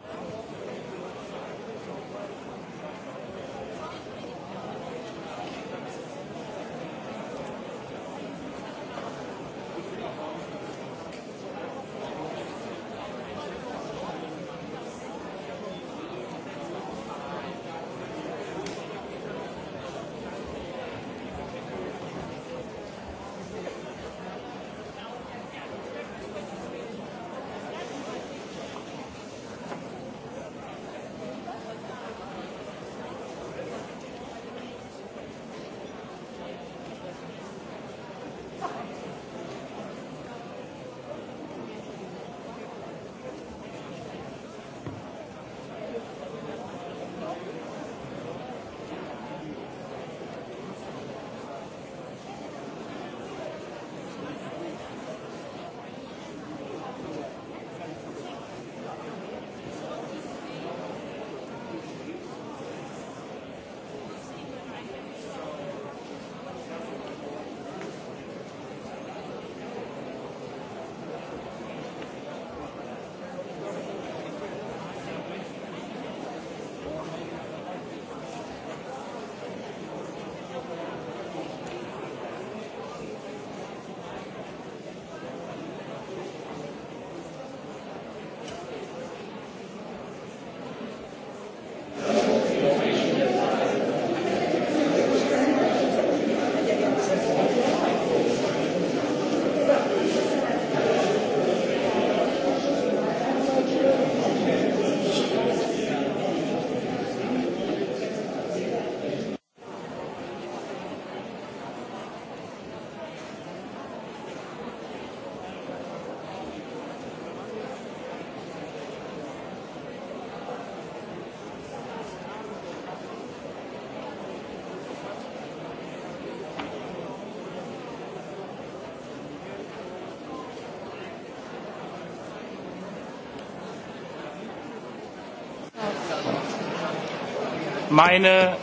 Meine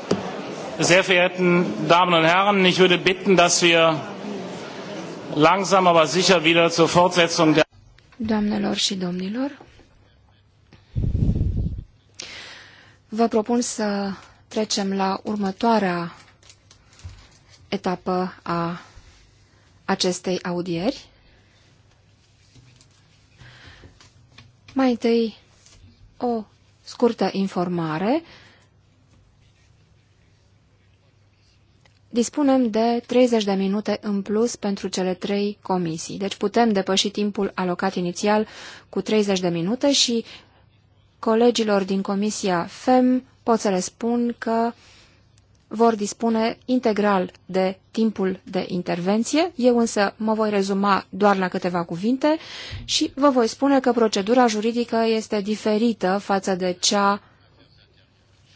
sehr verehrten Damen und Herren, ich würde bitten, dass wir langsam aber sicher wieder zur Fortsetzung der Doamnelor și domnilor, vă propun să trecem la următoarea etapă a acestei audieri. Mai întâi o scurtă informare Dispunem de 30 de minute în plus pentru cele trei comisii, deci putem depăși timpul alocat inițial cu 30 de minute și colegilor din Comisia FEM pot să le spun că vor dispune integral de timpul de intervenție, eu însă mă voi rezuma doar la câteva cuvinte și vă voi spune că procedura juridică este diferită față de cea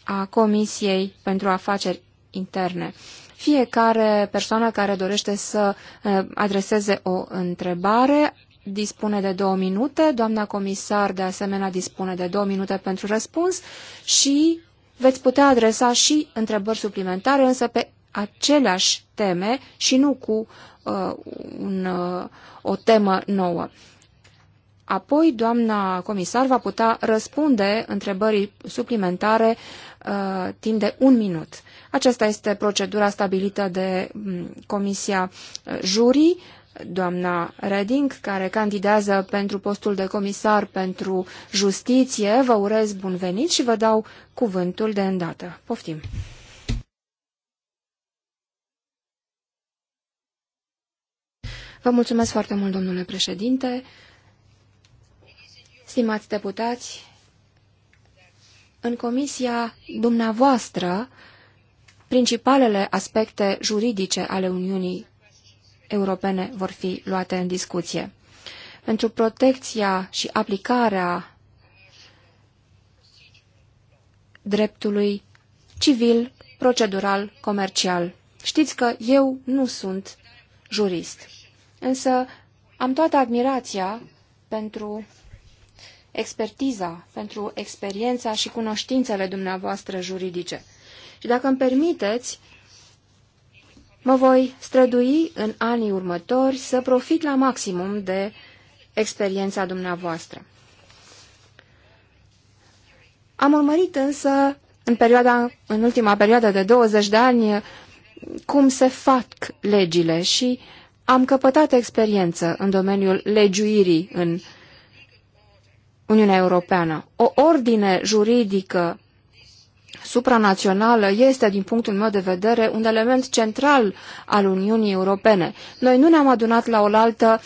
a Comisiei pentru Afaceri Interne. Fiecare persoană care dorește să eh, adreseze o întrebare dispune de două minute, doamna comisar de asemenea dispune de două minute pentru răspuns și veți putea adresa și întrebări suplimentare, însă pe aceleași teme și nu cu uh, un, uh, o temă nouă. Apoi, doamna comisar va putea răspunde întrebării suplimentare uh, timp de un minut. Aceasta este procedura stabilită de mm, Comisia eh, Jurii, doamna Reding, care candidează pentru postul de comisar pentru justiție. Vă urez bun venit și vă dau cuvântul de îndată. Poftim! Vă mulțumesc foarte mult, domnule președinte. Stimați deputați, în comisia dumneavoastră principalele aspecte juridice ale Uniunii Europene vor fi luate în discuție. Pentru protecția și aplicarea dreptului civil, procedural, comercial. Știți că eu nu sunt jurist, însă am toată admirația pentru expertiza, pentru experiența și cunoștințele dumneavoastră juridice. Și dacă îmi permiteți, mă voi strădui în anii următori să profit la maximum de experiența dumneavoastră. Am urmărit însă în, perioada, în ultima perioadă de 20 de ani cum se fac legile și am căpătat experiență în domeniul legiuirii în Uniunea Europeană. O ordine juridică supranațională este, din punctul meu de vedere, un element central al Uniunii Europene. Noi nu ne-am adunat la oaltă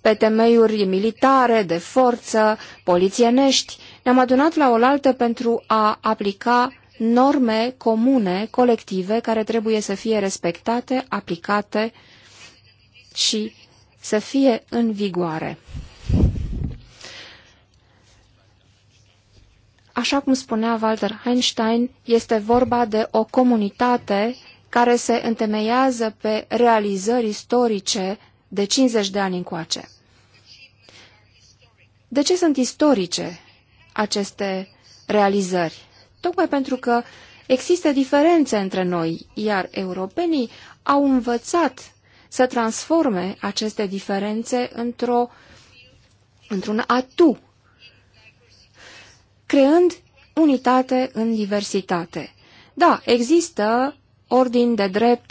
pe temeiuri militare, de forță, polițienești. Ne-am adunat la oaltă pentru a aplica norme comune, colective, care trebuie să fie respectate, aplicate și să fie în vigoare. Așa cum spunea Walter Einstein, este vorba de o comunitate care se întemeiază pe realizări istorice de 50 de ani încoace. De ce sunt istorice aceste realizări? Tocmai pentru că există diferențe între noi, iar europenii au învățat să transforme aceste diferențe într-un într, atu creând unitate în diversitate. Da, există ordini de drept,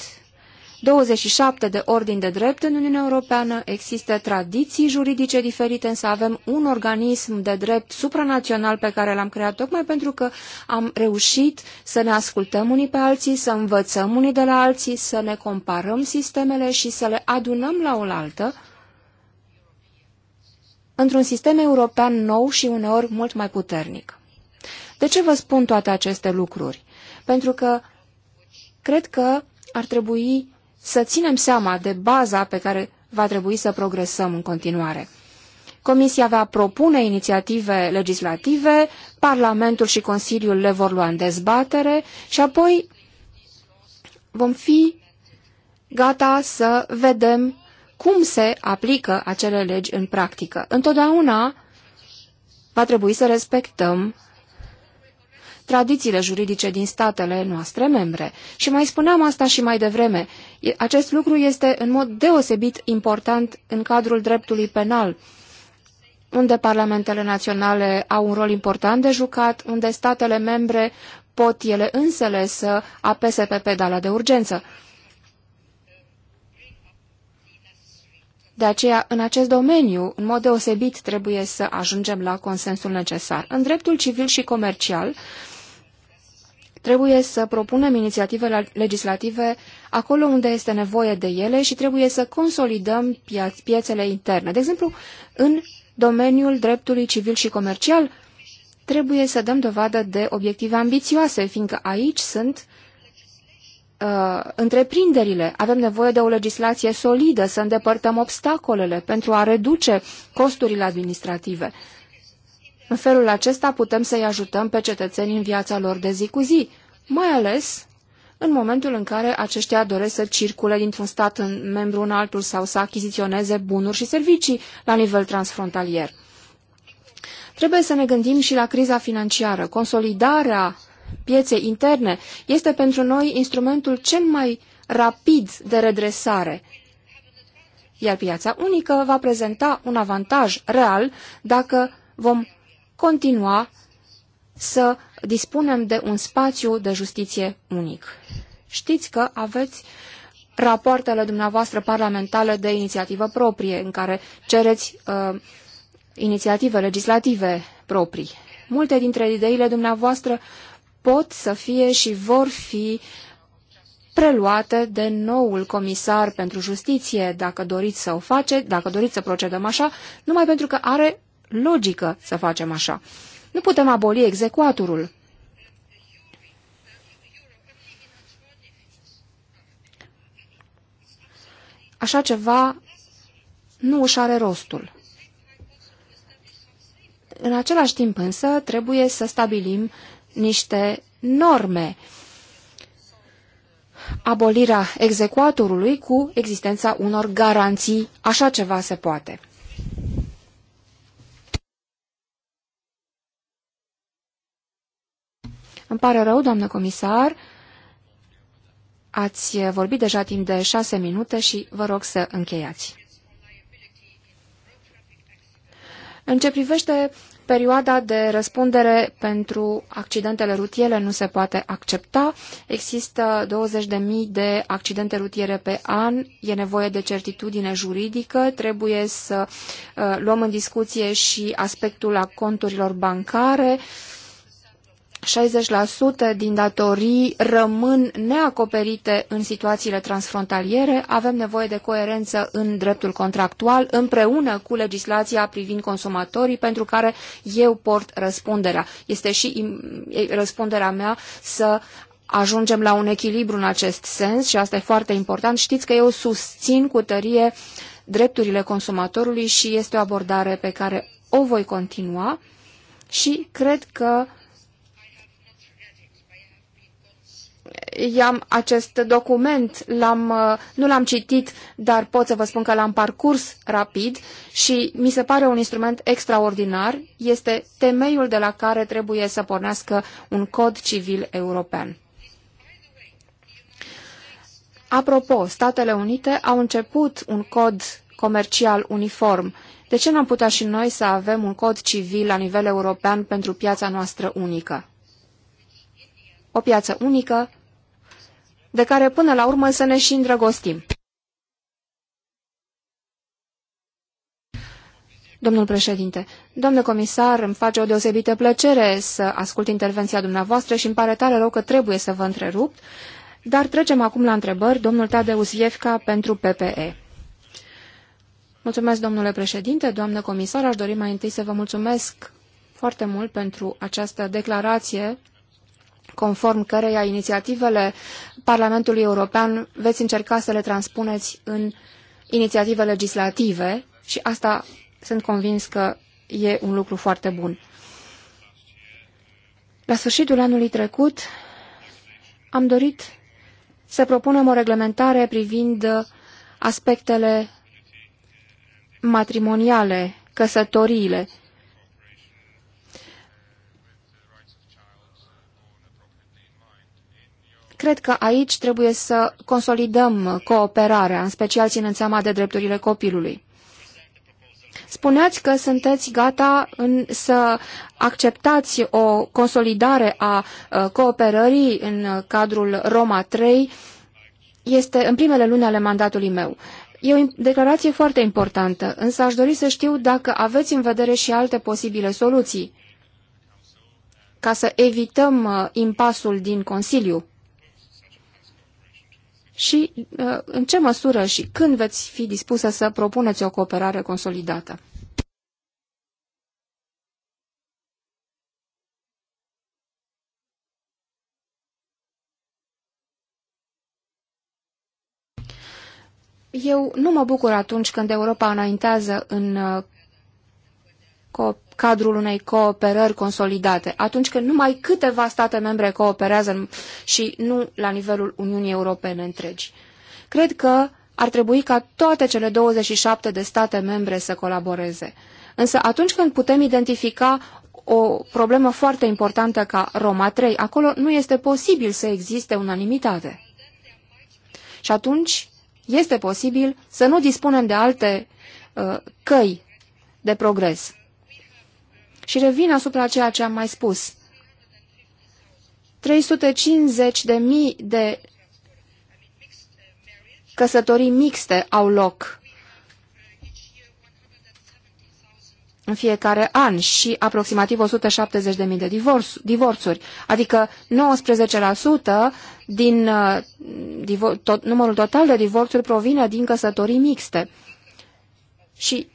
27 de ordini de drept în Uniunea Europeană, există tradiții juridice diferite, însă avem un organism de drept supranațional pe care l-am creat tocmai pentru că am reușit să ne ascultăm unii pe alții, să învățăm unii de la alții, să ne comparăm sistemele și să le adunăm la oaltă, într-un sistem european nou și uneori mult mai puternic. De ce vă spun toate aceste lucruri? Pentru că cred că ar trebui să ținem seama de baza pe care va trebui să progresăm în continuare. Comisia va propune inițiative legislative, Parlamentul și Consiliul le vor lua în dezbatere și apoi vom fi gata să vedem cum se aplică acele legi în practică. Întotdeauna va trebui să respectăm tradițiile juridice din statele noastre membre. Și mai spuneam asta și mai devreme. Acest lucru este în mod deosebit important în cadrul dreptului penal, unde parlamentele naționale au un rol important de jucat, unde statele membre pot ele însele să apese pe pedala de urgență. De aceea, în acest domeniu, în mod deosebit, trebuie să ajungem la consensul necesar. În dreptul civil și comercial, trebuie să propunem inițiative legislative acolo unde este nevoie de ele și trebuie să consolidăm piețele interne. De exemplu, în domeniul dreptului civil și comercial, trebuie să dăm dovadă de obiective ambițioase, fiindcă aici sunt uh, uh, întreprinderile. Avem nevoie de o legislație solidă, să îndepărtăm obstacolele pentru a reduce costurile administrative. În felul acesta putem să-i ajutăm pe cetățeni în viața lor de zi cu zi, mai ales în momentul în care aceștia doresc să circule dintr-un stat în membru în altul sau să achiziționeze bunuri și servicii la nivel transfrontalier. Trebuie să ne gândim și la criza financiară. Consolidarea pieței interne este pentru noi instrumentul cel mai rapid de redresare. Iar piața unică va prezenta un avantaj real dacă vom continua să dispunem de un spațiu de justiție unic. Știți că aveți rapoartele dumneavoastră parlamentare de inițiativă proprie, în care cereți uh, inițiative legislative proprii. Multe dintre ideile dumneavoastră pot să fie și vor fi preluate de noul comisar pentru justiție, dacă doriți să o faceți, dacă doriți să procedăm așa, numai pentru că are logică să facem așa. Nu putem aboli execuatorul. Așa ceva nu își are rostul. În același timp însă trebuie să stabilim niște norme. Abolirea execuatorului cu existența unor garanții, așa ceva se poate. Îmi pare rău, doamnă comisar, ați vorbit deja timp de șase minute și vă rog să încheiați. În ce privește Perioada de răspundere pentru accidentele rutiere nu se poate accepta. Există 20.000 de accidente rutiere pe an. E nevoie de certitudine juridică. Trebuie să uh, luăm în discuție și aspectul a conturilor bancare. Uh, 60% din datorii rămân neacoperite în situațiile transfrontaliere, avem nevoie de coerență în dreptul contractual, împreună cu legislația privind consumatorii, pentru care eu port răspunderea. Este și răspunderea mea să ajungem la un echilibru în acest sens și asta e foarte important. Știți că eu susțin cu tărie drepturile consumatorului și este o abordare pe care o voi continua și cred că i-am, acest document l-am, uh, nu l-am citit, dar pot să vă spun că l-am parcurs rapid și mi se pare un instrument extraordinar. Este temeiul de la care trebuie să pornească un cod civil european. Apropo, Statele Unite au început un cod comercial uniform. De ce n-am putea și noi să avem un cod civil la nivel european pentru piața noastră unică? O piață unică de care până la urmă să ne și îndrăgostim. Domnul președinte, domnule comisar, îmi face o deosebită plăcere să ascult intervenția dumneavoastră și îmi pare tare rău că trebuie să vă întrerup, dar trecem acum la întrebări. Domnul Tadeus Iefca pentru PPE. Mulțumesc, domnule președinte, doamnă comisar, aș dori mai întâi să vă mulțumesc foarte mult pentru această declarație conform căreia inițiativele Parlamentului European veți încerca să le transpuneți în inițiative legislative și asta sunt convins că e un lucru foarte bun. La sfârșitul anului trecut am dorit să propunem o reglementare privind aspectele matrimoniale, căsătoriile Cred că aici trebuie să consolidăm cooperarea, în special ținând seama de drepturile copilului. Spuneați că sunteți gata în, să acceptați o consolidare a uh, cooperării în cadrul Roma 3. Este în primele luni ale mandatului meu. E o declarație foarte importantă, însă aș dori să știu dacă aveți în vedere și alte posibile soluții ca să evităm uh, impasul din Consiliu și uh, în ce măsură și când veți fi dispusă să propuneți o cooperare consolidată? Eu nu mă bucur atunci când Europa înaintează în, uh, cadrul unei cooperări consolidate, atunci când numai câteva state membre cooperează și nu la nivelul Uniunii Europene întregi. Cred că ar trebui ca toate cele 27 de state membre să colaboreze. Însă atunci când putem identifica o problemă foarte importantă ca Roma 3, acolo nu este posibil să existe unanimitate. Și atunci este posibil să nu dispunem de alte uh, căi de progres. Și revin asupra ceea ce am mai spus. 350 de mii de căsătorii mixte au loc în fiecare an și aproximativ 170 de mii de divorț, divorțuri, adică 19% din uh, divor, tot, numărul total de divorțuri provine din căsătorii mixte. Și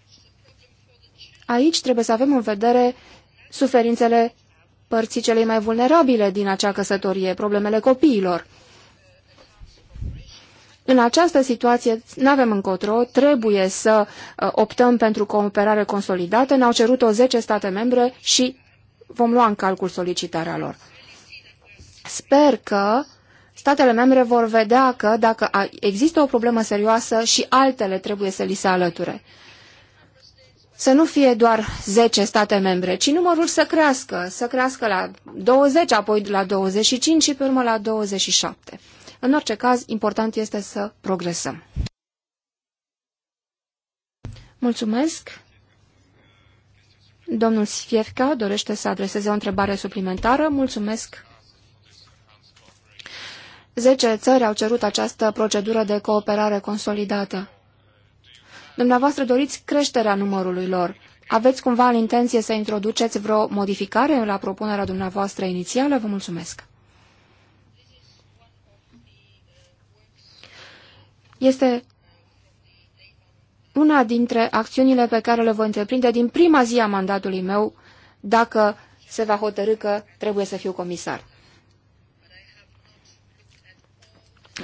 Aici trebuie să avem în vedere suferințele părții celei mai vulnerabile din acea căsătorie, problemele copiilor. În această situație nu avem încotro, trebuie să uh, optăm pentru cooperare consolidată, ne-au cerut-o 10 state membre și vom lua în calcul solicitarea lor. Sper că statele membre vor vedea că dacă există o problemă serioasă și altele trebuie să li se alăture să nu fie doar 10 state membre, ci numărul să crească, să crească la 20, apoi la 25 și pe urmă la 27. În orice caz, important este să progresăm. Mulțumesc. Domnul Sfievca dorește să adreseze o întrebare suplimentară. Mulțumesc. Zece țări au cerut această procedură de cooperare consolidată. Dumneavoastră doriți creșterea numărului lor. Aveți cumva în intenție să introduceți vreo modificare la propunerea dumneavoastră inițială? Vă mulțumesc! Este una dintre acțiunile pe care le voi întreprinde din prima zi a mandatului meu, dacă se va hotărâ că trebuie să fiu comisar.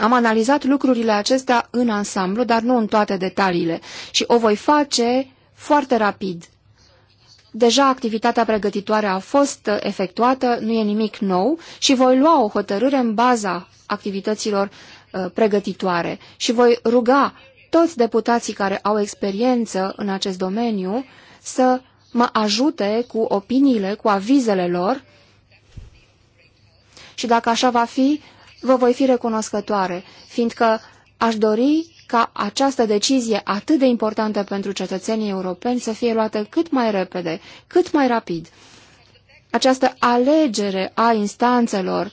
Am analizat lucrurile acestea în ansamblu, dar nu în toate detaliile și o voi face foarte rapid. Deja activitatea pregătitoare a fost efectuată, nu e nimic nou și voi lua o hotărâre în baza activităților uh, pregătitoare și voi ruga toți deputații care au experiență în acest domeniu să mă ajute cu opiniile, cu avizele lor și dacă așa va fi, vă voi fi recunoscătoare, fiindcă aș dori ca această decizie atât de importantă pentru cetățenii europeni să fie luată cât mai repede, cât mai rapid. Această alegere a instanțelor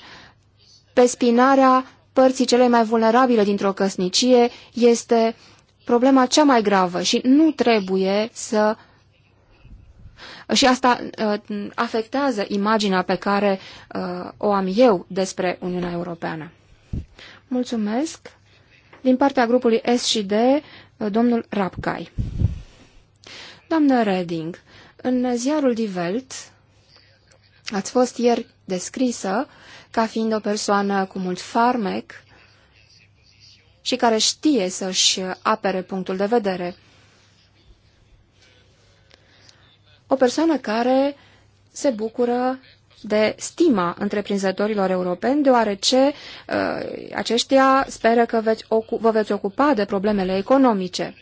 pe spinarea părții cele mai vulnerabile dintr-o căsnicie este problema cea mai gravă și nu trebuie să... Și asta uh, afectează imaginea pe care uh, o am eu despre Uniunea Europeană. Mulțumesc! Din partea grupului S și D, domnul Rapcai. Doamnă Reding, în ziarul Die Welt ați fost ieri descrisă ca fiind o persoană cu mult farmec și care știe să-și apere punctul de vedere. O persoană care se bucură de stima întreprinzătorilor europeni, deoarece uh, aceștia speră că veți vă veți ocupa de problemele economice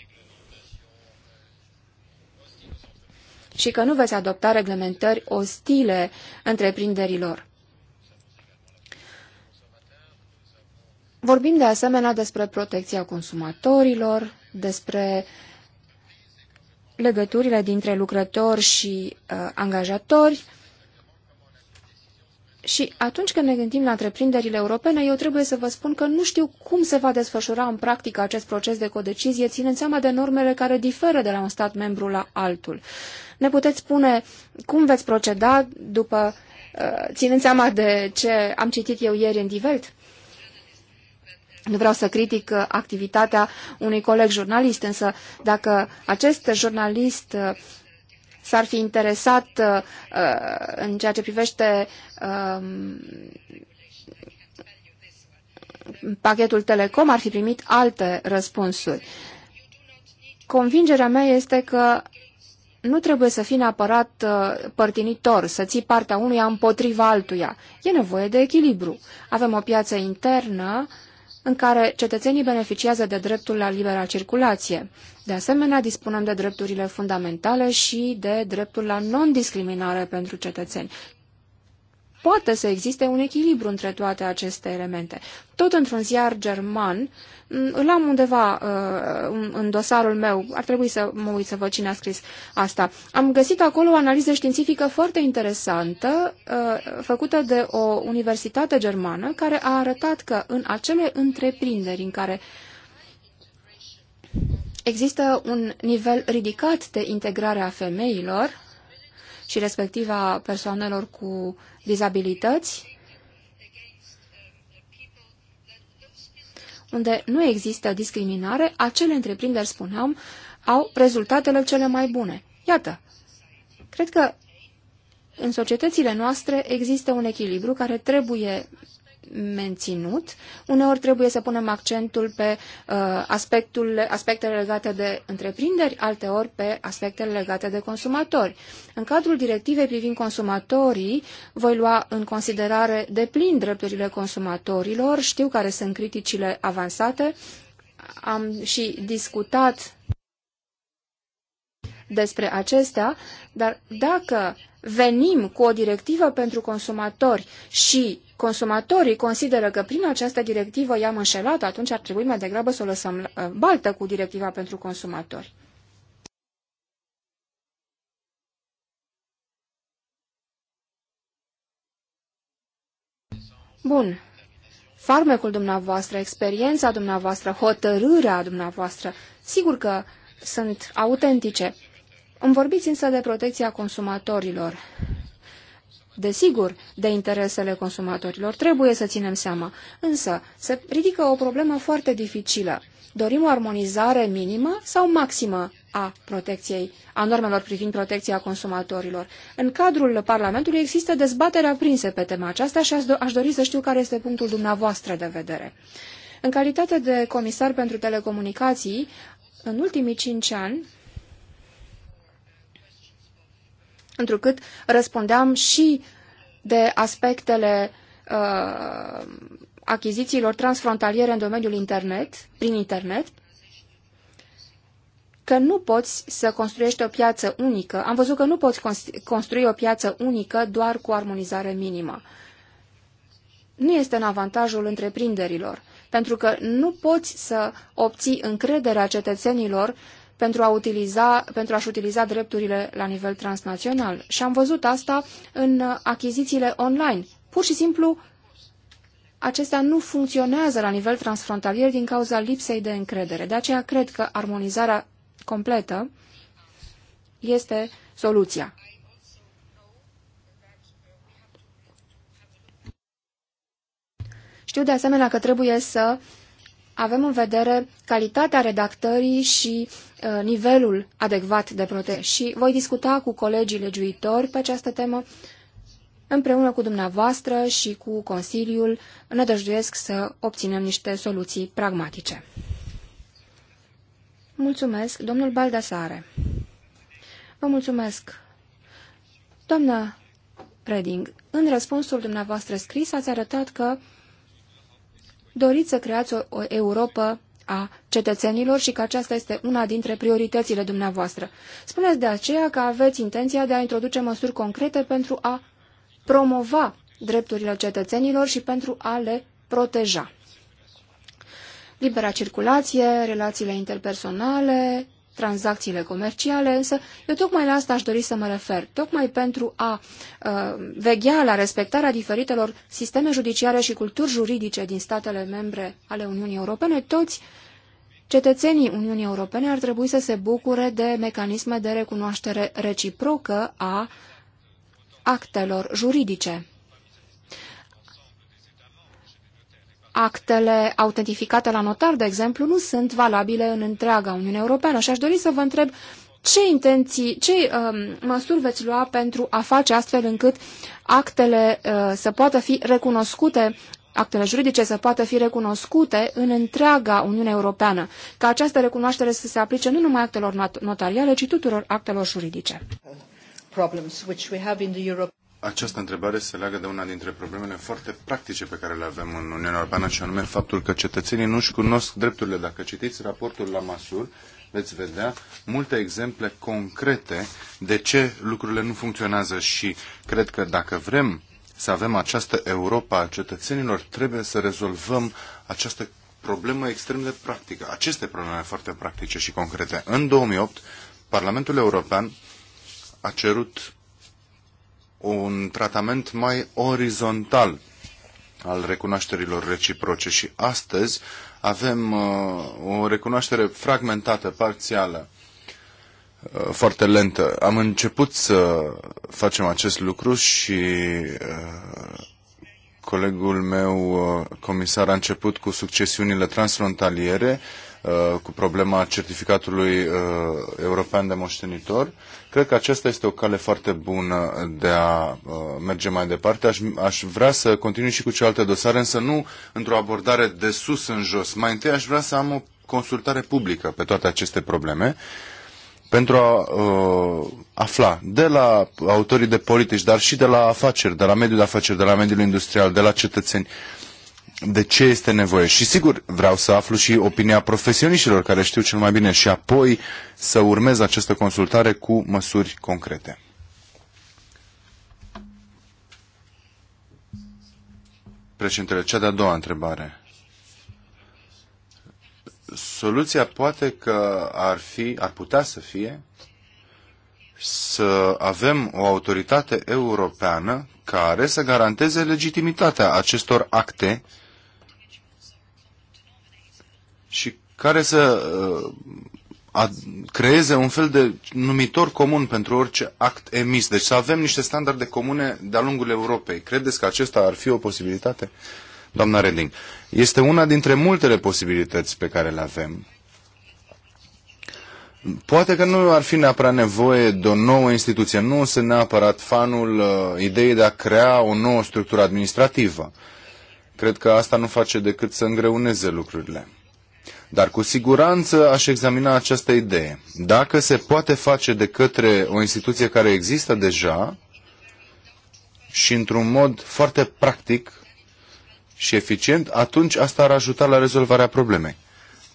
și că nu veți adopta reglementări ostile întreprinderilor. Vorbim de asemenea despre protecția consumatorilor, despre legăturile dintre lucrători și uh, angajatori, și atunci când ne gândim la întreprinderile europene, eu trebuie să vă spun că nu știu cum se va desfășura în practică acest proces de codecizie, ținând seama de normele care diferă de la un stat membru la altul. Ne puteți spune cum veți proceda după, uh, ținând seama de ce am citit eu ieri în Divelt? Nu vreau să critic uh, activitatea unui coleg jurnalist, însă dacă acest jurnalist uh, s-ar fi interesat uh, uh, în ceea ce privește uh, pachetul Telecom, ar fi primit alte răspunsuri. Convingerea mea este că nu trebuie să fii neapărat uh, părtinitor, să ții partea unuia împotriva altuia. E nevoie de echilibru. Avem o piață internă în care cetățenii beneficiază de dreptul la libera circulație. De asemenea, dispunem de drepturile fundamentale și de dreptul la non-discriminare pentru cetățeni. Poate să existe un echilibru între toate aceste elemente. Tot într-un ziar german, îl am undeva uh, în dosarul meu, ar trebui să mă uit să văd cine a scris asta. Am găsit acolo o analiză științifică foarte interesantă, uh, făcută de o universitate germană, care a arătat că în acele întreprinderi în care există un nivel ridicat de integrare a femeilor și respectiv a persoanelor cu dizabilități, unde nu există discriminare, acele întreprinderi, spuneam, au rezultatele cele mai bune. Iată, cred că în societățile noastre există un echilibru care trebuie menținut. Uneori trebuie să punem accentul pe uh, aspectul, aspectele legate de întreprinderi, alteori pe aspectele legate de consumatori. În cadrul directivei privind consumatorii, voi lua în considerare deplin drepturile consumatorilor, știu care sunt criticile avansate, am și discutat despre acestea, dar dacă venim cu o directivă pentru consumatori și consumatorii consideră că prin această directivă i-am înșelat, atunci ar trebui mai degrabă să o lăsăm uh, baltă cu directiva pentru consumatori. Bun. Farmecul dumneavoastră, experiența dumneavoastră, hotărârea dumneavoastră, sigur că sunt autentice. Îmi vorbiți însă de protecția consumatorilor. Desigur, de interesele consumatorilor trebuie să ținem seama, însă se ridică o problemă foarte dificilă. Dorim o armonizare minimă sau maximă a protecției, a normelor privind protecția consumatorilor. În cadrul Parlamentului există dezbatere aprinse pe tema aceasta și aș dori să știu care este punctul dumneavoastră de vedere. În calitate de comisar pentru telecomunicații, în ultimii cinci ani, întrucât răspundeam și de aspectele uh, achizițiilor transfrontaliere în domeniul internet, prin internet, că nu poți să construiești o piață unică. Am văzut că nu poți construi o piață unică doar cu armonizare minimă. Nu este în avantajul întreprinderilor, pentru că nu poți să obții încrederea cetățenilor pentru, a utiliza, pentru a-și utiliza drepturile la nivel transnațional. Și am văzut asta în achizițiile online. Pur și simplu, acestea nu funcționează la nivel transfrontalier din cauza lipsei de încredere. De aceea cred că armonizarea completă este soluția. Știu de asemenea că trebuie să uh, avem în vedere calitatea redactării și uh, nivelul adecvat de protecție. Și voi discuta cu colegii legiuitori pe această temă împreună cu dumneavoastră și cu Consiliul. Nădăjduiesc să obținem niște soluții pragmatice. Mulțumesc, domnul Baldasare. Vă mulțumesc. Doamnă Reding, în răspunsul dumneavoastră scris ați arătat că doriți să creați o, o Europa a cetățenilor și că aceasta este una dintre prioritățile dumneavoastră. Spuneți de aceea că aveți intenția de a introduce măsuri concrete pentru a promova drepturile cetățenilor și pentru a le proteja. Libera circulație, relațiile interpersonale, tranzacțiile comerciale, însă eu tocmai la asta aș dori să mă refer, tocmai pentru a uh, veghea la respectarea diferitelor sisteme judiciare și culturi juridice din statele membre ale Uniunii Europene, toți cetățenii Uniunii Europene ar trebui să se bucure de mecanisme de recunoaștere reciprocă a actelor juridice. actele autentificate la notar, de exemplu, nu sunt valabile în întreaga Uniune Europeană. Și aș dori să vă întreb ce intenții, ce uh, măsuri veți lua pentru a face astfel încât actele uh, să poată fi recunoscute actele juridice să poată fi recunoscute în întreaga Uniune Europeană, ca această recunoaștere să se aplice nu numai actelor notariale, ci tuturor actelor juridice această întrebare se leagă de una dintre problemele foarte practice pe care le avem în Uniunea Europeană și anume faptul că cetățenii nu-și cunosc drepturile. Dacă citiți raportul la masur, veți vedea multe exemple concrete de ce lucrurile nu funcționează și cred că dacă vrem să avem această Europa a cetățenilor, trebuie să rezolvăm această problemă extrem de practică, aceste probleme foarte practice și concrete. În 2008, Parlamentul European a cerut un tratament mai orizontal al recunoașterilor reciproce și astăzi avem uh, o recunoaștere fragmentată, parțială, uh, foarte lentă. Am început să facem acest lucru și uh, colegul meu comisar a început cu succesiunile transfrontaliere Uh, cu problema certificatului uh, european de moștenitor. Cred că aceasta este o cale foarte bună de a uh, merge mai departe. Aș, aș vrea să continui și cu celelalte dosare, însă nu într-o abordare de sus în jos. Mai întâi aș vrea să am o consultare publică pe toate aceste probleme pentru a uh, afla de la autorii de politici, dar și de la afaceri, de la mediul de afaceri, de la mediul industrial, de la cetățeni, uh, de ce este nevoie. Și sigur, vreau să aflu și opinia profesioniștilor care știu cel mai bine și apoi să urmez această consultare cu măsuri concrete. Președintele, cea de-a doua întrebare. Soluția poate că ar fi, ar putea să fie să avem o autoritate europeană care să garanteze legitimitatea acestor acte și care să uh, creeze un fel de numitor comun pentru orice act emis. Deci să avem niște standarde comune de-a lungul Europei. Credeți că acesta ar fi o posibilitate? Doamna Reding, este una dintre multele posibilități pe care le avem. Poate că nu ar fi neapărat nevoie de o nouă instituție, nu se neapărat fanul uh, ideii de a crea o nouă structură administrativă. Cred că asta nu face decât să îngreuneze lucrurile. Dar cu siguranță aș examina această idee. Dacă se poate face de către o instituție care există deja și într-un mod foarte practic și eficient, atunci asta ar ajuta la rezolvarea problemei.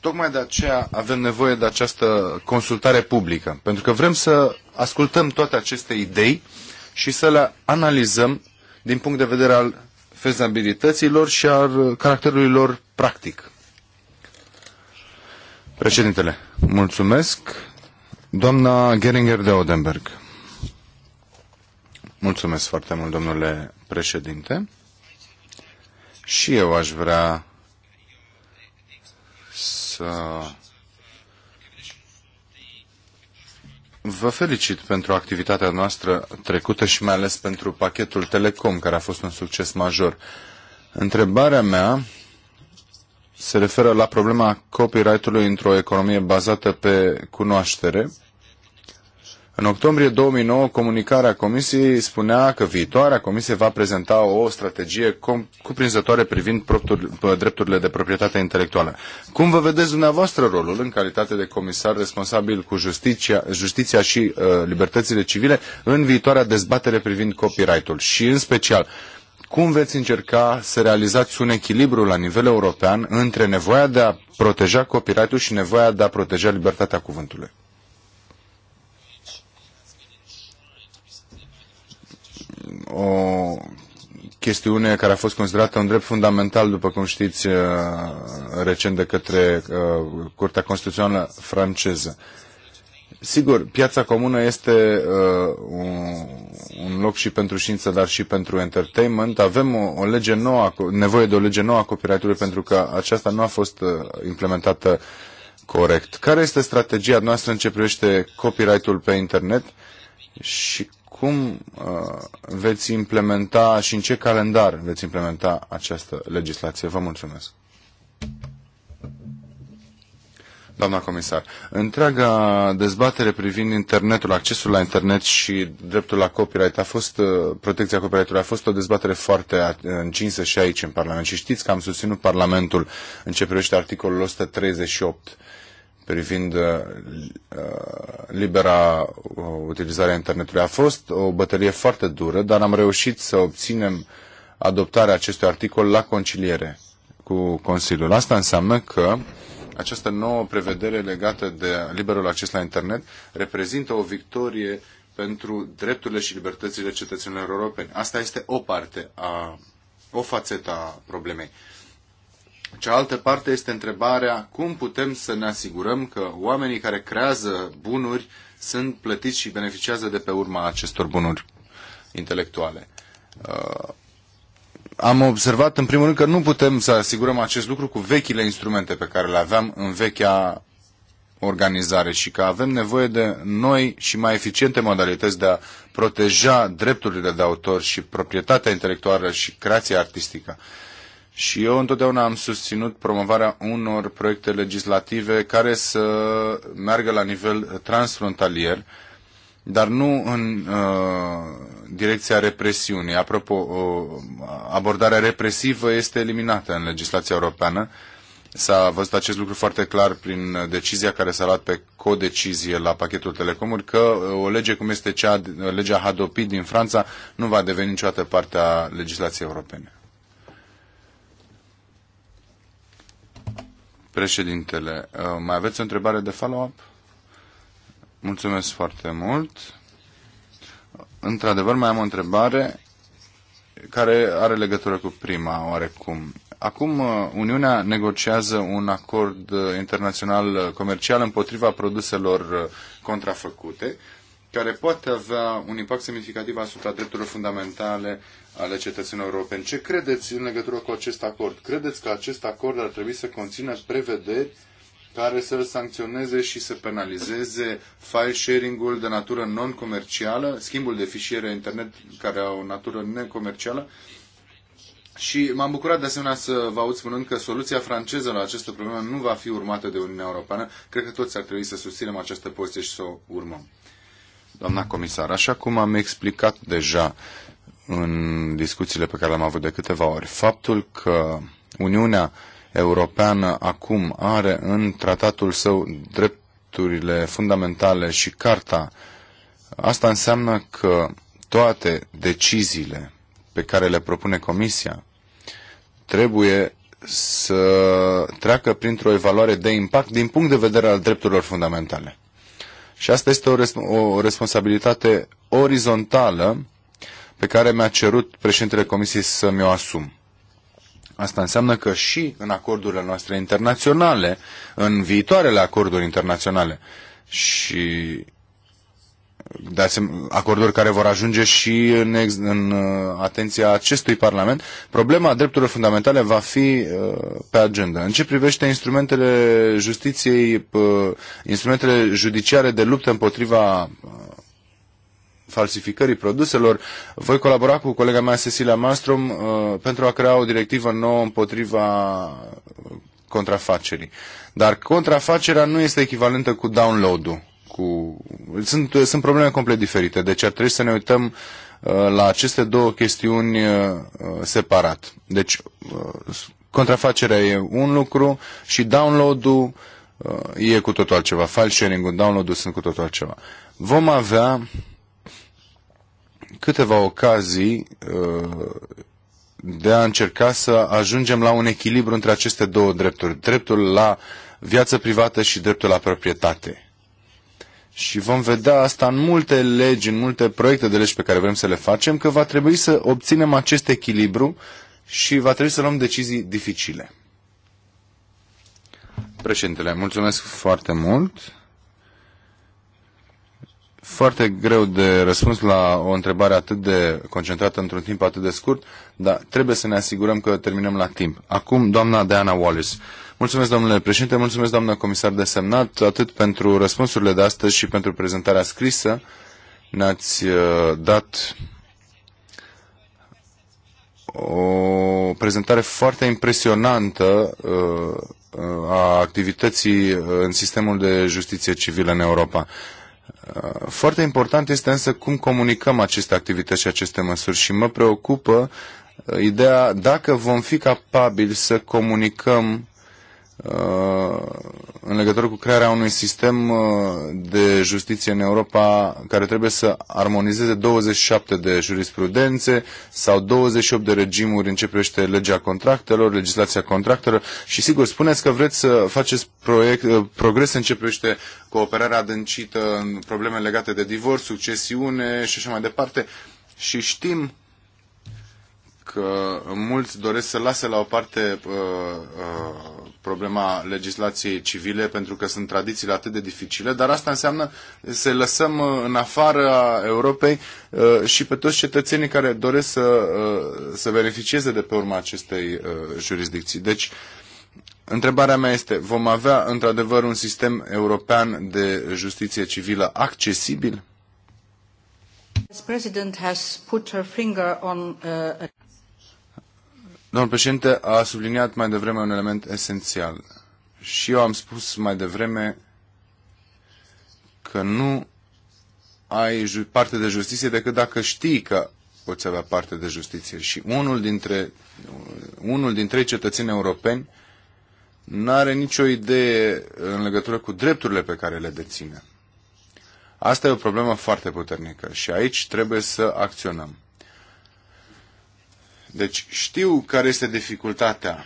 Tocmai de aceea avem nevoie de această consultare publică, pentru că vrem să ascultăm toate aceste idei și să le analizăm din punct de vedere al fezabilităților și al caracterului lor practic. Președintele, mulțumesc. Doamna Geringer de Odenberg. Mulțumesc foarte mult, domnule președinte. Și eu aș vrea să vă felicit pentru activitatea noastră trecută și mai ales pentru pachetul Telecom, care a fost un succes major. Întrebarea mea se referă la problema copyright-ului într-o economie bazată pe cunoaștere. În octombrie 2009, comunicarea Comisiei spunea că viitoarea Comisie va prezenta o strategie cuprinzătoare privind drepturile de proprietate intelectuală. Cum vă vedeți dumneavoastră rolul în calitate de comisar responsabil cu justiția, justiția și uh, libertățile civile în viitoarea dezbatere privind copyright-ul și în special uh, cum veți încerca să realizați un echilibru la nivel european între nevoia de a proteja copyright-ul și nevoia de a proteja libertatea cuvântului? O chestiune care a fost considerată un drept fundamental, după cum știți, uh, recent de către uh, Curtea Constituțională franceză. Sigur, piața comună este uh, un, un loc și pentru știință, dar și pentru entertainment. Avem o, o lege nouă, nevoie de o lege nouă a copyright pentru că aceasta nu a fost uh, implementată corect. Care este strategia noastră în ce privește copyright-ul pe internet și cum uh, veți implementa și în ce calendar veți implementa această legislație? Vă mulțumesc! doamna comisar. Întreaga dezbatere privind internetul, accesul la internet și dreptul la copyright a fost, uh, protecția copyrightului a fost o dezbatere foarte încinsă și aici în Parlament. Și știți că am susținut Parlamentul în ce privește articolul 138 privind uh, uh libera uh, utilizarea internetului. A fost o bătălie foarte dură, dar am reușit să obținem adoptarea acestui articol la conciliere cu Consiliul. Asta înseamnă că uh, această nouă prevedere legată de liberul acces la internet reprezintă o victorie pentru drepturile și libertățile cetățenilor europeni. Asta este o parte a o fațetă a problemei. Cealaltă parte este întrebarea cum putem să ne asigurăm că oamenii care creează bunuri sunt plătiți și beneficiază de pe urma acestor bunuri intelectuale. Uh, am observat în primul rând că nu putem să asigurăm acest lucru cu vechile instrumente pe care le aveam în vechea organizare și că avem nevoie de noi și mai eficiente modalități de a proteja drepturile de autor și proprietatea intelectuală și creația artistică. Și eu întotdeauna am susținut promovarea unor proiecte legislative care să meargă la nivel transfrontalier, dar nu în uh, direcția represiunii. Apropo, uh, abordarea represivă este eliminată în legislația europeană. S-a văzut acest lucru foarte clar prin decizia care s-a luat pe codecizie la pachetul telecomuri că uh, o lege cum este cea, legea Hadopi din Franța nu va deveni niciodată parte a legislației europene. Președintele, uh, mai aveți o întrebare de follow-up? Mulțumesc foarte mult. Într-adevăr, mai am o întrebare care are legătură cu prima, oarecum. Acum uh, Uniunea negociază un acord uh, internațional uh, comercial împotriva produselor contrafăcute, care poate avea un impact semnificativ asupra drepturilor fundamentale ale cetățenilor europeni. Ce credeți în legătură cu acest acord? Credeți că acest acord ar trebui să conțină prevederi care să sancționeze și să penalizeze file sharing-ul de natură non-comercială, schimbul de fișiere internet care au o natură necomercială. Și m-am bucurat de asemenea să vă aud spunând că soluția franceză la această problemă nu va fi urmată de Uniunea Europeană. Cred că toți ar trebui să susținem această poziție și să o urmăm. Doamna comisar, așa cum am explicat deja în discuțiile pe care le-am avut de câteva ori, faptul că Uniunea Europeană acum are în tratatul său drepturile fundamentale și carta, asta înseamnă că toate deciziile pe care le propune Comisia trebuie să treacă printr-o evaluare de impact din punct de vedere al drepturilor fundamentale. Și asta este o, resp- o responsabilitate orizontală pe care mi-a cerut președintele Comisiei să mi-o asum. Asta înseamnă că și în acordurile noastre internaționale, în viitoarele acorduri internaționale și de acorduri care vor ajunge și în, ex- în uh, atenția acestui Parlament, problema drepturilor fundamentale va fi uh, pe agenda. În ce privește instrumentele justiției, uh, instrumentele judiciare de luptă împotriva uh, falsificării produselor. Voi colabora cu colega mea Cecilia Mastrom uh, pentru a crea o directivă nouă împotriva uh, contrafacerii. Dar contrafacerea nu este echivalentă cu download-ul. Cu... Sunt, sunt probleme complet diferite, deci ar trebui să ne uităm uh, la aceste două chestiuni separat. Deci, contrafacerea e un lucru și download-ul e cu totul altceva. File sharing-ul, download-ul sunt cu totul altceva. Vom avea câteva ocazii uh, de a încerca să ajungem la un echilibru între aceste două drepturi, dreptul la viață privată și dreptul la proprietate. Și vom vedea asta în multe legi, în multe proiecte de legi pe care vrem să le facem, că va trebui să obținem acest echilibru și va trebui să luăm decizii dificile. Președintele, mulțumesc foarte mult foarte greu de răspuns la o întrebare atât de concentrată într-un timp atât de scurt, dar trebuie să ne asigurăm că terminăm la timp. Acum, doamna Diana Wallace. Mulțumesc, domnule președinte, mulțumesc, doamna comisar de semnat, atât pentru răspunsurile de astăzi și pentru prezentarea scrisă. Ne-ați uh, dat o prezentare foarte impresionantă uh, uh, a activității în sistemul de justiție civilă în Europa. Uh, foarte important este însă cum comunicăm aceste activități și aceste măsuri și mă preocupă uh, ideea dacă vom fi capabili să comunicăm Uh, în legătură cu crearea unui sistem uh, de justiție în Europa care trebuie să armonizeze 27 de jurisprudențe sau 28 de regimuri în ce privește legea contractelor, legislația contractelor și sigur spuneți că vreți să faceți proiect, uh, progres în ce privește cooperarea adâncită în probleme legate de divorț, succesiune și așa mai departe și știm că mulți doresc să lase la o parte uh, uh, problema legislației civile, pentru că sunt tradițiile atât de dificile, dar asta înseamnă să lăsăm uh, în afara Europei uh, și pe toți cetățenii care doresc să, uh, să beneficieze de pe urma acestei jurisdicții. Deci, întrebarea mea este, vom avea într-adevăr un sistem european de justiție civilă accesibil? Domnul președinte a subliniat mai devreme un element esențial. Și eu am spus mai devreme că nu ai parte de justiție decât dacă știi că poți avea parte de justiție. Și unul dintre, unul dintre cetățeni europeni nu are nicio idee în legătură cu drepturile pe care le deține. Asta e o problemă foarte puternică și aici trebuie să acționăm. Deci știu care este dificultatea.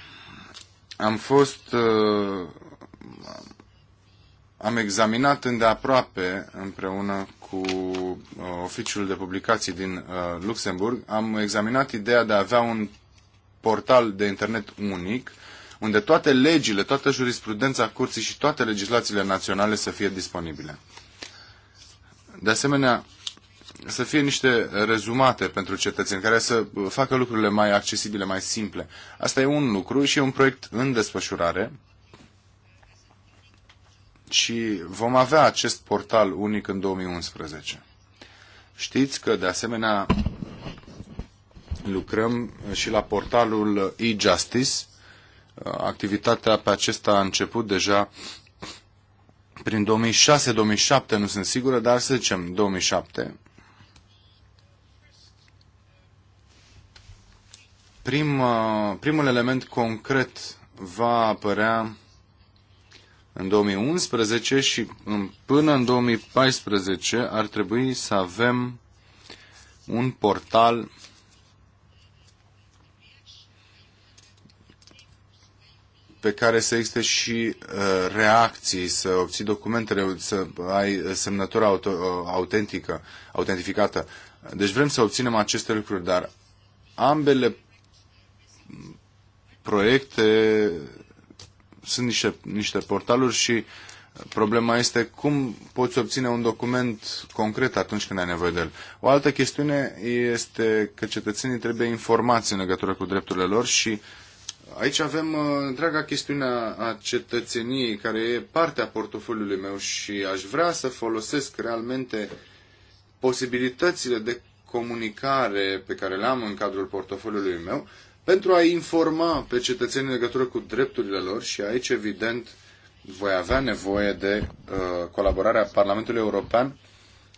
Am fost uh, am examinat îndeaproape împreună cu uh, oficiul de publicații din uh, Luxemburg, am examinat ideea de a avea un portal de internet unic unde toate legile, toată jurisprudența curții și toate legislațiile naționale să fie disponibile. De asemenea, să fie niște rezumate pentru cetățeni, care să facă lucrurile mai accesibile, mai simple. Asta e un lucru și e un proiect în desfășurare. Și vom avea acest portal unic în 2011. Știți că, de asemenea, lucrăm și la portalul e-justice. Activitatea pe acesta a început deja prin 2006-2007, nu sunt sigură, dar să zicem 2007. Prim, uh, primul element concret va apărea în 2011 și până în 2014 ar trebui să avem un portal pe care să existe și uh, reacții, să obții documentele, să ai semnătura auto, uh, autentică, autentificată. Deci vrem să obținem aceste lucruri, dar ambele proiecte, sunt niște, niște portaluri și problema este cum poți obține un document concret atunci când ai nevoie de el. O altă chestiune este că cetățenii trebuie informați în legătură cu drepturile lor și aici avem uh, întreaga chestiune a cetățeniei care e parte a portofoliului meu și aș vrea să folosesc realmente posibilitățile de comunicare pe care le am în cadrul portofoliului meu pentru a informa pe cetățenii în legătură cu drepturile lor și aici, evident, voi avea nevoie de uh, colaborarea Parlamentului European,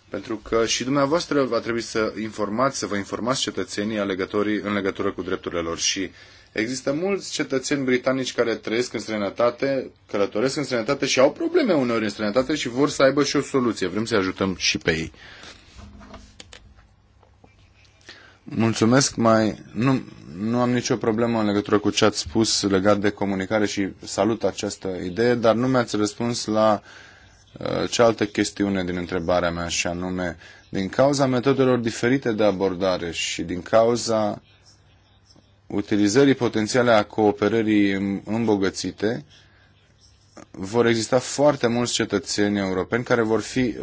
pentru că și dumneavoastră va trebui să informați, să vă informați cetățenii alegătorii în legătură cu drepturile lor și Există mulți cetățeni britanici care trăiesc în străinătate, călătoresc în străinătate și au probleme uneori în străinătate și vor să aibă și o soluție. Vrem să ajutăm și pe ei. Mulțumesc. Mai, nu, nu am nicio problemă în legătură cu ce ați spus legat de comunicare și salut această idee, dar nu mi-ați răspuns la uh, cealaltă chestiune din întrebarea mea, și anume, din cauza metodelor diferite de abordare și din cauza utilizării potențiale a cooperării îmbogățite, uh, vor exista foarte mulți cetățeni europeni care vor fi uh,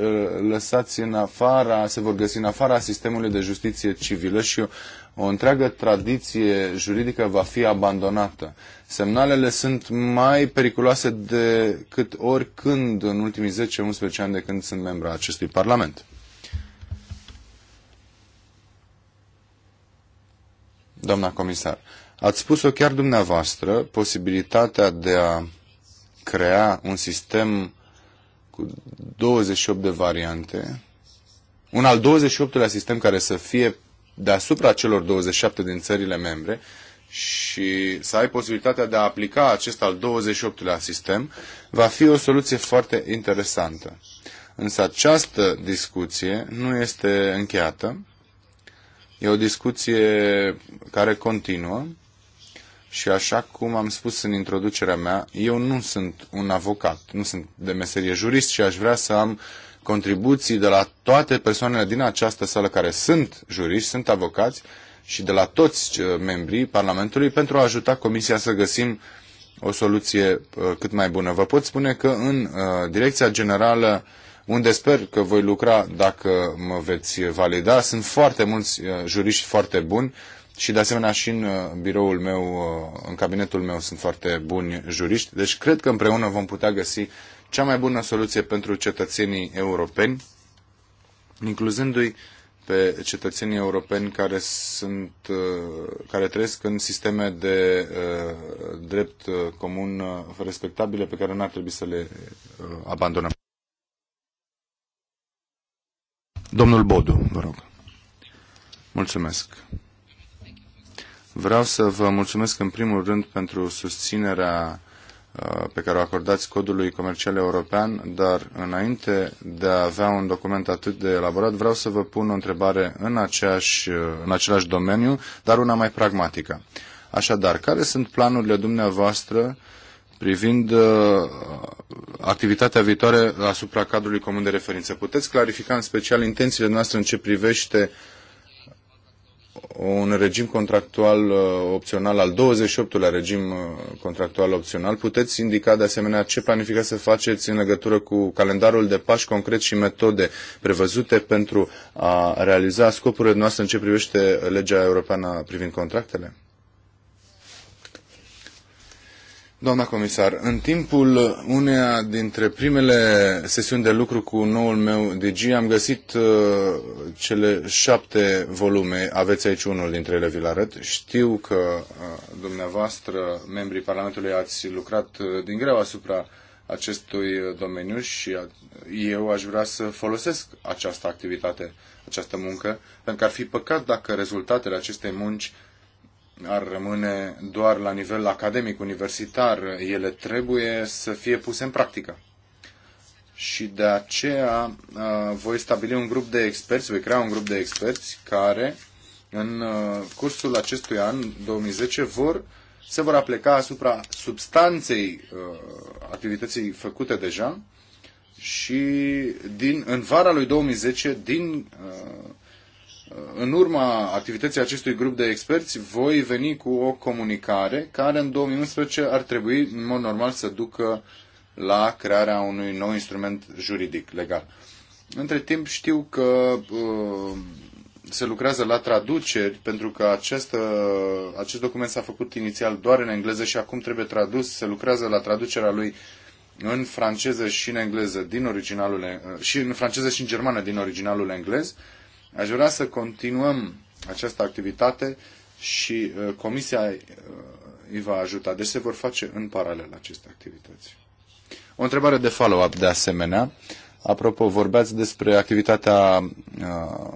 lăsați în afara, se vor găsi în afara sistemului de justiție civilă și o, o întreagă tradiție juridică va fi abandonată. Semnalele sunt mai periculoase decât oricând în ultimii 10-11 ani de când sunt membra acestui Parlament. Doamna comisar, ați spus-o chiar dumneavoastră, posibilitatea de a crea un sistem cu 28 de variante, un al 28-lea sistem care să fie deasupra celor 27 din țările membre și să ai posibilitatea de a aplica acest al 28-lea sistem, va fi o soluție foarte interesantă. Însă această discuție nu este încheiată. E o discuție care continuă și așa cum am spus în introducerea mea, eu nu sunt un avocat, nu sunt de meserie jurist și aș vrea să am contribuții de la toate persoanele din această sală care sunt juriști, sunt avocați și de la toți uh, membrii Parlamentului pentru a ajuta Comisia să găsim o soluție uh, cât mai bună. Vă pot spune că în uh, Direcția Generală unde sper că voi lucra dacă mă veți valida. Sunt foarte mulți juriști foarte buni și de asemenea și în uh, biroul meu, uh, în cabinetul meu sunt foarte buni juriști, deci cred că împreună vom putea găsi cea mai bună soluție pentru cetățenii europeni, incluzându-i pe cetățenii europeni care, sunt, uh, care trăiesc în sisteme de drept comun respectabile pe care nu ar trebui să le abandonăm. Domnul Bodu, vă rog. Mulțumesc. Vreau să vă mulțumesc în primul rând pentru susținerea uh, pe care o acordați codului comercial european, dar înainte de a avea un document atât de elaborat, vreau să vă pun o întrebare în, aceeași, uh, în același domeniu, dar una mai pragmatică. Așadar, care sunt planurile dumneavoastră privind uh, activitatea viitoare asupra cadrului comun de referință? Puteți clarifica în special intențiile noastre în ce privește uh, un regim contractual uh, opțional, al 28-lea regim uh, contractual opțional. Puteți indica de asemenea ce planificați să faceți în legătură cu calendarul de pași concret și metode prevăzute pentru a realiza scopurile noastre în ce privește legea europeană privind contractele? Doamna comisar, în timpul uneia dintre primele sesiuni de lucru cu noul meu DG am găsit uh, cele șapte volume, aveți aici unul dintre ele, vi arăt. Știu că uh, dumneavoastră, membrii Parlamentului, ați lucrat uh, din greu asupra acestui uh, domeniu și uh, eu aș vrea să folosesc această activitate, această muncă, pentru că ar fi păcat dacă rezultatele acestei munci ar rămâne doar la nivel academic, universitar. Ele trebuie să fie puse în practică. Și de aceea uh, voi stabili un grup de experți, voi crea un grup de experți care în uh, cursul acestui an 2010 vor se vor apleca asupra substanței uh, activității făcute deja și din, în vara lui 2010, din uh, în urma activității acestui grup de experți, voi veni cu o comunicare care în 2011 ar trebui, în mod normal, să ducă la crearea unui nou instrument juridic legal. Între timp știu că uh, se lucrează la traduceri, pentru că acest, uh, acest document s-a făcut inițial doar în engleză și acum trebuie tradus, se lucrează la traducerea lui în franceză și în engleză din originalul, uh, și în franceză și în germană din originalul englez. Uh, Aș vrea să continuăm această activitate și uh, Comisia uh, îi va ajuta. Deci se vor face în paralel aceste activități. O întrebare de follow-up de asemenea. Apropo, vorbeați despre activitatea uh,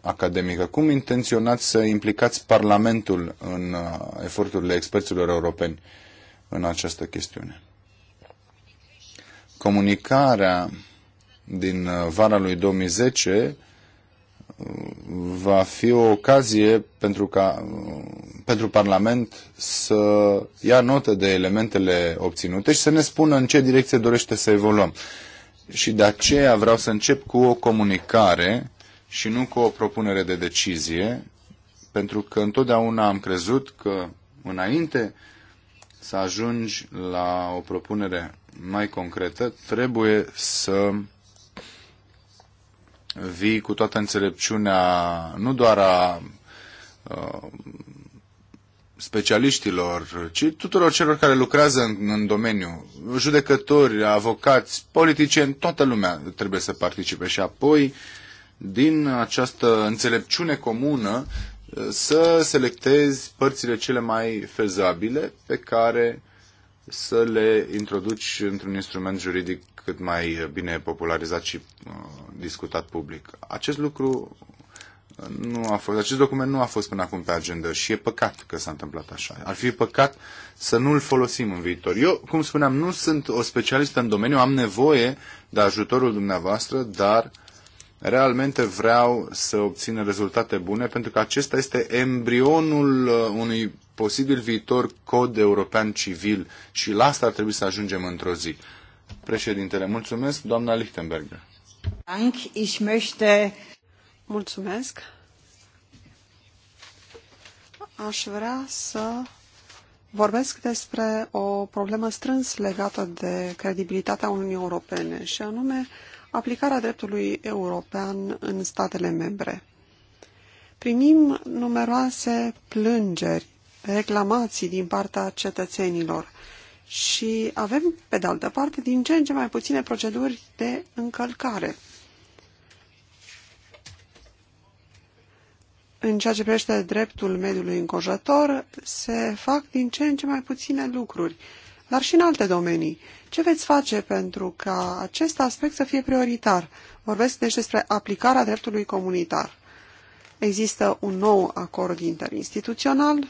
academică. Cum intenționați să implicați Parlamentul în eforturile experților europeni în această chestiune? Comunicarea din vara lui 2010 va fi o ocazie pentru, ca, pentru Parlament să ia notă de elementele obținute și să ne spună în ce direcție dorește să evoluăm. Și de aceea vreau să încep cu o comunicare și nu cu o propunere de decizie, pentru că întotdeauna am crezut că înainte să ajungi la o propunere mai concretă, trebuie să vii cu toată înțelepciunea nu doar a specialiștilor, ci tuturor celor care lucrează în, în domeniu, judecători, avocați, politicieni, toată lumea trebuie să participe și apoi din această înțelepciune comună să selectezi părțile cele mai fezabile pe care să le introduci într-un instrument juridic cât mai bine popularizat și uh, discutat public. Acest lucru uh, nu a fost, acest document nu a fost până acum pe agenda și e păcat că s-a întâmplat așa. Ar fi păcat să nu-l folosim în viitor. Eu, cum spuneam, nu sunt o specialistă în domeniu, am nevoie de ajutorul dumneavoastră, dar realmente vreau să obțin rezultate bune, pentru că acesta este embrionul uh, unui posibil viitor cod european civil și la asta ar trebui să ajungem într-o zi. Președintele, mulțumesc. Doamna Lichtenberger. Mulțumesc. Aș vrea să vorbesc despre o problemă strâns legată de credibilitatea Uniunii Europene și anume aplicarea dreptului european în statele membre. Primim numeroase plângeri, reclamații din partea cetățenilor și avem, pe de altă parte, din ce în ce mai puține proceduri de încălcare. În ceea ce privește dreptul mediului încojător, se fac din ce în ce mai puține lucruri, dar și în alte domenii. Ce veți face pentru ca acest aspect să fie prioritar? Vorbesc deci despre aplicarea dreptului comunitar. Există un nou acord interinstituțional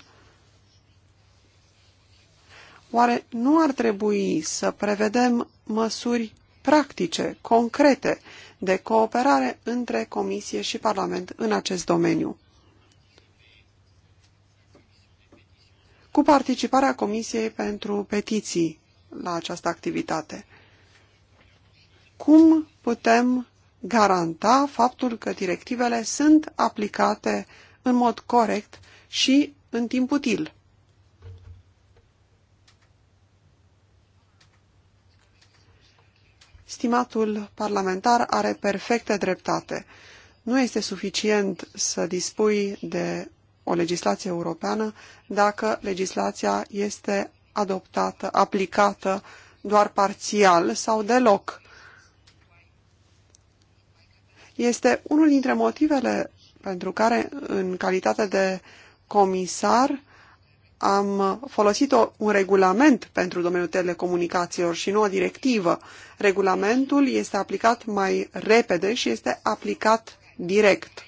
Oare nu ar trebui să prevedem măsuri practice, concrete, de cooperare între Comisie și Parlament în acest domeniu? Cu participarea Comisiei pentru Petiții la această activitate, cum putem garanta faptul că directivele sunt aplicate în mod corect și în timp util? Stimatul parlamentar are perfectă dreptate. Nu este suficient să dispui de o legislație europeană dacă legislația este adoptată, aplicată doar parțial sau deloc. Este unul dintre motivele pentru care, în calitate de comisar, am folosit o, un regulament pentru domeniul telecomunicațiilor și nu o directivă. Regulamentul este aplicat mai repede și este aplicat direct.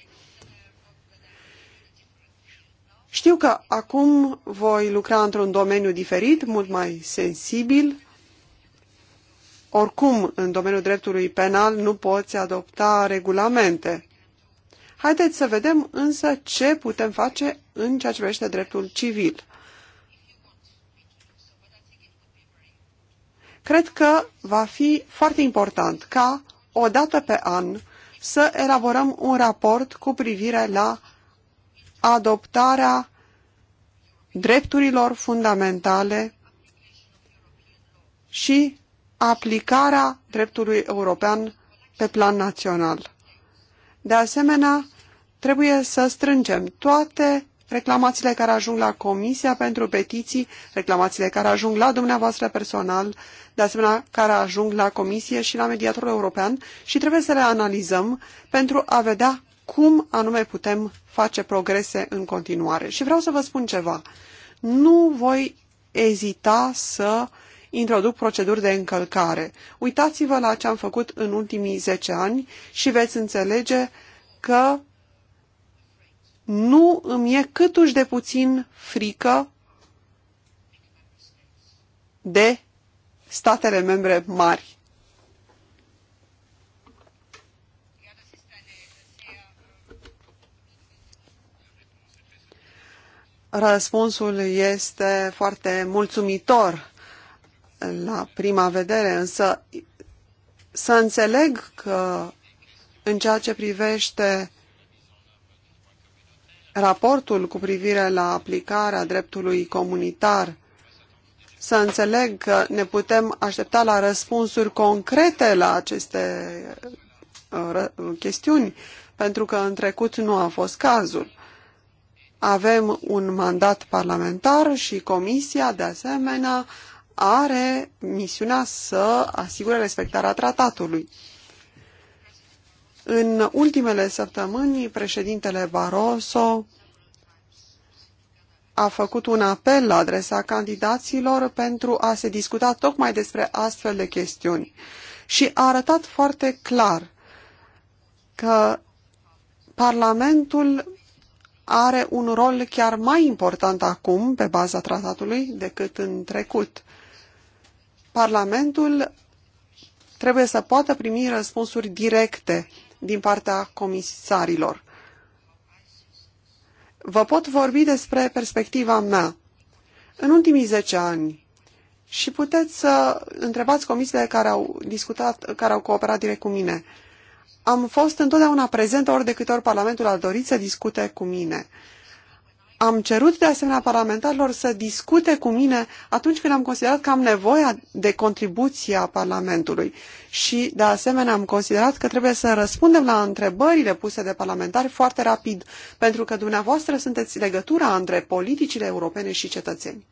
Știu că acum voi lucra într-un domeniu diferit, mult mai sensibil. Oricum, în domeniul dreptului penal nu poți adopta regulamente. Haideți să vedem însă ce putem face în ceea ce privește dreptul civil. Cred că va fi foarte important ca, o dată pe an, să elaborăm un raport cu privire la adoptarea drepturilor fundamentale și aplicarea dreptului european pe plan național. De asemenea, trebuie să strângem toate reclamațiile care ajung la Comisia pentru Petiții, reclamațiile care ajung la dumneavoastră personal, de asemenea care ajung la Comisie și la mediatorul european și trebuie să le analizăm pentru a vedea cum anume putem face progrese în continuare. Și vreau să vă spun ceva. Nu voi ezita să introduc proceduri de încălcare. Uitați-vă la ce am făcut în ultimii 10 ani și veți înțelege că nu îmi e câtuși de puțin frică de statele membre mari. Răspunsul este foarte mulțumitor la prima vedere, însă să înțeleg că în ceea ce privește raportul cu privire la aplicarea dreptului comunitar, să înțeleg că ne putem aștepta la răspunsuri concrete la aceste uh, chestiuni, pentru că în trecut nu a fost cazul. Avem un mandat parlamentar și comisia, de asemenea, are misiunea să asigure respectarea tratatului. În ultimele săptămâni, președintele Barroso a făcut un apel la adresa candidaților pentru a se discuta tocmai despre astfel de chestiuni și a arătat foarte clar că Parlamentul are un rol chiar mai important acum, pe baza tratatului, decât în trecut. Parlamentul trebuie să poată primi răspunsuri directe din partea comisarilor. Vă pot vorbi despre perspectiva mea. În ultimii 10 ani, și puteți să întrebați comisiile care au discutat, care au cooperat direct cu mine. Am fost întotdeauna prezent ori de câte ori Parlamentul a dorit să discute cu mine. Am cerut de asemenea parlamentarilor să discute cu mine atunci când am considerat că am nevoie de contribuția Parlamentului și de asemenea am considerat că trebuie să răspundem la întrebările puse de parlamentari foarte rapid, pentru că dumneavoastră sunteți legătura între politicile europene și cetățeni.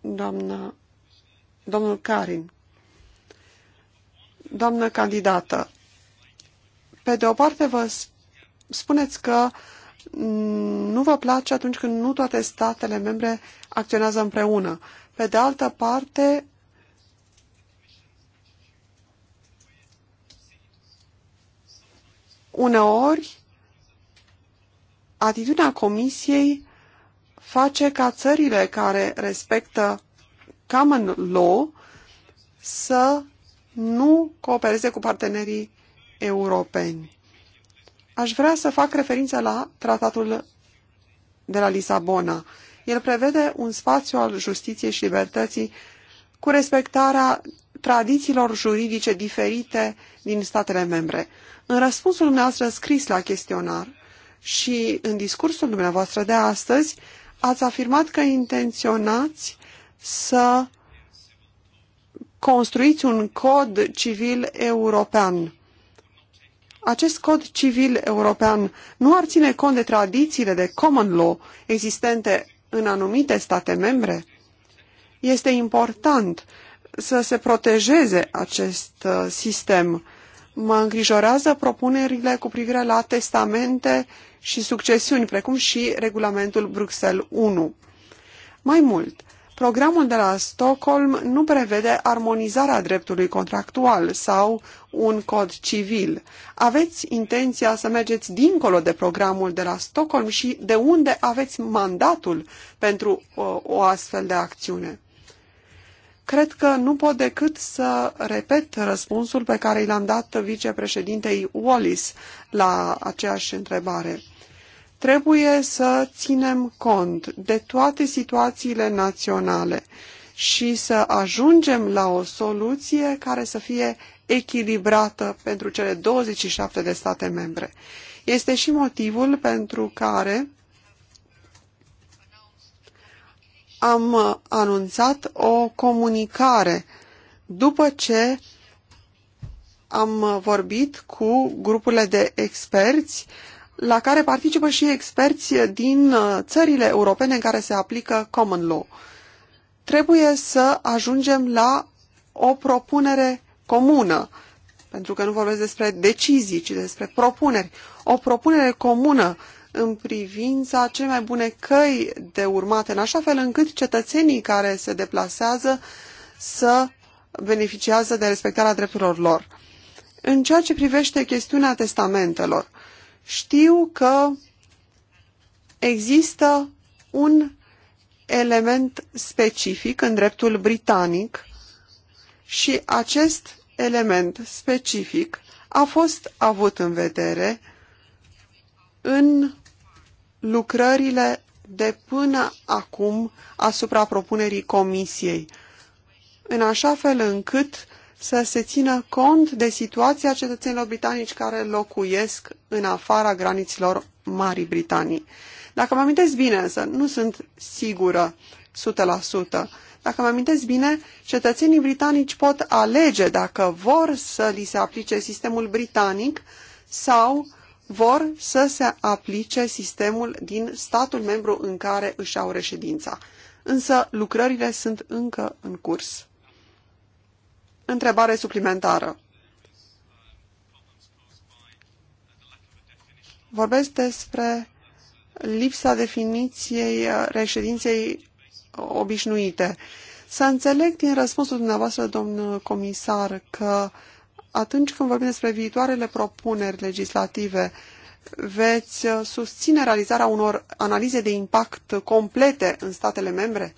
Doamna, domnul Karin, doamnă candidată, pe de o parte vă spuneți că mm, nu vă place atunci când nu toate statele membre acționează împreună. Pe de altă parte, uneori, atitudinea Comisiei face ca țările care respectă common law să nu coopereze cu partenerii europeni aș vrea să fac referință la tratatul de la Lisabona. El prevede un spațiu al justiției și libertății cu respectarea tradițiilor juridice diferite din statele membre. În răspunsul dumneavoastră scris la chestionar și în discursul dumneavoastră de astăzi, ați afirmat că intenționați să construiți un cod civil european acest cod civil european nu ar ține cont de tradițiile de common law existente în anumite state membre? Este important să se protejeze acest uh, sistem. Mă îngrijorează propunerile cu privire la testamente și succesiuni, precum și regulamentul Bruxelles 1. Mai mult, Programul de la Stockholm nu prevede armonizarea dreptului contractual sau un cod civil. Aveți intenția să mergeți dincolo de programul de la Stockholm și de unde aveți mandatul pentru o, uh, o astfel de acțiune? Cred că nu pot decât să repet răspunsul pe care l-am dat vicepreședintei Wallis la aceeași întrebare. Trebuie să ținem cont de toate situațiile naționale și să ajungem la o soluție care să fie echilibrată pentru cele 27 de state membre. Este și motivul pentru care am anunțat o comunicare după ce am vorbit cu grupurile de experți la care participă și experți din uh, țările europene în care se aplică common law. Trebuie să ajungem la o propunere comună, pentru că nu vorbesc despre decizii, ci despre propuneri. O propunere comună în privința cele mai bune căi de urmat, în așa fel încât cetățenii care se deplasează să beneficiază de respectarea drepturilor lor. În ceea ce privește chestiunea testamentelor, știu că există un element specific în dreptul britanic și acest element specific a fost avut în vedere în lucrările de până acum asupra propunerii comisiei, în așa fel încât să se țină cont de situația cetățenilor britanici care locuiesc în afara graniților Marii Britanii. Dacă mă amintesc bine, însă nu sunt sigură 100%. Dacă mă amintesc bine, cetățenii britanici pot alege dacă vor să li se aplice sistemul britanic sau vor să se aplice sistemul din statul membru în care își au reședința. Însă lucrările sunt încă în curs. Întrebare suplimentară. Vorbesc despre lipsa definiției uh, reședinței obișnuite. Să înțeleg din răspunsul dumneavoastră, domnul comisar, că atunci când vorbim despre viitoarele propuneri legislative, veți uh, susține realizarea unor analize de impact complete în statele membre?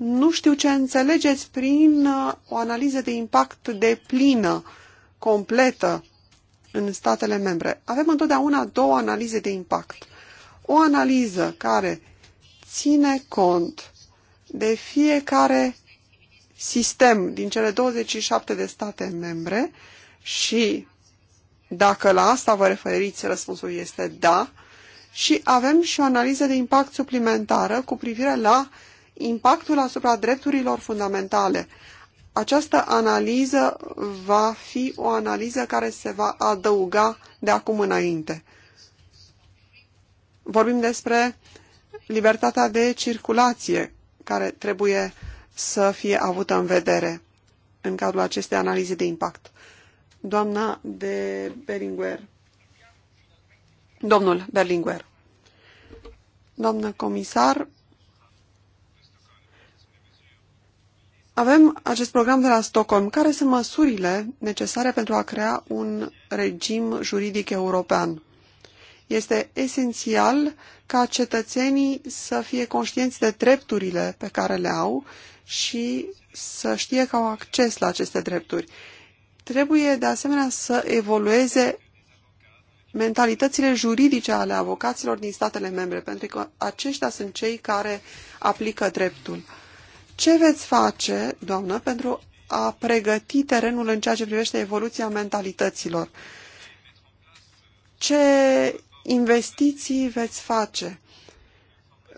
Nu știu ce înțelegeți prin uh, o analiză de impact de plină, completă în statele membre. Avem întotdeauna două analize de impact. O analiză care ține cont de fiecare sistem din cele 27 de state membre și dacă la asta vă referiți, răspunsul este da. Și avem și o analiză de impact suplimentară cu privire la impactul asupra drepturilor fundamentale. Această analiză va fi o analiză care se va adăuga de acum înainte. Vorbim despre libertatea de circulație care trebuie să fie avută în vedere în cadrul acestei analize de impact. Doamna de Berlinguer. Domnul Berlinguer. Doamnă comisar, Avem acest program de la Stockholm. Care sunt măsurile necesare pentru a crea un regim juridic european? Este esențial ca cetățenii să fie conștienți de drepturile pe care le au și să știe că au acces la aceste drepturi. Trebuie de asemenea să evolueze mentalitățile juridice ale avocaților din statele membre, pentru că aceștia sunt cei care aplică dreptul. Ce veți face, doamnă, pentru a pregăti terenul în ceea ce privește evoluția mentalităților? Ce investiții veți face?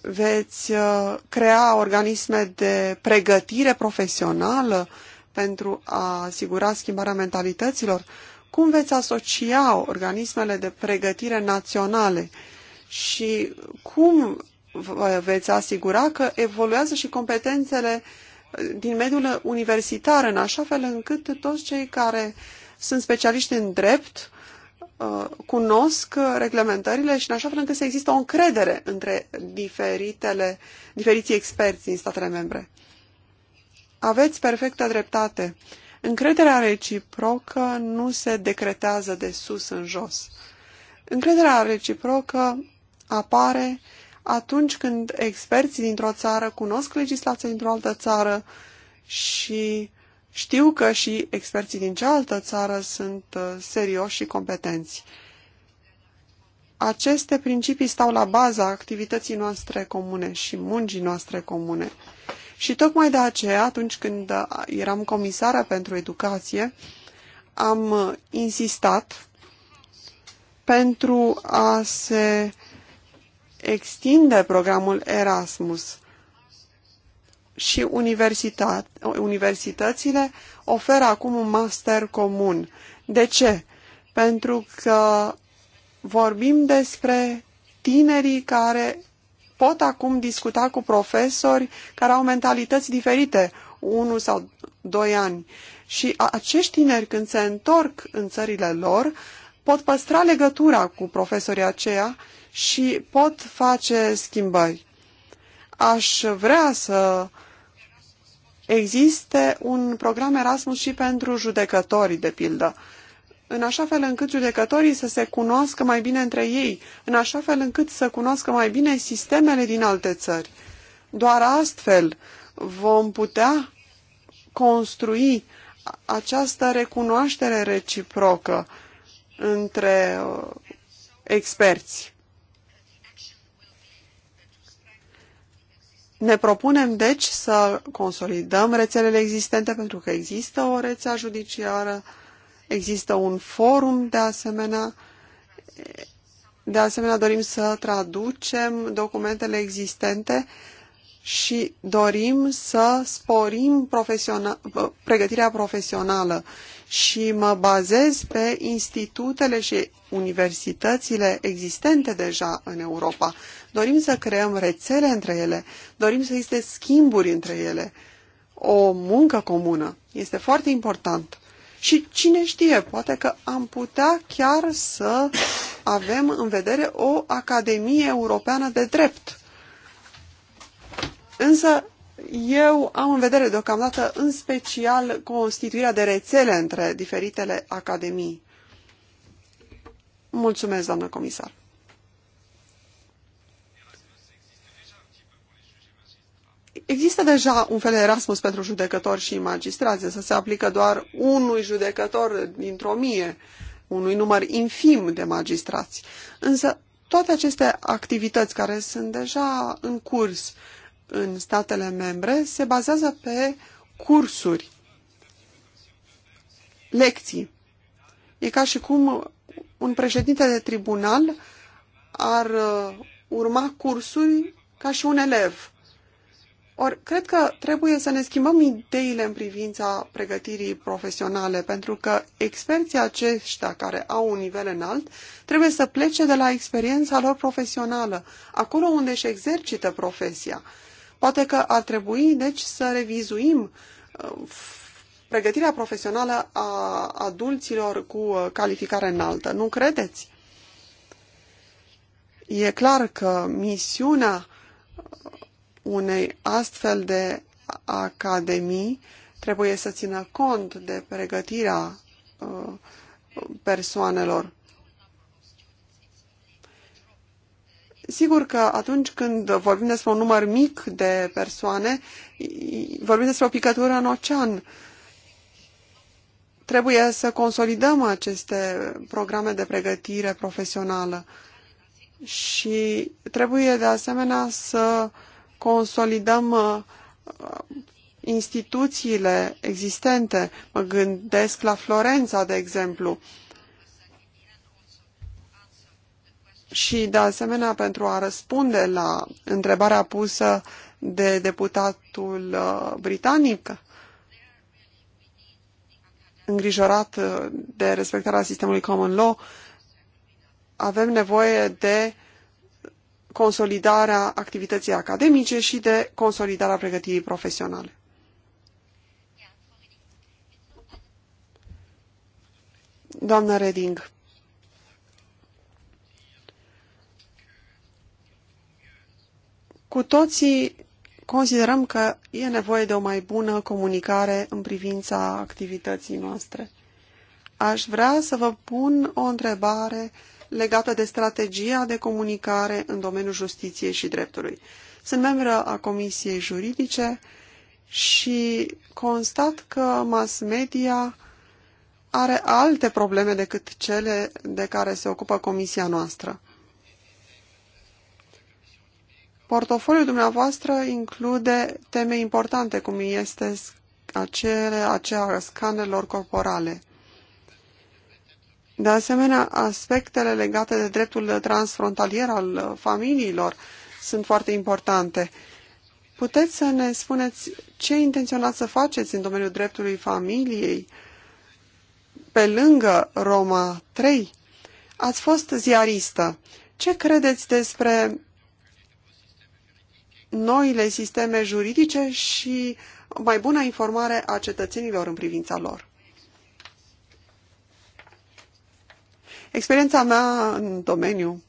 Veți uh, crea organisme de pregătire profesională pentru a asigura schimbarea mentalităților? Cum veți asocia organismele de pregătire naționale? Și cum vă veți asigura că evoluează și competențele din mediul universitar, în așa fel încât toți cei care sunt specialiști în drept uh, cunosc reglementările și în așa fel încât să există o încredere între diferitele, diferiții experți din statele membre. Aveți perfectă dreptate. Încrederea reciprocă nu se decretează de sus în jos. Încrederea reciprocă apare atunci când experții dintr-o țară cunosc legislația dintr-o altă țară și știu că și experții din cealaltă țară sunt uh, serioși și competenți. Aceste principii stau la baza activității noastre comune și muncii noastre comune. Și tocmai de aceea, atunci când uh, eram comisară pentru educație, am uh, insistat pentru a se extinde programul Erasmus și universitățile oferă acum un master comun. De ce? Pentru că vorbim despre tinerii care pot acum discuta cu profesori care au mentalități diferite, unu sau doi ani. Și acești tineri, când se întorc în țările lor, pot păstra legătura cu profesorii aceia și pot face schimbări. Aș vrea să existe un program Erasmus și pentru judecătorii, de pildă, în așa fel încât judecătorii să se cunoască mai bine între ei, în așa fel încât să cunoască mai bine sistemele din alte țări. Doar astfel vom putea construi această recunoaștere reciprocă între uh, experți. Ne propunem, deci, să consolidăm rețelele existente, pentru că există o rețea judiciară, există un forum de asemenea. De asemenea, dorim să traducem documentele existente și dorim să sporim profesiona pregătirea profesională și mă bazez pe institutele și universitățile existente deja în Europa. Dorim să creăm rețele între ele, dorim să existe schimburi între ele, o muncă comună. Este foarte important. Și cine știe, poate că am putea chiar să avem în vedere o Academie Europeană de Drept. Însă eu am în vedere deocamdată în special constituirea de rețele între diferitele academii. Mulțumesc, doamnă comisar. Există deja un fel de Erasmus pentru judecători și magistrați, să se aplică doar unui judecător dintr-o mie, unui număr infim de magistrați. Însă toate aceste activități care sunt deja în curs în statele membre se bazează pe cursuri, lecții. E ca și cum un președinte de tribunal ar uh, urma cursuri ca și un elev Or, cred că trebuie să ne schimbăm ideile în privința pregătirii profesionale, pentru că experții aceștia care au un nivel înalt trebuie să plece de la experiența lor profesională, acolo unde își exercită profesia. Poate că ar trebui, deci, să revizuim uh, pregătirea profesională a adulților cu uh, calificare înaltă. Nu credeți? E clar că misiunea unei astfel de academii trebuie să țină cont de pregătirea uh, persoanelor. Sigur că atunci când vorbim despre un număr mic de persoane, vorbim despre o picătură în ocean. Trebuie să consolidăm aceste programe de pregătire profesională și trebuie de asemenea să uh, consolidăm uh, uh, instituțiile existente. Mă gândesc la Florența, de exemplu. Și, de asemenea, pentru a răspunde la întrebarea pusă de deputatul uh, britanic, îngrijorat de respectarea sistemului common law, avem nevoie de uh, consolidarea activității academice și de consolidarea pregătirii profesionale. Doamna Reding, cu toții considerăm că e nevoie de o mai bună comunicare în privința activității noastre. Aș vrea să vă pun o întrebare uh, legată de strategia de comunicare în domeniul justiției și dreptului. Sunt membră a Comisiei Juridice și constat că mass media are alte probleme decât cele de care se ocupă comisia noastră. Portofoliul dumneavoastră include teme importante, cum este acele, aceea scanelor corporale. De asemenea, aspectele legate de dreptul transfrontalier al familiilor sunt foarte importante. Puteți să ne spuneți ce intenționați să faceți în domeniul dreptului familiei pe lângă Roma 3? Ați fost ziaristă. Ce credeți despre noile sisteme juridice și mai bună informare a cetățenilor în privința lor? Experiența mea în domeniu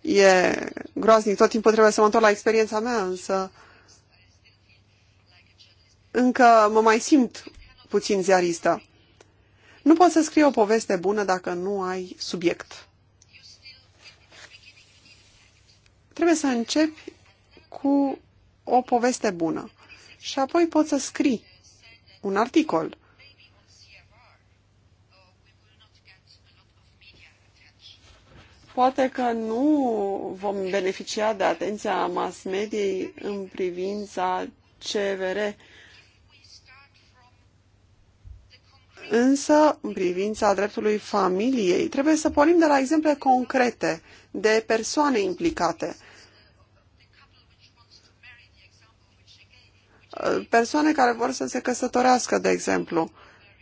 e groaznic. Tot timpul trebuie să mă întorc la experiența mea, însă încă mă mai simt puțin ziaristă. Nu poți să scrii o poveste bună dacă nu ai subiect. Trebuie să începi cu o poveste bună și apoi poți să scrii un articol. Poate că nu vom beneficia de atenția mass mediei în privința CVR, însă în privința dreptului familiei trebuie să pornim de la exemple concrete de persoane implicate. Persoane care vor să se căsătorească, de exemplu,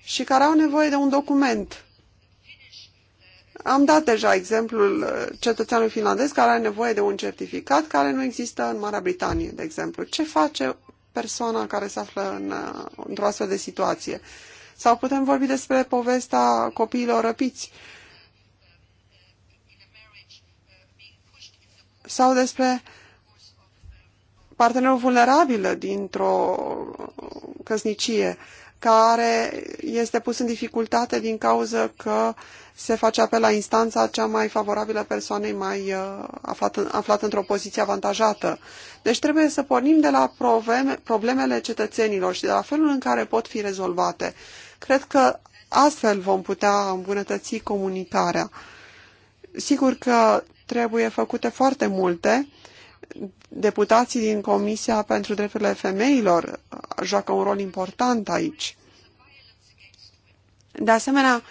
și care au nevoie de un document am dat deja exemplul uh, cetățeanului finlandez care are nevoie de un certificat care nu există în Marea Britanie, de exemplu. Ce face persoana care se află în, uh, într-o astfel de situație? Sau putem vorbi despre povestea copiilor răpiți. Sau despre partenerul vulnerabil dintr-o căsnicie care este pus în dificultate din cauza că se face apel la instanța cea mai favorabilă persoanei mai uh, aflat, aflat într-o poziție avantajată. Deci trebuie să pornim de la probleme, problemele cetățenilor și de la felul în care pot fi rezolvate. Cred că astfel vom putea îmbunătăți comunicarea. Sigur că trebuie făcute foarte multe. Deputații din Comisia pentru Drepturile Femeilor uh, joacă un rol important aici. De asemenea,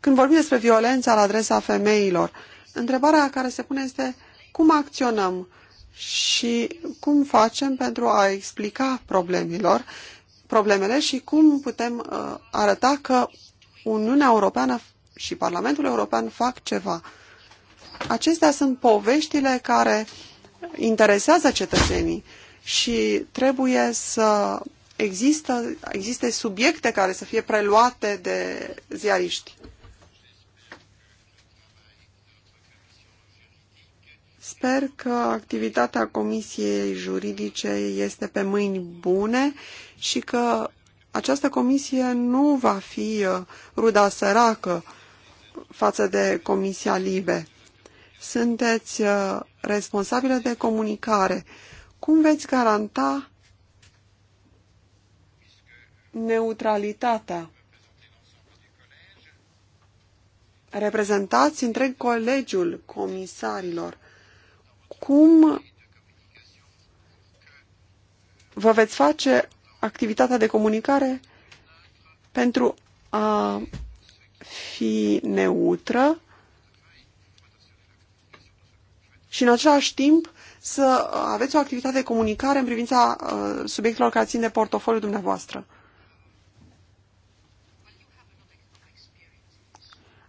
când vorbim despre violența la adresa femeilor, întrebarea care se pune este cum acționăm și cum facem pentru a explica problemilor, problemele și cum putem uh, arăta că Uniunea Europeană și Parlamentul European fac ceva. Acestea sunt poveștile care interesează cetățenii și trebuie să există, existe subiecte care să fie preluate de ziariști. Sper că activitatea Comisiei Juridice este pe mâini bune și că această comisie nu va fi uh, ruda săracă față de Comisia Libe. Sunteți uh, responsabilă de comunicare. Cum veți garanta neutralitatea? Reprezentați întreg colegiul comisarilor cum vă veți face activitatea de comunicare pentru a fi neutră și în același timp să aveți o activitate de comunicare în privința uh, subiectelor care țin de portofoliul dumneavoastră.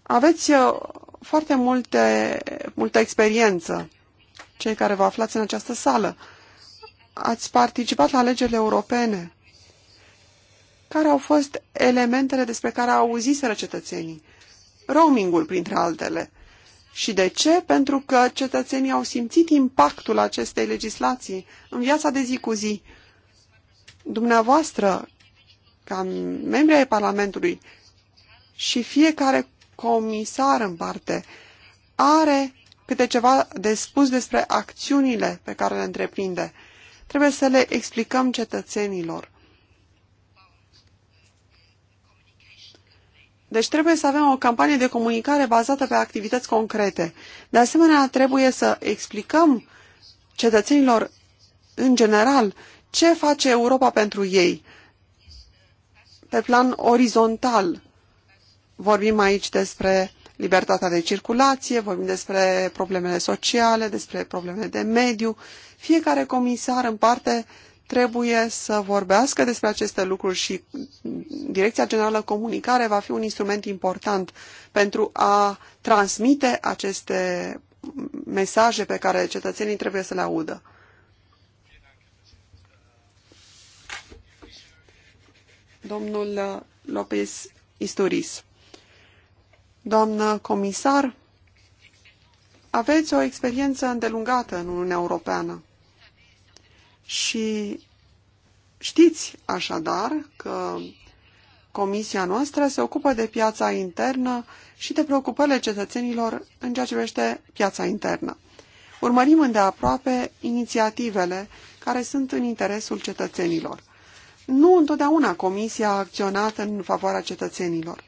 Aveți uh, foarte multe, multă experiență cei care vă aflați în această sală, ați participat la alegerile europene. Care au fost elementele despre care au auziseră cetățenii? Roamingul, printre altele. Și de ce? Pentru că cetățenii au simțit impactul acestei legislații în viața de zi cu zi. Dumneavoastră, ca membri ai Parlamentului și fiecare comisar în parte, are câte ceva de spus despre acțiunile pe care le întreprinde. Trebuie să le explicăm cetățenilor. Deci trebuie să avem o campanie de comunicare bazată pe activități concrete. De asemenea, trebuie să explicăm cetățenilor în general ce face Europa pentru ei pe plan orizontal. Vorbim aici despre libertatea de circulație, vorbim despre problemele sociale, despre problemele de mediu. Fiecare comisar în parte trebuie să vorbească despre aceste lucruri și Direcția Generală Comunicare va fi un instrument important pentru a transmite aceste mesaje pe care cetățenii trebuie să le audă. Domnul Lopez Isturis. Doamnă comisar, aveți o experiență îndelungată în Uniunea Europeană și știți așadar că comisia noastră se ocupă de piața internă și de preocupările cetățenilor în ceea ce privește piața internă. Urmărim îndeaproape inițiativele care sunt în interesul cetățenilor. Nu întotdeauna comisia a acționat în favoarea cetățenilor.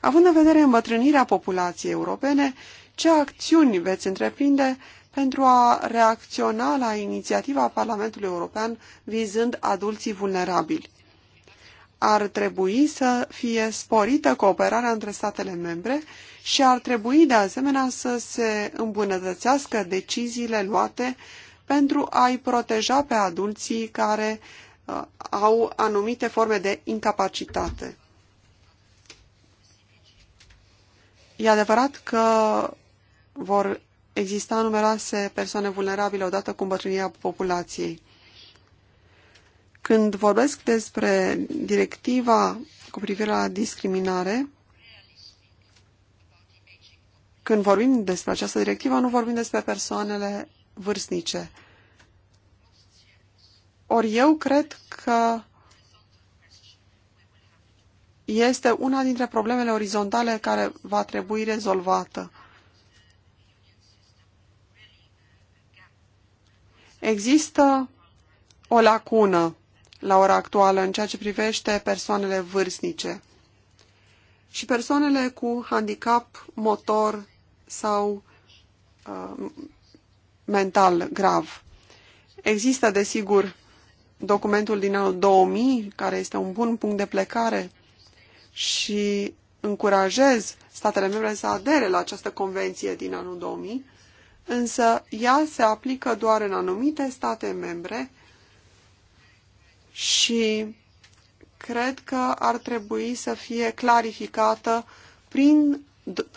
Având în vedere îmbătrânirea populației europene, ce acțiuni veți întreprinde pentru a reacționa la inițiativa Parlamentului European vizând adulții vulnerabili? Ar trebui să fie sporită cooperarea între statele membre și ar trebui de asemenea să se îmbunătățească deciziile luate pentru a-i proteja pe adulții care uh, au anumite forme de incapacitate. E adevărat că vor exista numeroase persoane vulnerabile odată cu îmbătrânirea populației. Când vorbesc despre directiva cu privire la discriminare, când vorbim despre această directivă, nu vorbim despre persoanele vârstnice. Ori eu cred că este una dintre problemele orizontale care va trebui rezolvată. Există o lacună la ora actuală în ceea ce privește persoanele vârstnice și persoanele cu handicap motor sau uh, mental grav. Există, desigur, documentul din anul 2000, care este un bun punct de plecare, și încurajez statele membre să adere la această convenție din anul 2000, însă ea se aplică doar în anumite state membre și cred că ar trebui să fie clarificată prin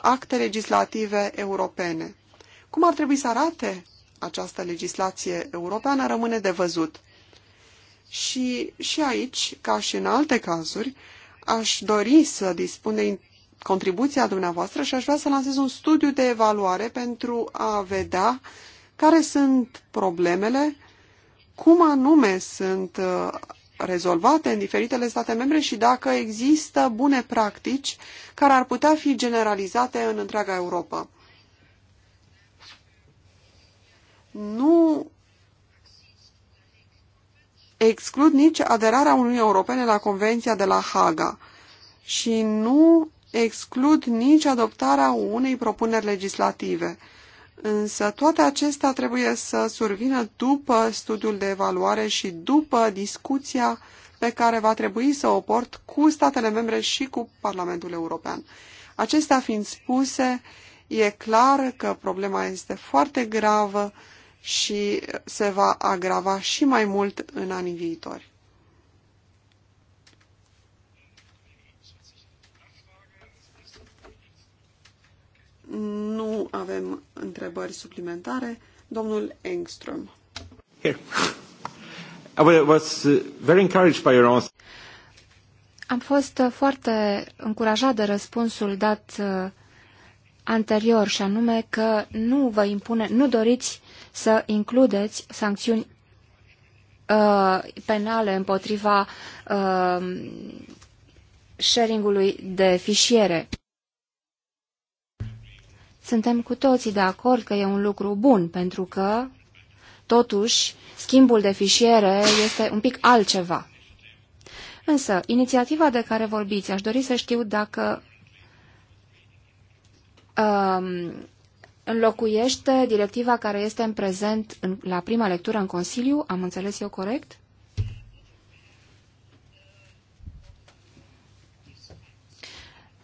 acte legislative europene. Cum ar trebui să arate această legislație europeană rămâne de văzut. Și, și aici, ca și în alte cazuri, aș dori să dispun de contribuția dumneavoastră și aș vrea să lansez un studiu de evaluare pentru a vedea care sunt problemele, cum anume sunt uh, rezolvate în diferitele state membre și dacă există bune practici care ar putea fi generalizate în întreaga Europa. Nu exclud nici aderarea Uniunii Europene la Convenția de la Haga și nu exclud nici adoptarea unei propuneri legislative. Însă toate acestea trebuie să survină după studiul de evaluare și după discuția pe care va trebui să o port cu statele membre și cu Parlamentul European. Acestea fiind spuse, e clar că problema este foarte gravă și se va agrava și mai mult în anii viitori. Nu avem întrebări suplimentare. Domnul Engström. Uh, Am fost uh, foarte încurajat de răspunsul dat uh, anterior și anume că nu vă impune, nu doriți să includeți sancțiuni uh, penale împotriva uh, sharingului de fișiere. Suntem cu toții de acord că e un lucru bun, pentru că, totuși, schimbul de fișiere este un pic altceva. Însă, inițiativa de care vorbiți, aș dori să știu dacă um, înlocuiește directiva care este în prezent în, la prima lectură în Consiliu, am înțeles eu corect?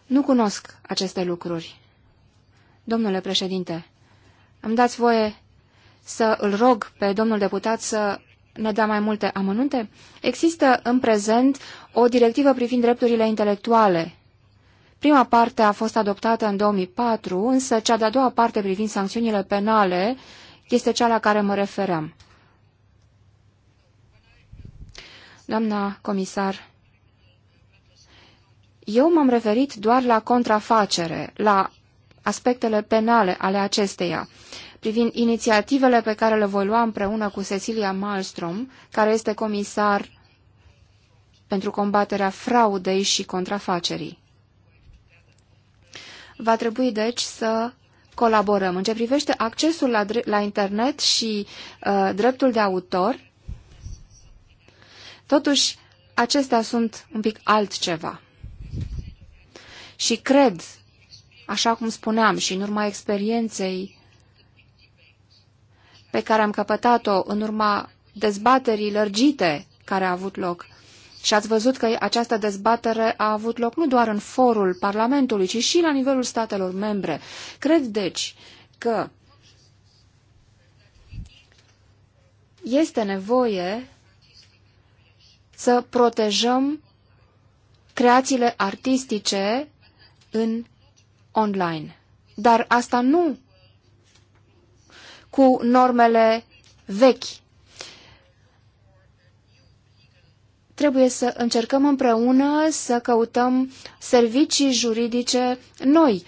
Nu cunosc aceste lucruri. Domnule președinte, îmi dați voie să îl rog pe domnul deputat să ne dea mai multe amănunte? Există în prezent o directivă privind drepturile intelectuale Prima parte a fost adoptată în 2004, însă cea de-a doua parte privind sancțiunile penale este cea la care mă refeream. Doamna comisar, eu m-am referit doar la contrafacere, la aspectele penale ale acesteia, privind inițiativele pe care le voi lua împreună cu Cecilia Malmström, care este comisar pentru combaterea fraudei și contrafacerii. Va trebui, deci, să colaborăm. În ce privește accesul la, la internet și uh, dreptul de autor, totuși, acestea sunt un pic altceva. Și cred, așa cum spuneam și în urma experienței pe care am căpătat-o în urma dezbaterii lărgite care a avut loc și ați văzut că această dezbatere a avut loc nu doar în forul Parlamentului, ci și la nivelul statelor membre. Cred, deci, că este nevoie să protejăm creațiile artistice în online. Dar asta nu cu normele vechi Trebuie să încercăm împreună să căutăm servicii juridice noi,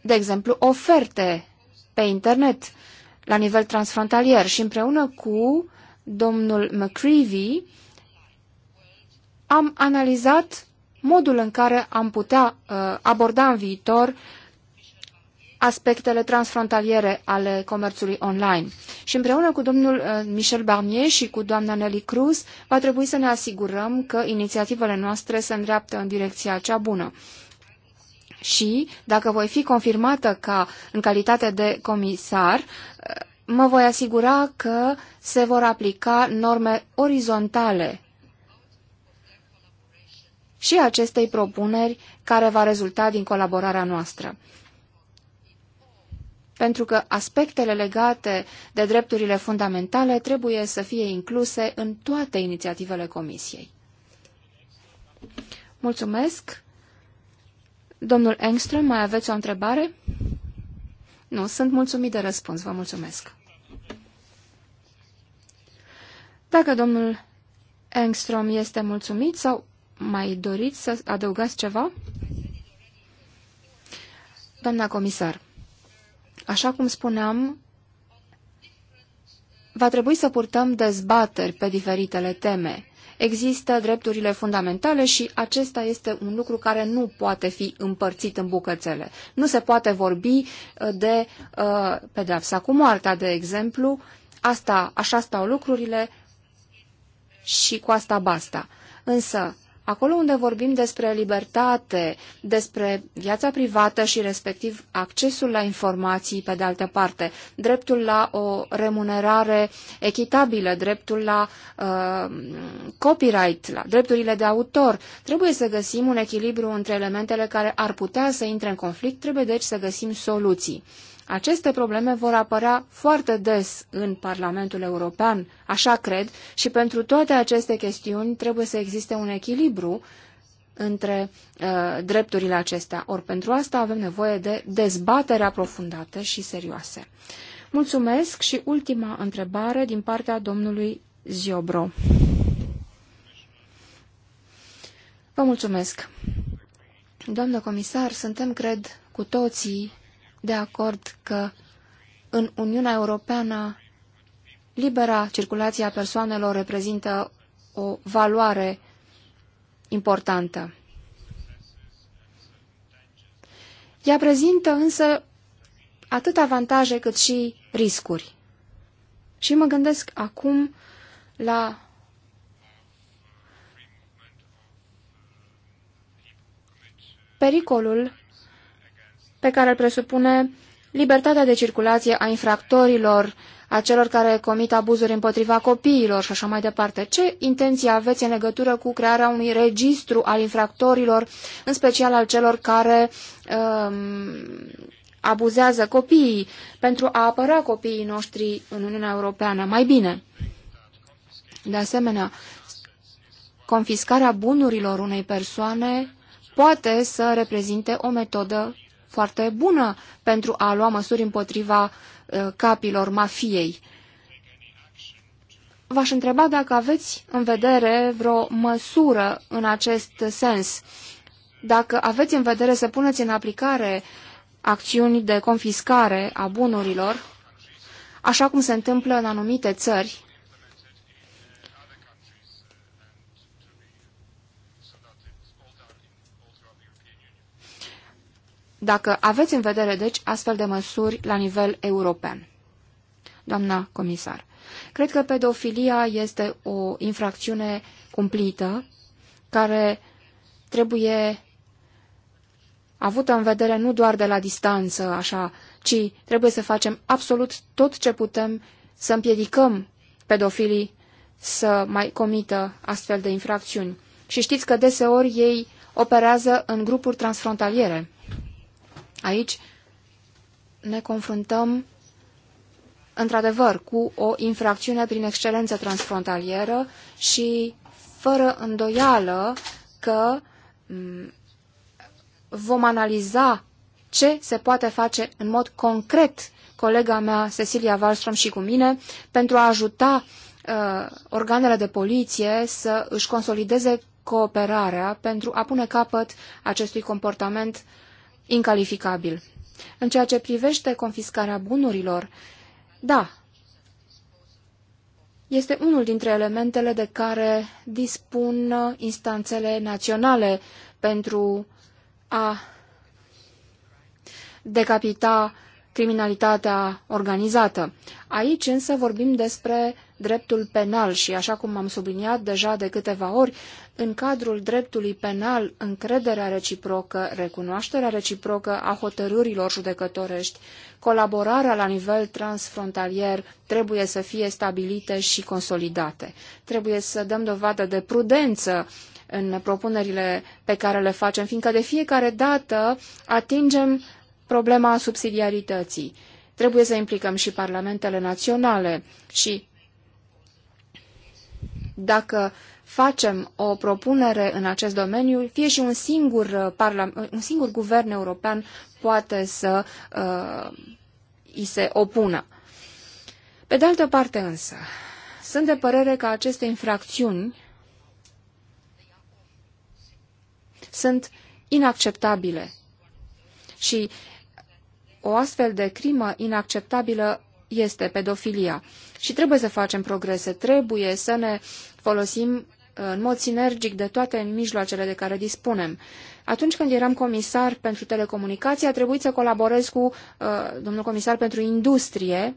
de exemplu, oferte pe internet la nivel transfrontalier și împreună cu domnul McCreevy am analizat modul în care am putea uh, aborda în viitor aspectele transfrontaliere ale comerțului online. Și împreună cu domnul uh, Michel Barnier și cu doamna Nelly Cruz va trebui să ne asigurăm că inițiativele noastre se îndreaptă în direcția cea bună. Și, dacă voi fi confirmată ca în calitate de comisar, uh, mă voi asigura că se vor aplica norme orizontale și acestei propuneri care va rezulta din colaborarea noastră pentru că aspectele legate de drepturile fundamentale trebuie să fie incluse în toate inițiativele Comisiei. Mulțumesc. Domnul Engström, mai aveți o întrebare? Nu, sunt mulțumit de răspuns. Vă mulțumesc. Dacă domnul Engström este mulțumit sau mai doriți să adăugați ceva? Doamna comisar, Așa cum spuneam, va trebui să purtăm dezbateri pe diferitele teme. Există drepturile fundamentale și acesta este un lucru care nu poate fi împărțit în bucățele. Nu se poate vorbi uh, de uh, pedeapsa cu moartea, de exemplu. Asta, așa stau lucrurile și cu asta basta. Însă, Acolo unde vorbim despre libertate, despre viața privată și respectiv accesul la informații, pe de altă parte, dreptul la o remunerare echitabilă, dreptul la uh, copyright, la drepturile de autor, trebuie să găsim un echilibru între elementele care ar putea să intre în conflict, trebuie deci să găsim soluții. Aceste probleme vor apărea foarte des în Parlamentul European, așa cred, și pentru toate aceste chestiuni trebuie să existe un echilibru între uh, drepturile acestea. Ori pentru asta avem nevoie de dezbatere aprofundată și serioase. Mulțumesc și ultima întrebare din partea domnului Ziobro. Vă mulțumesc. Doamnă comisar, suntem, cred, cu toții de acord că în Uniunea Europeană libera circulație a persoanelor reprezintă o valoare importantă. Ea prezintă însă atât avantaje cât și riscuri. Și mă gândesc acum la pericolul pe care îl presupune libertatea de circulație a infractorilor, a celor care comit abuzuri împotriva copiilor și așa mai departe. Ce intenție aveți în legătură cu crearea unui registru al infractorilor, în special al celor care um, abuzează copiii, pentru a apăra copiii noștri în Uniunea Europeană mai bine? De asemenea, confiscarea bunurilor unei persoane poate să reprezinte o metodă foarte bună pentru a lua măsuri împotriva uh, capilor mafiei. V-aș întreba dacă aveți în vedere vreo măsură în acest sens. Dacă aveți în vedere să puneți în aplicare acțiuni de confiscare a bunurilor, așa cum se întâmplă în anumite țări, dacă aveți în vedere, deci, astfel de măsuri la nivel european. Doamna comisar, cred că pedofilia este o infracțiune cumplită care trebuie avută în vedere nu doar de la distanță, așa, ci trebuie să facem absolut tot ce putem să împiedicăm pedofilii să mai comită astfel de infracțiuni. Și știți că deseori ei operează în grupuri transfrontaliere. Aici ne confruntăm într-adevăr cu o infracțiune prin excelență transfrontalieră și fără îndoială că mm, vom analiza ce se poate face în mod concret colega mea Cecilia Wallström și cu mine pentru a ajuta uh, organele de poliție să își consolideze cooperarea pentru a pune capăt acestui comportament uh, incalificabil. În ceea ce privește confiscarea bunurilor, da, este unul dintre elementele de care dispun instanțele naționale pentru a decapita criminalitatea organizată. Aici însă vorbim despre dreptul penal și, așa cum am subliniat deja de câteva ori, în cadrul dreptului penal încrederea reciprocă, recunoașterea reciprocă a hotărârilor judecătorești, colaborarea la nivel transfrontalier trebuie să fie stabilite și consolidate. Trebuie să dăm dovadă de prudență în propunerile pe care le facem, fiindcă de fiecare dată atingem problema subsidiarității. Trebuie să implicăm și parlamentele naționale și dacă facem o propunere în acest domeniu, fie și un singur, uh, uh, un singur guvern european poate să uh, îi se opună. Pe de altă parte însă, sunt de părere că aceste infracțiuni sunt inacceptabile și o astfel de crimă inacceptabilă este pedofilia. Și trebuie să facem progrese, trebuie să ne folosim în mod sinergic de toate mijloacele de care dispunem. Atunci când eram comisar pentru telecomunicații, a trebuit să colaborez cu uh, domnul comisar pentru industrie.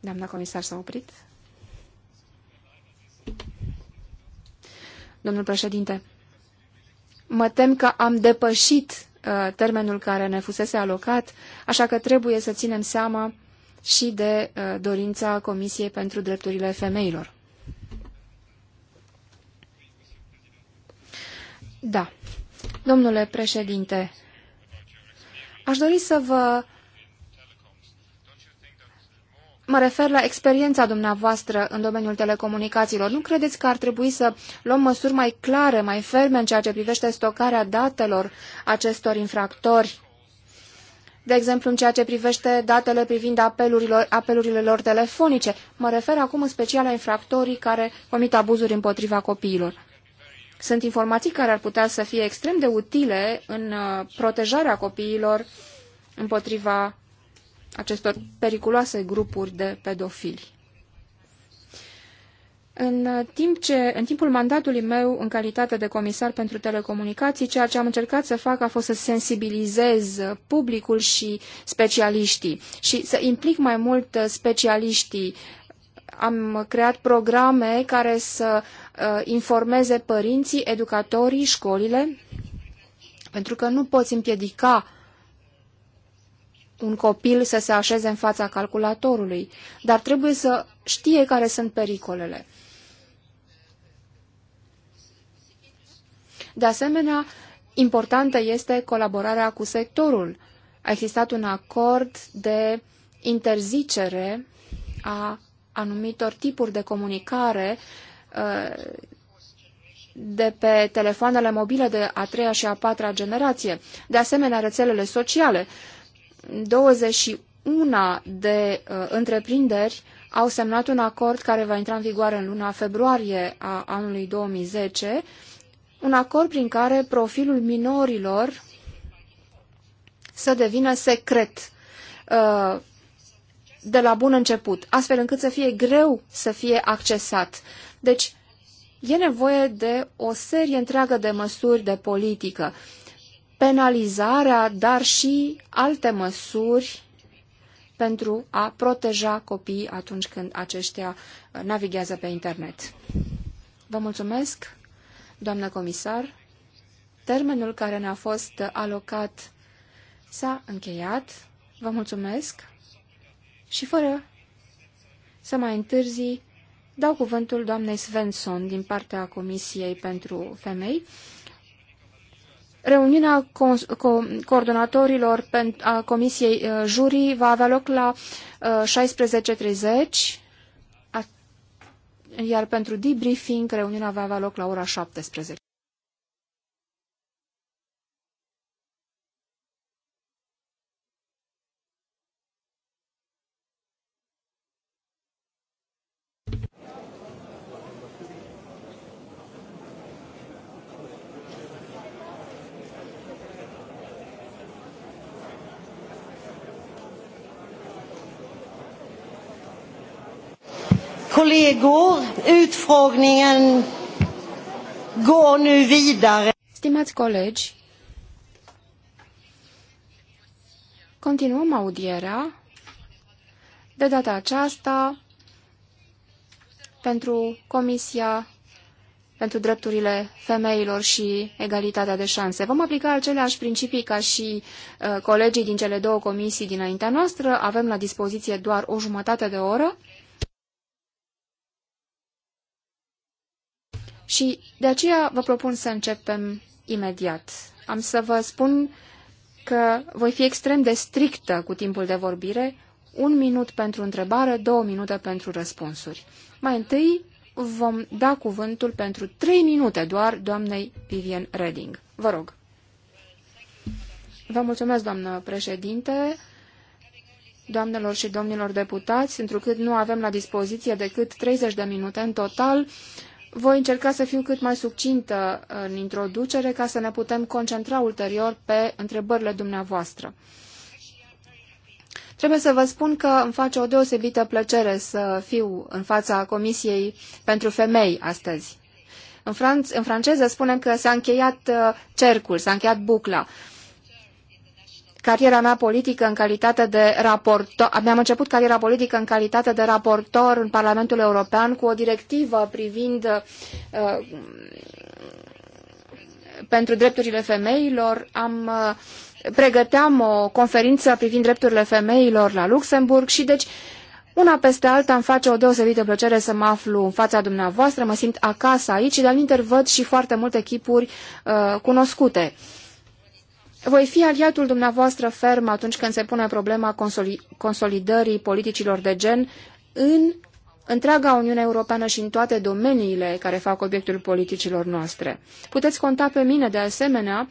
Doamna comisar s-a oprit. Domnul președinte, mă tem că am depășit uh, termenul care ne fusese alocat, așa că trebuie să ținem seama și de uh, dorința Comisiei pentru Drepturile Femeilor. Da. Domnule președinte, aș dori să vă... Mă refer la experiența dumneavoastră în domeniul telecomunicațiilor. Nu credeți că ar trebui să luăm măsuri mai clare, mai ferme în ceea ce privește stocarea datelor acestor infractori? De exemplu, în ceea ce privește datele privind apelurile lor telefonice. Mă refer acum în special la infractorii care comit abuzuri împotriva copiilor. Sunt informații care ar putea să fie extrem de utile în uh, protejarea copiilor împotriva acestor periculoase grupuri de pedofili. În, uh, timp ce, în timpul mandatului meu în calitate de comisar pentru telecomunicații, ceea ce am încercat să fac a fost să sensibilizez publicul și specialiștii și să implic mai mult uh, specialiștii am creat programe care să uh, informeze părinții, educatorii, școlile, pentru că nu poți împiedica un copil să se așeze în fața calculatorului, dar trebuie să știe care sunt pericolele. De asemenea, importantă este colaborarea cu sectorul. A existat un acord de interzicere a anumitor tipuri de comunicare uh, de pe telefoanele mobile de a treia și a patra generație. De asemenea, rețelele sociale. 21 de uh, întreprinderi au semnat un acord care va intra în vigoare în luna februarie a anului 2010, un acord prin care profilul minorilor să devină secret. Uh, de la bun început, astfel încât să fie greu să fie accesat. Deci, e nevoie de o serie întreagă de măsuri de politică, penalizarea, dar și alte măsuri pentru a proteja copiii atunci când aceștia uh, navighează pe internet. Vă mulțumesc, doamnă comisar. Termenul care ne-a fost alocat s-a încheiat. Vă mulțumesc. Și fără să mai întârzi, dau cuvântul doamnei Svensson din partea Comisiei pentru Femei. Reuniunea co co coordonatorilor a Comisiei uh, Jurii va avea loc la 16.30, uh, iar pentru debriefing reuniunea va avea loc la ora 17. kollegor, utfrågningen går nu vidare. Stimați colegi, continuăm audierea. De data aceasta, pentru Comisia pentru drepturile femeilor și egalitatea de șanse. Vom aplica aceleași principii ca și uh, colegii din cele două comisii dinaintea noastră. Avem la dispoziție doar o jumătate de oră Și de aceea vă propun să începem imediat. Am să vă spun că voi fi extrem de strictă cu timpul de vorbire, un minut pentru întrebare, două minute pentru răspunsuri. Mai întâi vom da cuvântul pentru trei minute doar doamnei Vivian Redding. Vă rog. Vă mulțumesc, doamnă președinte, doamnelor și domnilor deputați, întrucât nu avem la dispoziție decât 30 de minute în total, voi încerca să fiu cât mai succintă în introducere ca să ne putem concentra ulterior pe întrebările dumneavoastră. Trebuie să vă spun că îmi face o deosebită plăcere să fiu în fața Comisiei pentru Femei astăzi. În, franț, în franceză spunem că s-a încheiat uh, cercul, s-a încheiat bucla cariera mea politică în calitate de raportor, mi-am început cariera politică în calitate de raportor în Parlamentul European cu o directivă privind uh, pentru drepturile femeilor. Am uh, pregăteam o conferință privind drepturile femeilor la Luxemburg și deci una peste alta îmi face o deosebită plăcere să mă aflu în fața dumneavoastră, mă simt acasă aici și de-al văd și foarte multe chipuri uh, cunoscute. Uh, voi fi aliatul dumneavoastră ferm atunci când se pune problema consolidării politicilor de gen în întreaga Uniune Europeană și în toate domeniile care fac obiectul politicilor noastre. Puteți conta pe mine de asemenea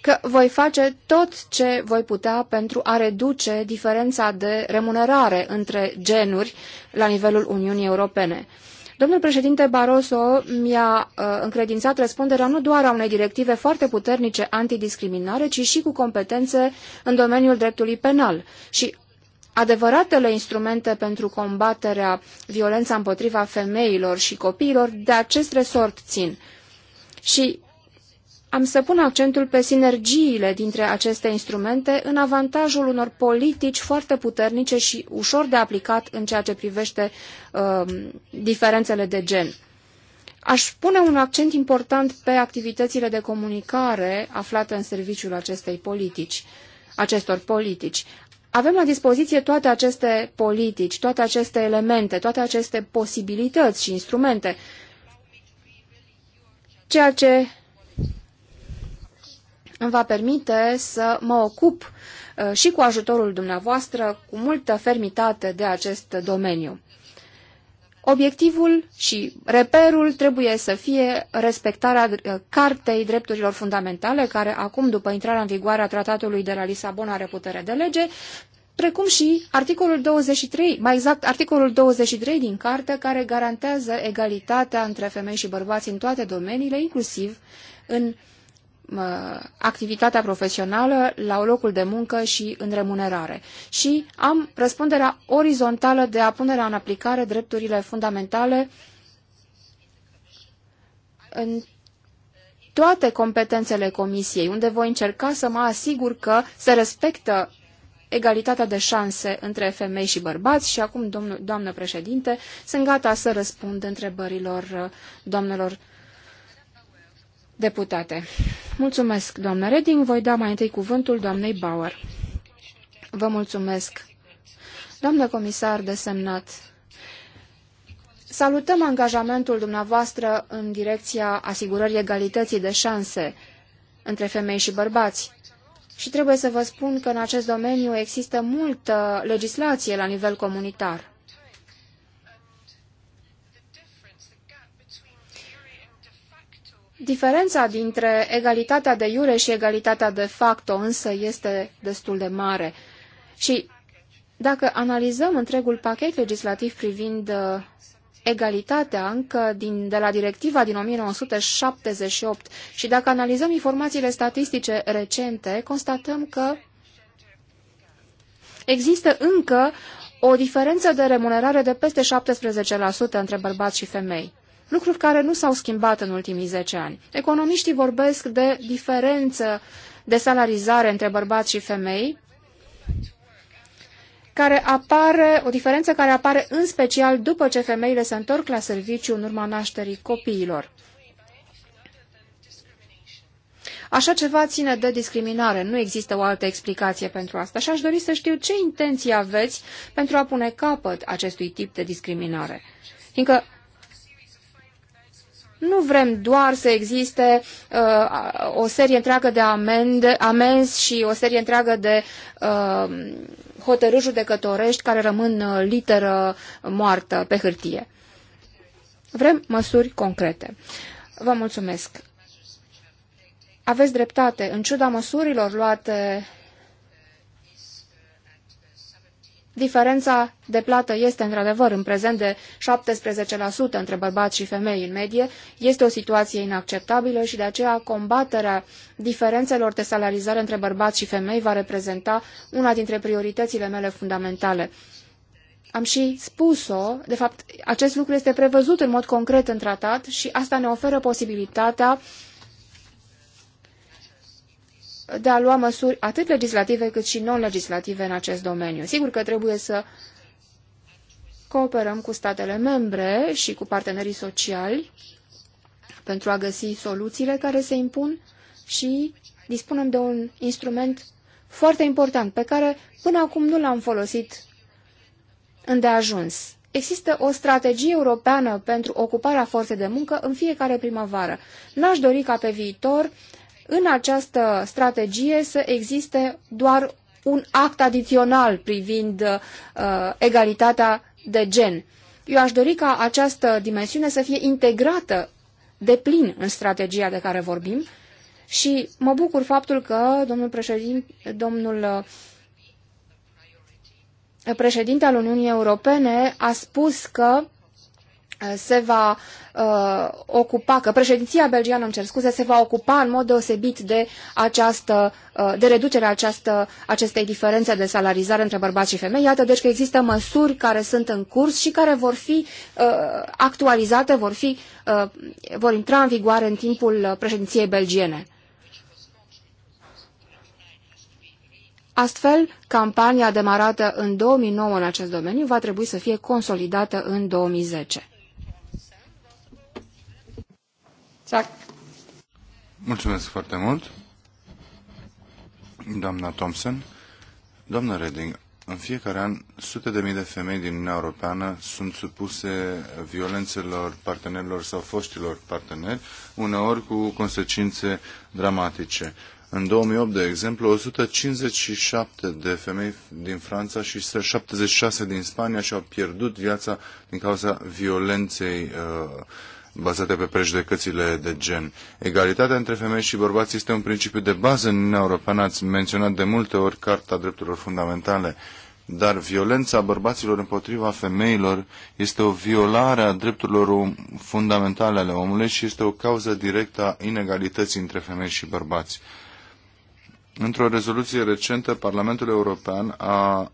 că voi face tot ce voi putea pentru a reduce diferența de remunerare între genuri la nivelul Uniunii Europene. Domnul președinte Barroso mi-a uh, încredințat răspunderea nu doar a unei directive foarte puternice antidiscriminare, ci și cu competențe în domeniul dreptului penal. Și adevăratele instrumente pentru combaterea violenței împotriva femeilor și copiilor de acest resort țin. Și am să pun accentul pe sinergiile dintre aceste instrumente în avantajul unor politici foarte puternice și ușor de aplicat în ceea ce privește uh, diferențele de gen. Aș pune un accent important pe activitățile de comunicare aflate în serviciul acestei politici, acestor politici. Avem la dispoziție toate aceste politici, toate aceste elemente, toate aceste posibilități și instrumente, ceea ce îmi va permite să mă ocup uh, și cu ajutorul dumneavoastră cu multă fermitate de acest domeniu. Obiectivul și reperul trebuie să fie respectarea uh, Cartei Drepturilor Fundamentale, care acum, după intrarea în vigoare a Tratatului de la Lisabona, are putere de lege, precum și articolul 23, mai exact articolul 23 din carte, care garantează egalitatea între femei și bărbați în toate domeniile, inclusiv în uh, Uh, activitatea profesională la locul de muncă și în remunerare. Și am răspunderea orizontală de a punerea în aplicare drepturile fundamentale în toate competențele comisiei, unde voi încerca să mă asigur că se respectă egalitatea de șanse între femei și bărbați și acum, domnul, doamnă președinte, sunt gata să răspund întrebărilor uh, doamnelor deputate. Mulțumesc, doamnă Reding. Voi da mai întâi cuvântul doamnei Bauer. Vă mulțumesc. Doamnă comisar desemnat, salutăm angajamentul dumneavoastră în direcția asigurării egalității de șanse între femei și bărbați. Și trebuie să vă spun că în acest domeniu există multă legislație la nivel comunitar. Diferența dintre egalitatea de iure și egalitatea de facto însă este destul de mare. Și dacă analizăm întregul pachet legislativ privind uh, egalitatea încă din, de la directiva din 1978 și dacă analizăm informațiile statistice recente, constatăm că există încă o diferență de remunerare de peste 17% între bărbați și femei lucruri care nu s-au schimbat în ultimii 10 ani. Economiștii vorbesc de diferență de salarizare între bărbați și femei, care apare, o diferență care apare în special după ce femeile se întorc la serviciu în urma nașterii copiilor. Așa ceva ține de discriminare, nu există o altă explicație pentru asta și aș dori să știu ce intenții aveți pentru a pune capăt acestui tip de discriminare. Fiindcă nu vrem doar să existe uh, o serie întreagă de amende, amenzi și o serie întreagă de uh, hotărâri judecătorești care rămân uh, literă moartă pe hârtie. Vrem măsuri concrete. Vă mulțumesc. Aveți dreptate. În ciuda măsurilor luate Diferența de plată este într-adevăr în prezent de 17% între bărbați și femei în medie, este o situație inacceptabilă și de aceea combaterea diferențelor de salarizare între bărbați și femei va reprezenta una dintre prioritățile mele fundamentale. Am și spus-o, de fapt acest lucru este prevăzut în mod concret în tratat și asta ne oferă posibilitatea de a lua măsuri atât legislative cât și non-legislative în acest domeniu. Sigur că trebuie să cooperăm cu statele membre și cu partenerii sociali pentru a găsi soluțiile care se impun și dispunem de un instrument foarte important pe care până acum nu l-am folosit îndeajuns. Există o strategie europeană pentru ocuparea forței de muncă în fiecare primăvară. N-aș dori ca pe viitor în această strategie să existe doar un act adițional privind uh, egalitatea de gen. Eu aș dori ca această dimensiune să fie integrată de plin în strategia de care vorbim și mă bucur faptul că domnul președinte, domnul uh, președinte al Uniunii Europene a spus că se va uh, ocupa, că președinția belgiană, îmi cer scuze, se va ocupa în mod deosebit de, această, uh, de reducerea această, acestei diferențe de salarizare între bărbați și femei. Iată, deci că există măsuri care sunt în curs și care vor fi uh, actualizate, vor, fi, uh, vor intra în vigoare în timpul președinției belgiene. Astfel, campania demarată în 2009 în acest domeniu va trebui să fie consolidată în 2010. Mulțumesc foarte mult, doamna Thompson. Doamna Reding, în fiecare an, sute de mii de femei din Uniunea Europeană sunt supuse violențelor partenerilor sau foștilor parteneri, uneori cu consecințe dramatice. În 2008, de exemplu, 157 de femei din Franța și 76 din Spania și-au pierdut viața din cauza violenței uh, bazate pe prejudecățile de gen. Egalitatea între femei și bărbați este un principiu de bază în Uniunea Europeană. Ați menționat de multe ori Carta Drepturilor Fundamentale, dar violența bărbaților împotriva femeilor este o violare a drepturilor um, fundamentale ale omului și este o cauză directă a inegalității între femei și bărbați. Într-o rezoluție recentă, Parlamentul European a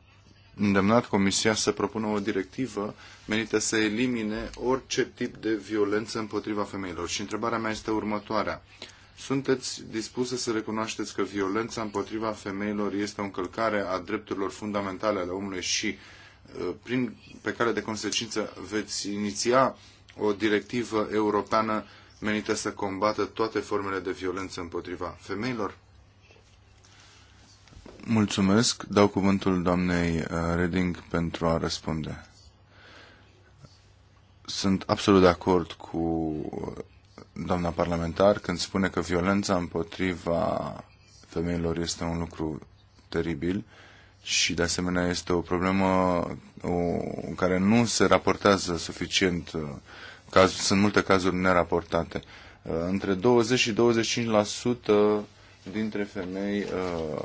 îndemnat Comisia să propună o directivă menită să elimine orice tip de violență împotriva femeilor. Și întrebarea mea este următoarea. Sunteți dispuse să recunoașteți că violența împotriva femeilor este o încălcare a drepturilor fundamentale ale omului și uh, prin, pe care de consecință veți iniția o directivă europeană menită să combată toate formele de violență împotriva femeilor? Mulțumesc. Dau cuvântul doamnei uh, Reding pentru a răspunde. Sunt absolut de acord cu uh, doamna parlamentar când spune că violența împotriva femeilor este un lucru teribil și de asemenea este o problemă o, care nu se raportează suficient. Uh, caz, sunt multe cazuri neraportate. Între 20 și 25% dintre femei uh,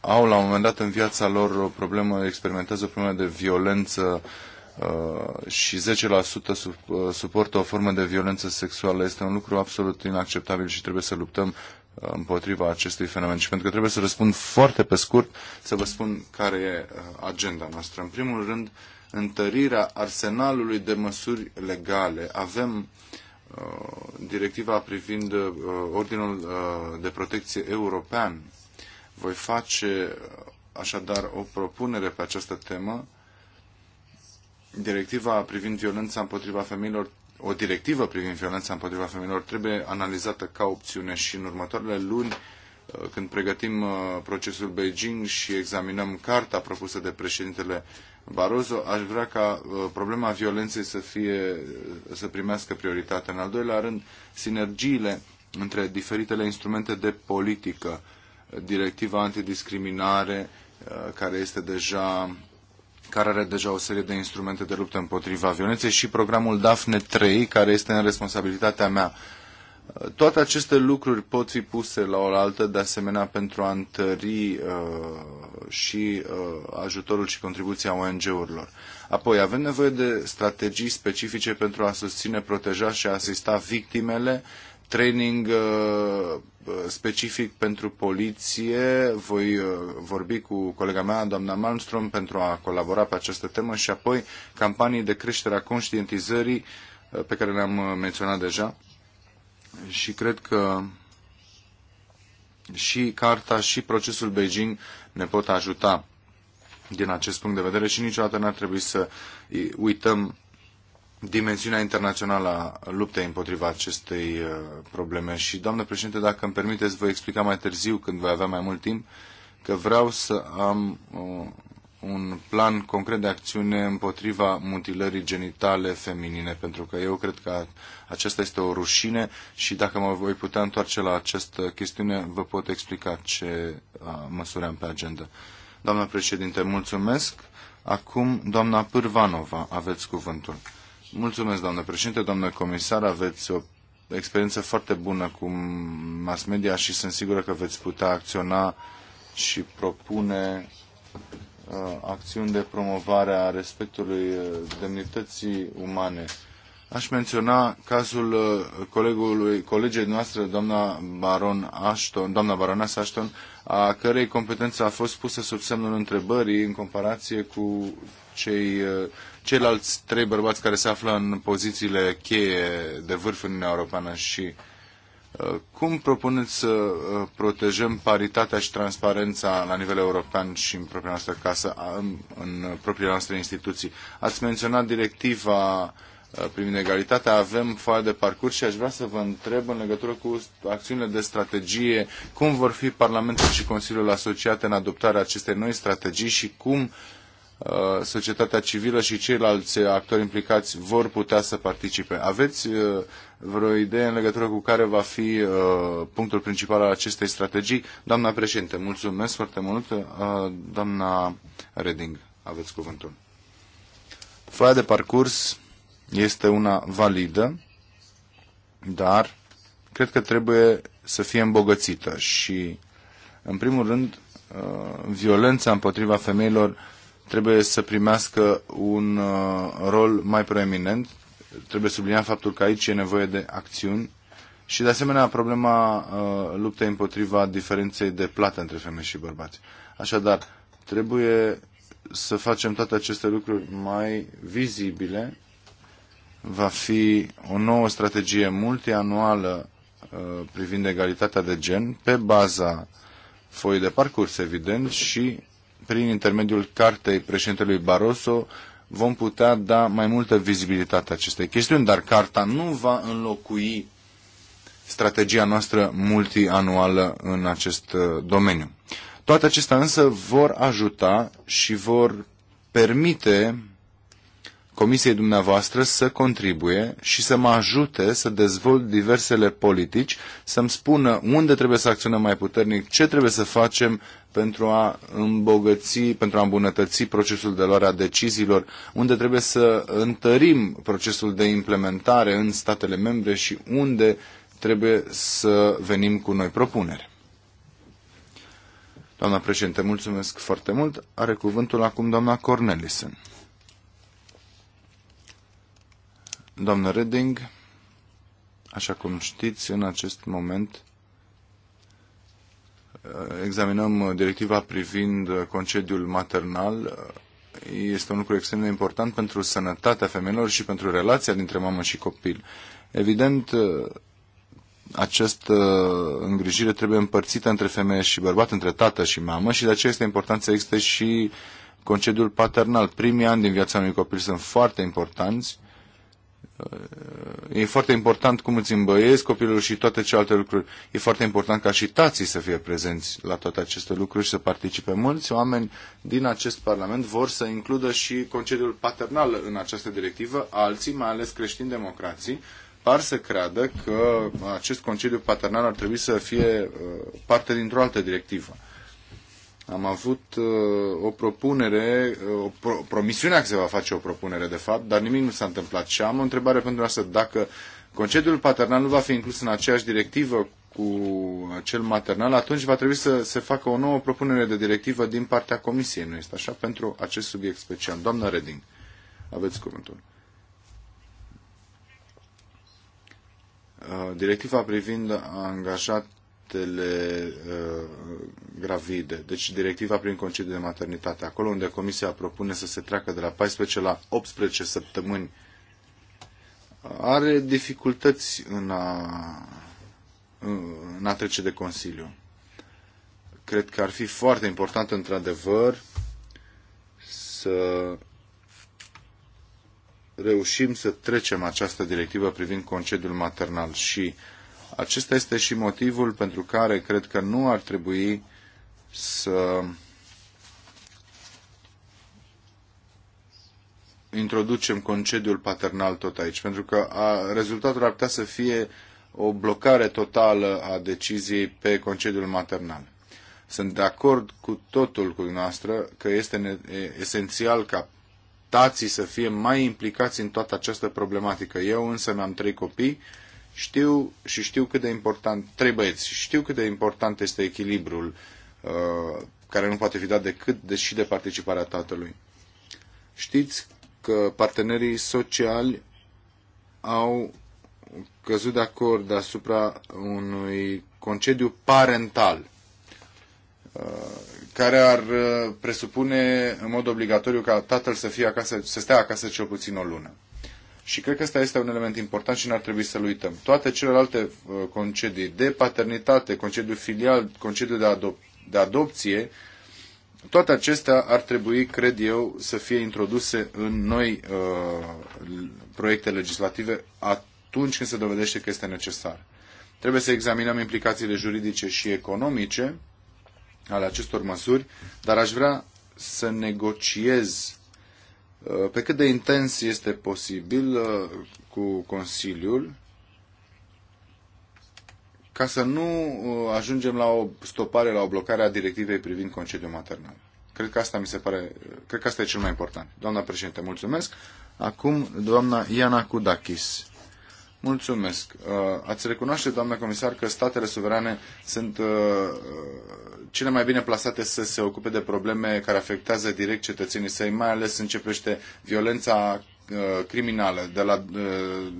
au la un moment dat în viața lor o problemă, experimentează o problemă de violență uh, și 10% sub, uh, suportă o formă de violență sexuală. Este un lucru absolut inacceptabil și trebuie să luptăm uh, împotriva acestui fenomen. Și pentru că trebuie să răspund foarte pe scurt, să vă spun care e uh, agenda noastră. În primul rând, întărirea arsenalului de măsuri legale. Avem uh, Uh, directiva privind uh, Ordinul uh, de Protecție European. Voi face așadar o propunere pe această temă. Directiva privind violența împotriva femeilor, o directivă privind violența împotriva femeilor trebuie analizată ca opțiune și în următoarele luni când pregătim procesul Beijing și examinăm carta propusă de președintele Barroso, aș vrea ca uh, problema violenței să, fie, uh, să primească prioritate. În al doilea rând, sinergiile între diferitele instrumente de politică, directiva antidiscriminare, uh, care este deja care are deja o serie de instrumente de luptă împotriva violenței și programul DAFNE 3, care este în responsabilitatea mea toate aceste lucruri pot fi puse la oaltă, de asemenea, pentru a întări uh, și uh, ajutorul și contribuția ONG-urilor. Apoi, avem nevoie de strategii specifice pentru a susține, proteja și a asista victimele, training uh, specific pentru poliție. Voi uh, vorbi cu colega mea, doamna Malmström, pentru a colabora pe această temă și apoi campanii de creștere a conștientizării uh, pe care le-am uh, menționat deja și cred că și carta și procesul Beijing ne pot ajuta din acest punct de vedere și niciodată n-ar trebui să uităm dimensiunea internațională a luptei împotriva acestei uh, probleme. Și, doamnă președinte, dacă îmi permiteți, voi explica mai târziu, când voi avea mai mult timp, că vreau să am uh, un plan concret de acțiune împotriva mutilării genitale feminine, pentru că eu cred că aceasta este o rușine și dacă mă voi putea întoarce la această chestiune, vă pot explica ce uh, măsuri am pe agenda. Doamna președinte, mulțumesc. Acum, doamna Pârvanova, aveți cuvântul. Mulțumesc, doamnă președinte, doamnă comisar, aveți o experiență foarte bună cu mass media și sunt sigură că veți putea acționa și propune Uh, acțiuni de promovare a respectului uh, demnității umane. Aș menționa cazul uh, colegului, colegei noastre, doamna Baron Ashton, doamna baronesa Ashton, a cărei competență a fost pusă sub semnul întrebării în comparație cu cei, ceilalți trei bărbați care se află în pozițiile cheie de vârf în Uniunea Europeană și uh, cum propuneți să uh, protejăm paritatea și transparența la nivel european și în propria noastră casă, în propriile noastre instituții? Ați menționat directiva uh, privind egalitatea, avem foaia de parcurs și aș vrea să vă întreb în legătură cu acțiunile de strategie, cum vor fi Parlamentul și Consiliul asociate în adoptarea acestei noi strategii și cum uh, societatea civilă și ceilalți actori implicați vor putea să participe. Aveți vreo idee în legătură cu care va fi uh, punctul principal al acestei strategii. Doamna președinte, mulțumesc foarte mult. Uh, doamna Reding, aveți cuvântul. Foaia de parcurs este una validă, dar cred că trebuie să fie îmbogățită și, în primul rând, uh, violența împotriva femeilor trebuie să primească un uh, rol mai proeminent trebuie subliniat faptul că aici e nevoie de acțiuni și, de asemenea, problema uh, luptei împotriva diferenței de plată între femei și bărbați. Așadar, trebuie să facem toate aceste lucruri mai vizibile. Va fi o nouă strategie multianuală uh, privind egalitatea de gen, pe baza foii de parcurs, evident, și prin intermediul cartei președintelui Barroso, vom putea da mai multă vizibilitate acestei chestiuni, dar carta nu va înlocui strategia noastră multianuală în acest uh, domeniu. Toate acestea însă vor ajuta și vor permite comisiei dumneavoastră să contribuie și să mă ajute să dezvolt diversele politici, să-mi spună unde trebuie să acționăm mai puternic, ce trebuie să facem pentru a îmbogăți, pentru a îmbunătăți procesul de luare a deciziilor, unde trebuie să întărim procesul de implementare în statele membre și unde trebuie să venim cu noi propuneri. Doamna președinte, mulțumesc foarte mult. Are cuvântul acum doamna Cornelison. Doamnă Reding, așa cum știți, în acest moment examinăm directiva privind concediul maternal. Este un lucru extrem de important pentru sănătatea femeilor și pentru relația dintre mamă și copil. Evident, această îngrijire trebuie împărțită între femeie și bărbat, între tată și mamă și de aceea este important să existe și concediul paternal. Primii ani din viața unui copil sunt foarte importanți E foarte important cum îți îmbăiezi copilul și toate celelalte lucruri. E foarte important ca și tații să fie prezenți la toate aceste lucruri și să participe. Mulți oameni din acest Parlament vor să includă și concediul paternal în această directivă. Alții, mai ales creștini-democrații, par să creadă că acest concediu paternal ar trebui să fie uh, parte dintr-o altă directivă. Am avut uh, o propunere, uh, o pro, promisiunea că se va face o propunere, de fapt, dar nimic nu s-a întâmplat. Și am o întrebare pentru asta, dacă concediul paternal nu va fi inclus în aceeași directivă cu cel maternal, atunci va trebui să se facă o nouă propunere de directivă din partea Comisiei, nu este așa, pentru acest subiect special. Doamna Reding, aveți cuvântul. Uh, directiva privind angajat, actele uh, gravide, deci directiva prin concediu de maternitate, acolo unde Comisia propune să se treacă de la 14 la 18 săptămâni, are dificultăți în a, în a trece de Consiliu. Cred că ar fi foarte important, într-adevăr, să reușim să trecem această directivă privind concediul maternal și uh, acesta este și motivul pentru care cred că nu ar trebui să introducem concediul paternal tot aici, pentru că a, rezultatul ar putea să fie o blocare totală a deciziei pe concediul maternal. Sunt de acord cu totul cu dumneavoastră că este esențial ca tații să fie mai implicați în toată această problematică. Eu însă mi-am trei copii știu și știu cât de important, trei băieți, știu cât de important este echilibrul uh, care nu poate fi dat decât de, și de participarea tatălui. Știți că partenerii sociali au căzut de acord asupra unui concediu parental uh, care ar uh, presupune în mod obligatoriu ca tatăl să fie acasă, să stea acasă cel puțin o lună. Și cred că ăsta este un element important și n-ar trebui să-l uităm. Toate celelalte uh, concedii de paternitate, concediu filial, concediu de, adop- de adopție, toate acestea ar trebui, cred eu, să fie introduse în noi uh, proiecte legislative atunci când se dovedește că este necesar. Trebuie să examinăm implicațiile juridice și economice ale acestor măsuri, dar aș vrea să negociez Uh, pe cât de intens este posibil uh, cu Consiliul ca să nu uh, ajungem la o stopare, la o blocare a directivei privind concediul maternal. Cred că asta mi se pare, cred că asta e cel mai important. Doamna președinte, mulțumesc. Acum doamna Iana Kudakis. Mulțumesc. Uh, ați recunoaște, doamnă comisar, că statele suverane sunt uh, uh, cele mai bine plasate să se ocupe de probleme care afectează direct cetățenii săi, mai ales începește violența Uh, criminale, de la uh,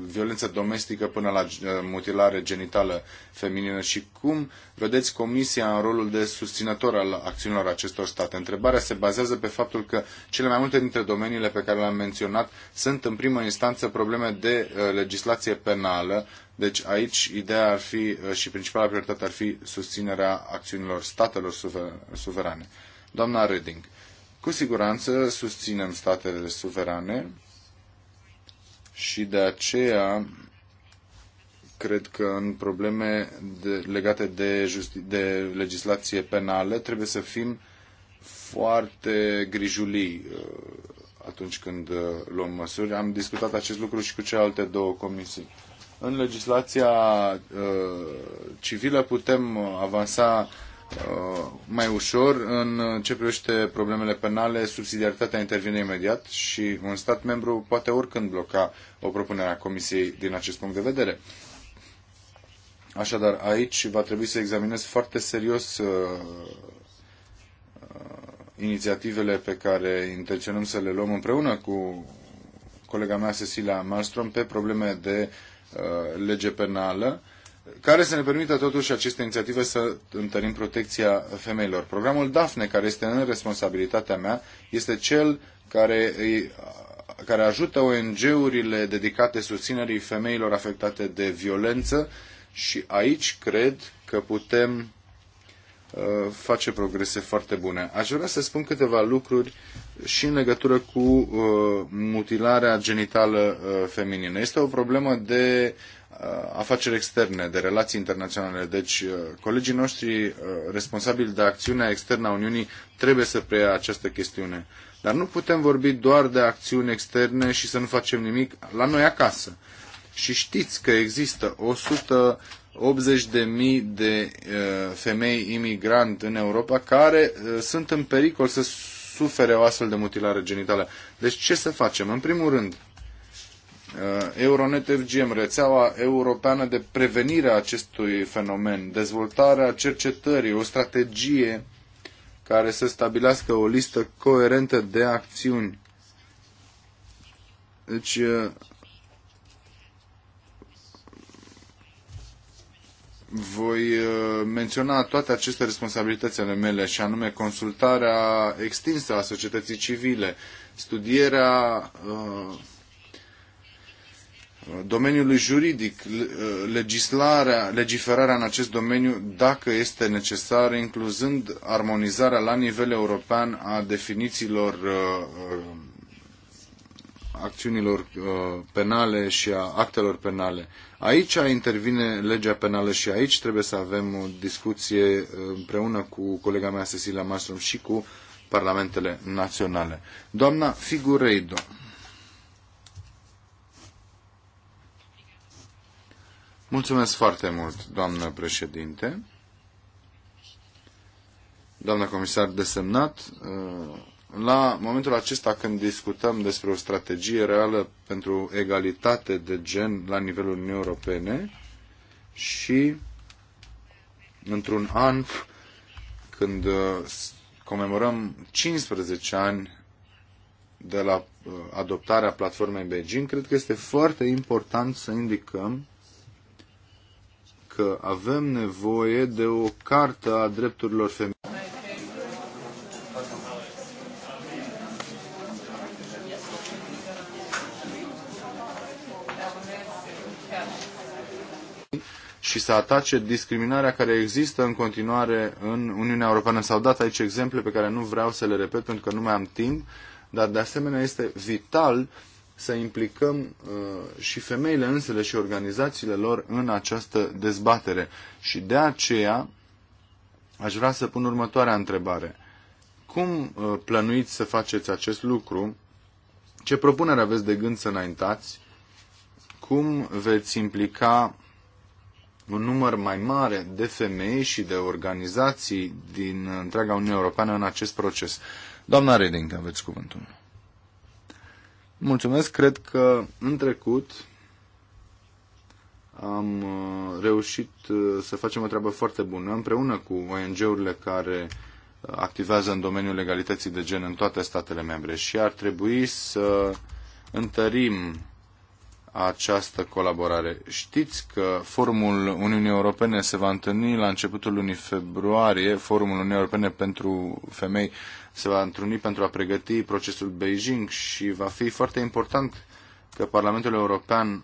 violență domestică până la uh, mutilare genitală feminină și cum vedeți Comisia în rolul de susținător al acțiunilor acestor state. Întrebarea se bazează pe faptul că cele mai multe dintre domeniile pe care le-am menționat sunt în primă instanță probleme de legislație penală, deci aici ideea ar fi și principala prioritate ar fi susținerea acțiunilor statelor suverane. Doamna Reding, cu siguranță susținem statele suverane, și de aceea cred că în probleme de, legate de, justi- de legislație penală trebuie să fim foarte grijulii uh, atunci când uh, luăm măsuri. Am discutat acest lucru și cu celelalte două comisii. În legislația uh, civilă putem avansa Uh, mai ușor. În uh, ce privește problemele penale, subsidiaritatea intervine imediat și un stat membru poate oricând bloca o propunere a Comisiei din acest punct de vedere. Așadar, aici va trebui să examinez foarte serios uh, uh inițiativele pe care intenționăm să le luăm împreună cu colega mea Cecilia Malmström pe probleme de uh, lege penală care să ne permită totuși aceste inițiative să întărim protecția femeilor. Programul DAFNE, care este în responsabilitatea mea, este cel care, îi, care ajută ONG-urile dedicate susținerii femeilor afectate de violență și aici cred că putem uh, face progrese foarte bune. Aș vrea să spun câteva lucruri și în legătură cu uh, mutilarea genitală uh, feminină. Este o problemă de Uh, afaceri externe, de relații internaționale. Deci, uh, colegii noștri uh, responsabili de acțiunea externă a Uniunii trebuie să preia această chestiune. Dar nu putem vorbi doar de acțiuni externe și să nu facem nimic la noi acasă. Și știți că există 180.000 de femei imigrant în Europa care sunt în pericol să sufere o astfel de mutilare genitală. Deci ce să facem? În primul rând, Uh, Euronet FGM, rețeaua europeană de prevenire a acestui fenomen, dezvoltarea cercetării, o strategie care să stabilească o listă coerentă de acțiuni. Deci, uh, voi uh, menționa toate aceste responsabilități ale mele, și anume consultarea extinsă a societății civile, studierea uh, domeniului juridic, uh, legislarea, legiferarea în acest domeniu, dacă este necesar, incluzând armonizarea la nivel european a definițiilor uh, uh, acțiunilor penale și a actelor penale. Aici intervine legea penală și aici trebuie să avem o discuție împreună cu colega mea Cecilia mastrum și cu parlamentele naționale. Doamna Figureido. Mulțumesc foarte mult, doamnă președinte. Doamna comisar desemnat, uh, la momentul acesta când discutăm despre o strategie reală pentru egalitate de gen la nivelul Uniunii Europene și într-un an când uh, comemorăm 15 ani de la uh, adoptarea platformei Beijing, cred că este foarte important să indicăm că avem nevoie de o carte a drepturilor femeii. și să atace discriminarea care există în continuare în Uniunea Europeană. S-au dat aici exemple pe care nu vreau să le repet pentru că nu mai am timp, dar de asemenea este vital uh, să implicăm uh, și femeile însele și organizațiile lor în această dezbatere. Și de aceea aș vrea să pun următoarea întrebare. Cum uh, plănuiți să faceți acest lucru? Ce propunere aveți de gând să înaintați? Cum veți implica un număr mai mare de femei și de organizații din întreaga Uniune Europeană în acest proces? Doamna Reding, aveți cuvântul. Mulțumesc, cred că în trecut am uh, reușit uh, să facem o treabă foarte bună împreună cu ONG-urile care uh, activează în domeniul legalității de gen în toate statele membre și ar trebui să întărim această colaborare. Știți că forumul Uniunii Europene se va întâlni la începutul lunii februarie, forumul Uniunii Europene pentru femei se va întâlni pentru a pregăti procesul Beijing și va fi foarte important că Parlamentul European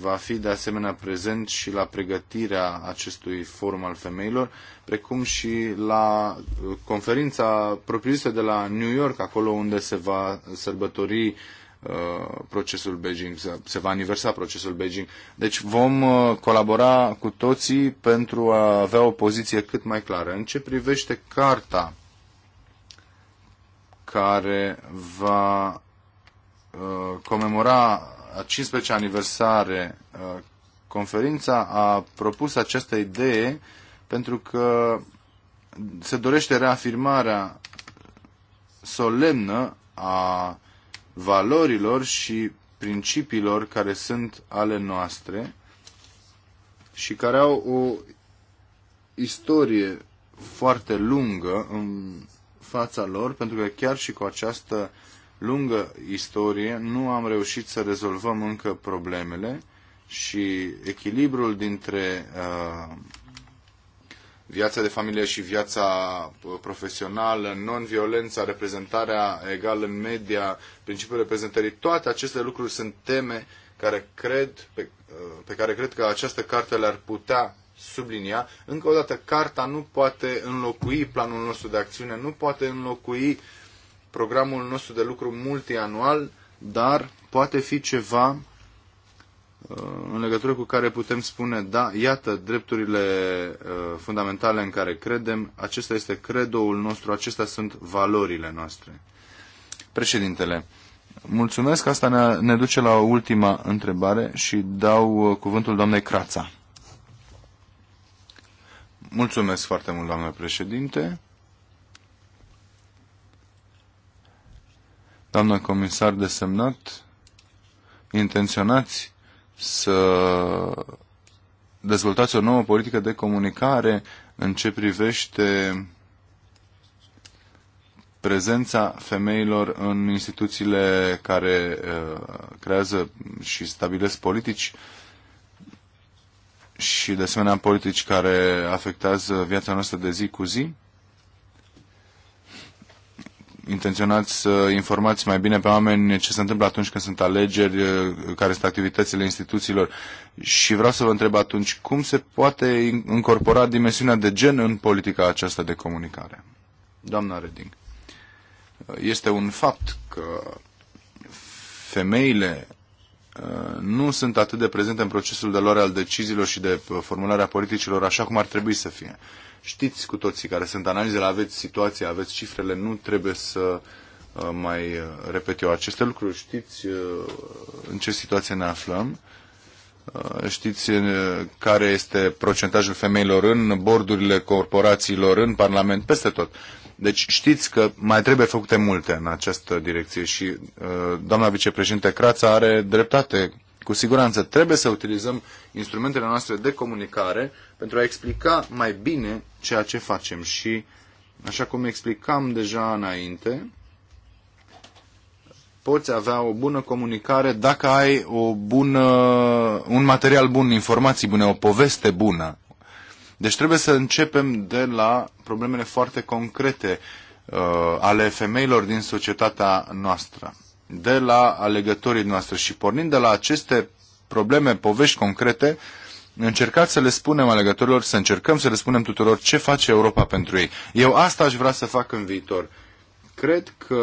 va fi de asemenea prezent și la pregătirea acestui forum al femeilor, precum și la uh, conferința propriu-zisă de la New York, acolo unde se va sărbători Uh, procesul Beijing, se va aniversa procesul Beijing. Deci vom uh, colabora cu toții pentru a avea o poziție cât mai clară. În ce privește carta care va uh, comemora a 15 aniversare, conferința a propus această idee pentru că se dorește reafirmarea solemnă a valorilor și principiilor care sunt ale noastre și care au o istorie foarte lungă în fața lor, pentru că chiar și cu această lungă istorie nu am reușit să rezolvăm încă problemele și echilibrul dintre uh, viața de familie și viața uh, profesională, non-violența, reprezentarea egală în media, principiul reprezentării, toate aceste lucruri sunt teme care cred, pe, uh, pe care cred că această carte le-ar putea sublinia. Încă o dată, carta nu poate înlocui planul nostru de acțiune, nu poate înlocui programul nostru de lucru multianual, dar poate fi ceva Uh, în legătură cu care putem spune, da, iată drepturile uh, fundamentale în care credem, acesta este credoul nostru, acestea sunt valorile noastre. Președintele, mulțumesc, asta ne, ne duce la ultima întrebare și dau uh, cuvântul doamnei Crața. Mulțumesc foarte mult, doamnă președinte. Doamnă comisar desemnat, intenționați să dezvoltați o nouă politică de comunicare în ce privește prezența femeilor în instituțiile care uh, creează și stabilesc politici și de asemenea politici care afectează viața noastră de zi cu zi intenționați să informați mai bine pe oameni ce se întâmplă atunci când sunt alegeri, eh, care sunt activitățile instituțiilor. Și vreau să vă întreb atunci, cum se poate incorpora dimensiunea de gen în politica aceasta de comunicare? Doamna Reding, este un fapt că femeile nu sunt atât de prezente în procesul de luare al deciziilor și de uh, formularea politicilor așa cum ar trebui să fie. Știți cu toții care sunt analizele, aveți situația, aveți cifrele, nu trebuie să uh, mai uh, repet eu aceste lucruri. Știți în ce situație ne aflăm, știți care este procentajul femeilor în bordurile corporațiilor, în Parlament, peste tot. Deci știți că mai trebuie făcute multe în această direcție și uh, doamna vicepreședinte Crața are dreptate. Cu siguranță trebuie să utilizăm instrumentele noastre de comunicare pentru a explica mai bine ceea ce facem și, așa cum explicam deja înainte, poți avea o bună comunicare dacă ai o bună, un material bun, informații bune, o poveste bună. Deci trebuie să începem de la problemele foarte concrete uh, ale femeilor din societatea noastră, de la alegătorii noastre și pornind de la aceste probleme, povești concrete, încercați să le spunem alegătorilor, să încercăm să le spunem tuturor ce face Europa pentru ei. Eu asta aș vrea să fac în viitor. Cred că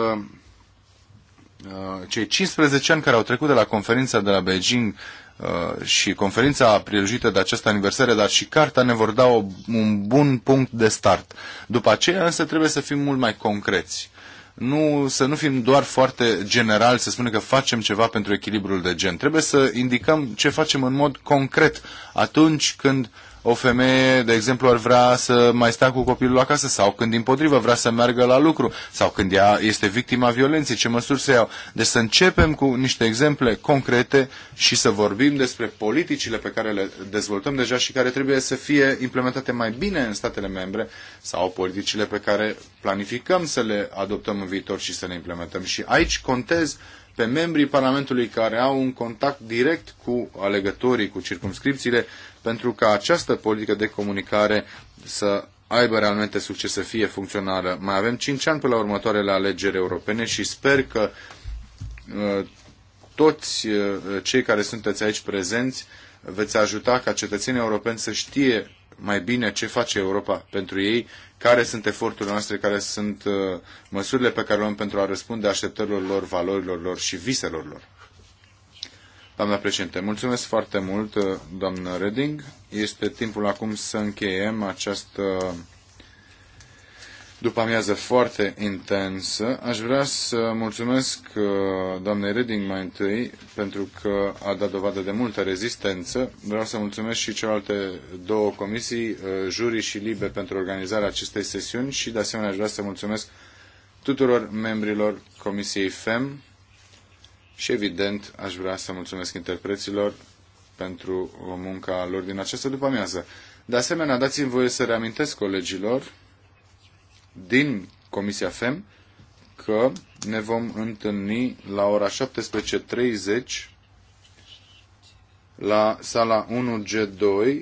uh, cei 15 ani care au trecut de la conferința de la Beijing Uh, și conferința prilejuită de această aniversare, dar și carta ne vor da o, un bun punct de start. După aceea însă trebuie să fim mult mai concreți. Nu, să nu fim doar foarte general, să spunem că facem ceva pentru echilibrul de gen. Trebuie să indicăm ce facem în mod concret atunci când o femeie, de exemplu, ar vrea să mai stea cu copilul acasă sau când, din potrivă, vrea să meargă la lucru sau când ea este victima violenței, ce măsuri se iau. Deci să începem cu niște exemple concrete și să vorbim despre politicile pe care le dezvoltăm deja și care trebuie să fie implementate mai bine în statele membre sau politicile pe care planificăm să le adoptăm în viitor și să le implementăm. Și aici contez pe membrii Parlamentului care au un contact direct cu alegătorii, cu circumscripțiile pentru ca această politică de comunicare să aibă realmente succes, să fie funcțională. Mai avem 5 ani până la următoarele alegeri europene și sper că uh, toți uh, cei care sunteți aici prezenți veți ajuta ca cetățenii europeni să știe mai bine ce face Europa pentru ei, care sunt eforturile noastre, care sunt uh, măsurile pe care le luăm pentru a răspunde așteptărilor lor, valorilor lor și viselor lor. Doamna președinte, mulțumesc foarte mult, doamnă Reding. Este timpul acum să încheiem această după amiază foarte intensă. Aș vrea să mulțumesc uh, doamnei Reding mai întâi pentru că a dat dovadă de multă rezistență. Vreau să mulțumesc și celelalte două comisii, uh, juri și libe, pentru organizarea acestei sesiuni și de asemenea aș vrea să mulțumesc tuturor membrilor Comisiei FEM și evident, aș vrea să mulțumesc interpreților pentru munca lor din această după-amiază. De asemenea, dați-mi voie să reamintesc colegilor din Comisia FEM că ne vom întâlni la ora 17.30 la sala 1G2.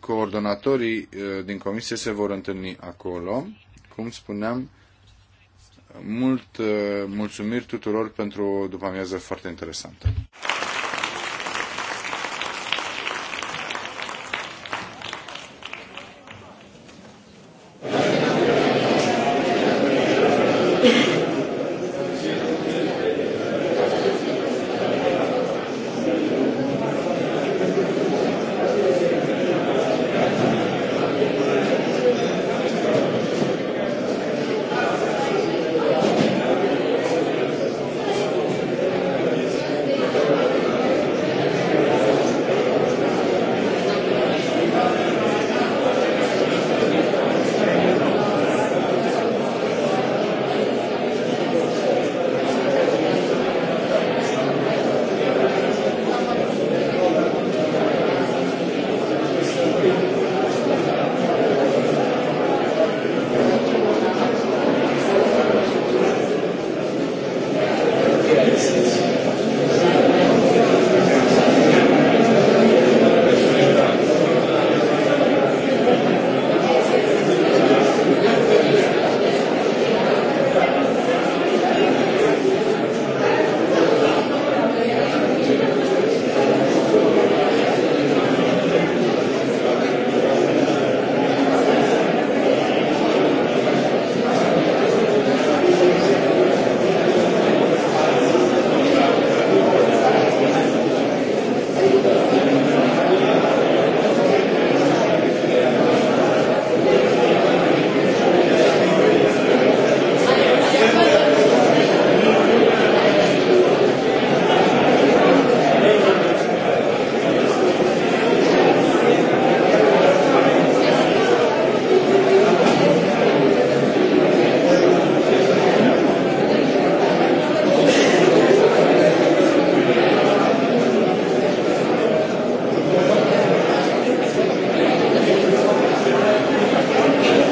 Coordonatorii eh, din comisie se vor întâlni acolo. Cum spuneam, mult eh, mulțumiri tuturor pentru o după amiază foarte interesantă.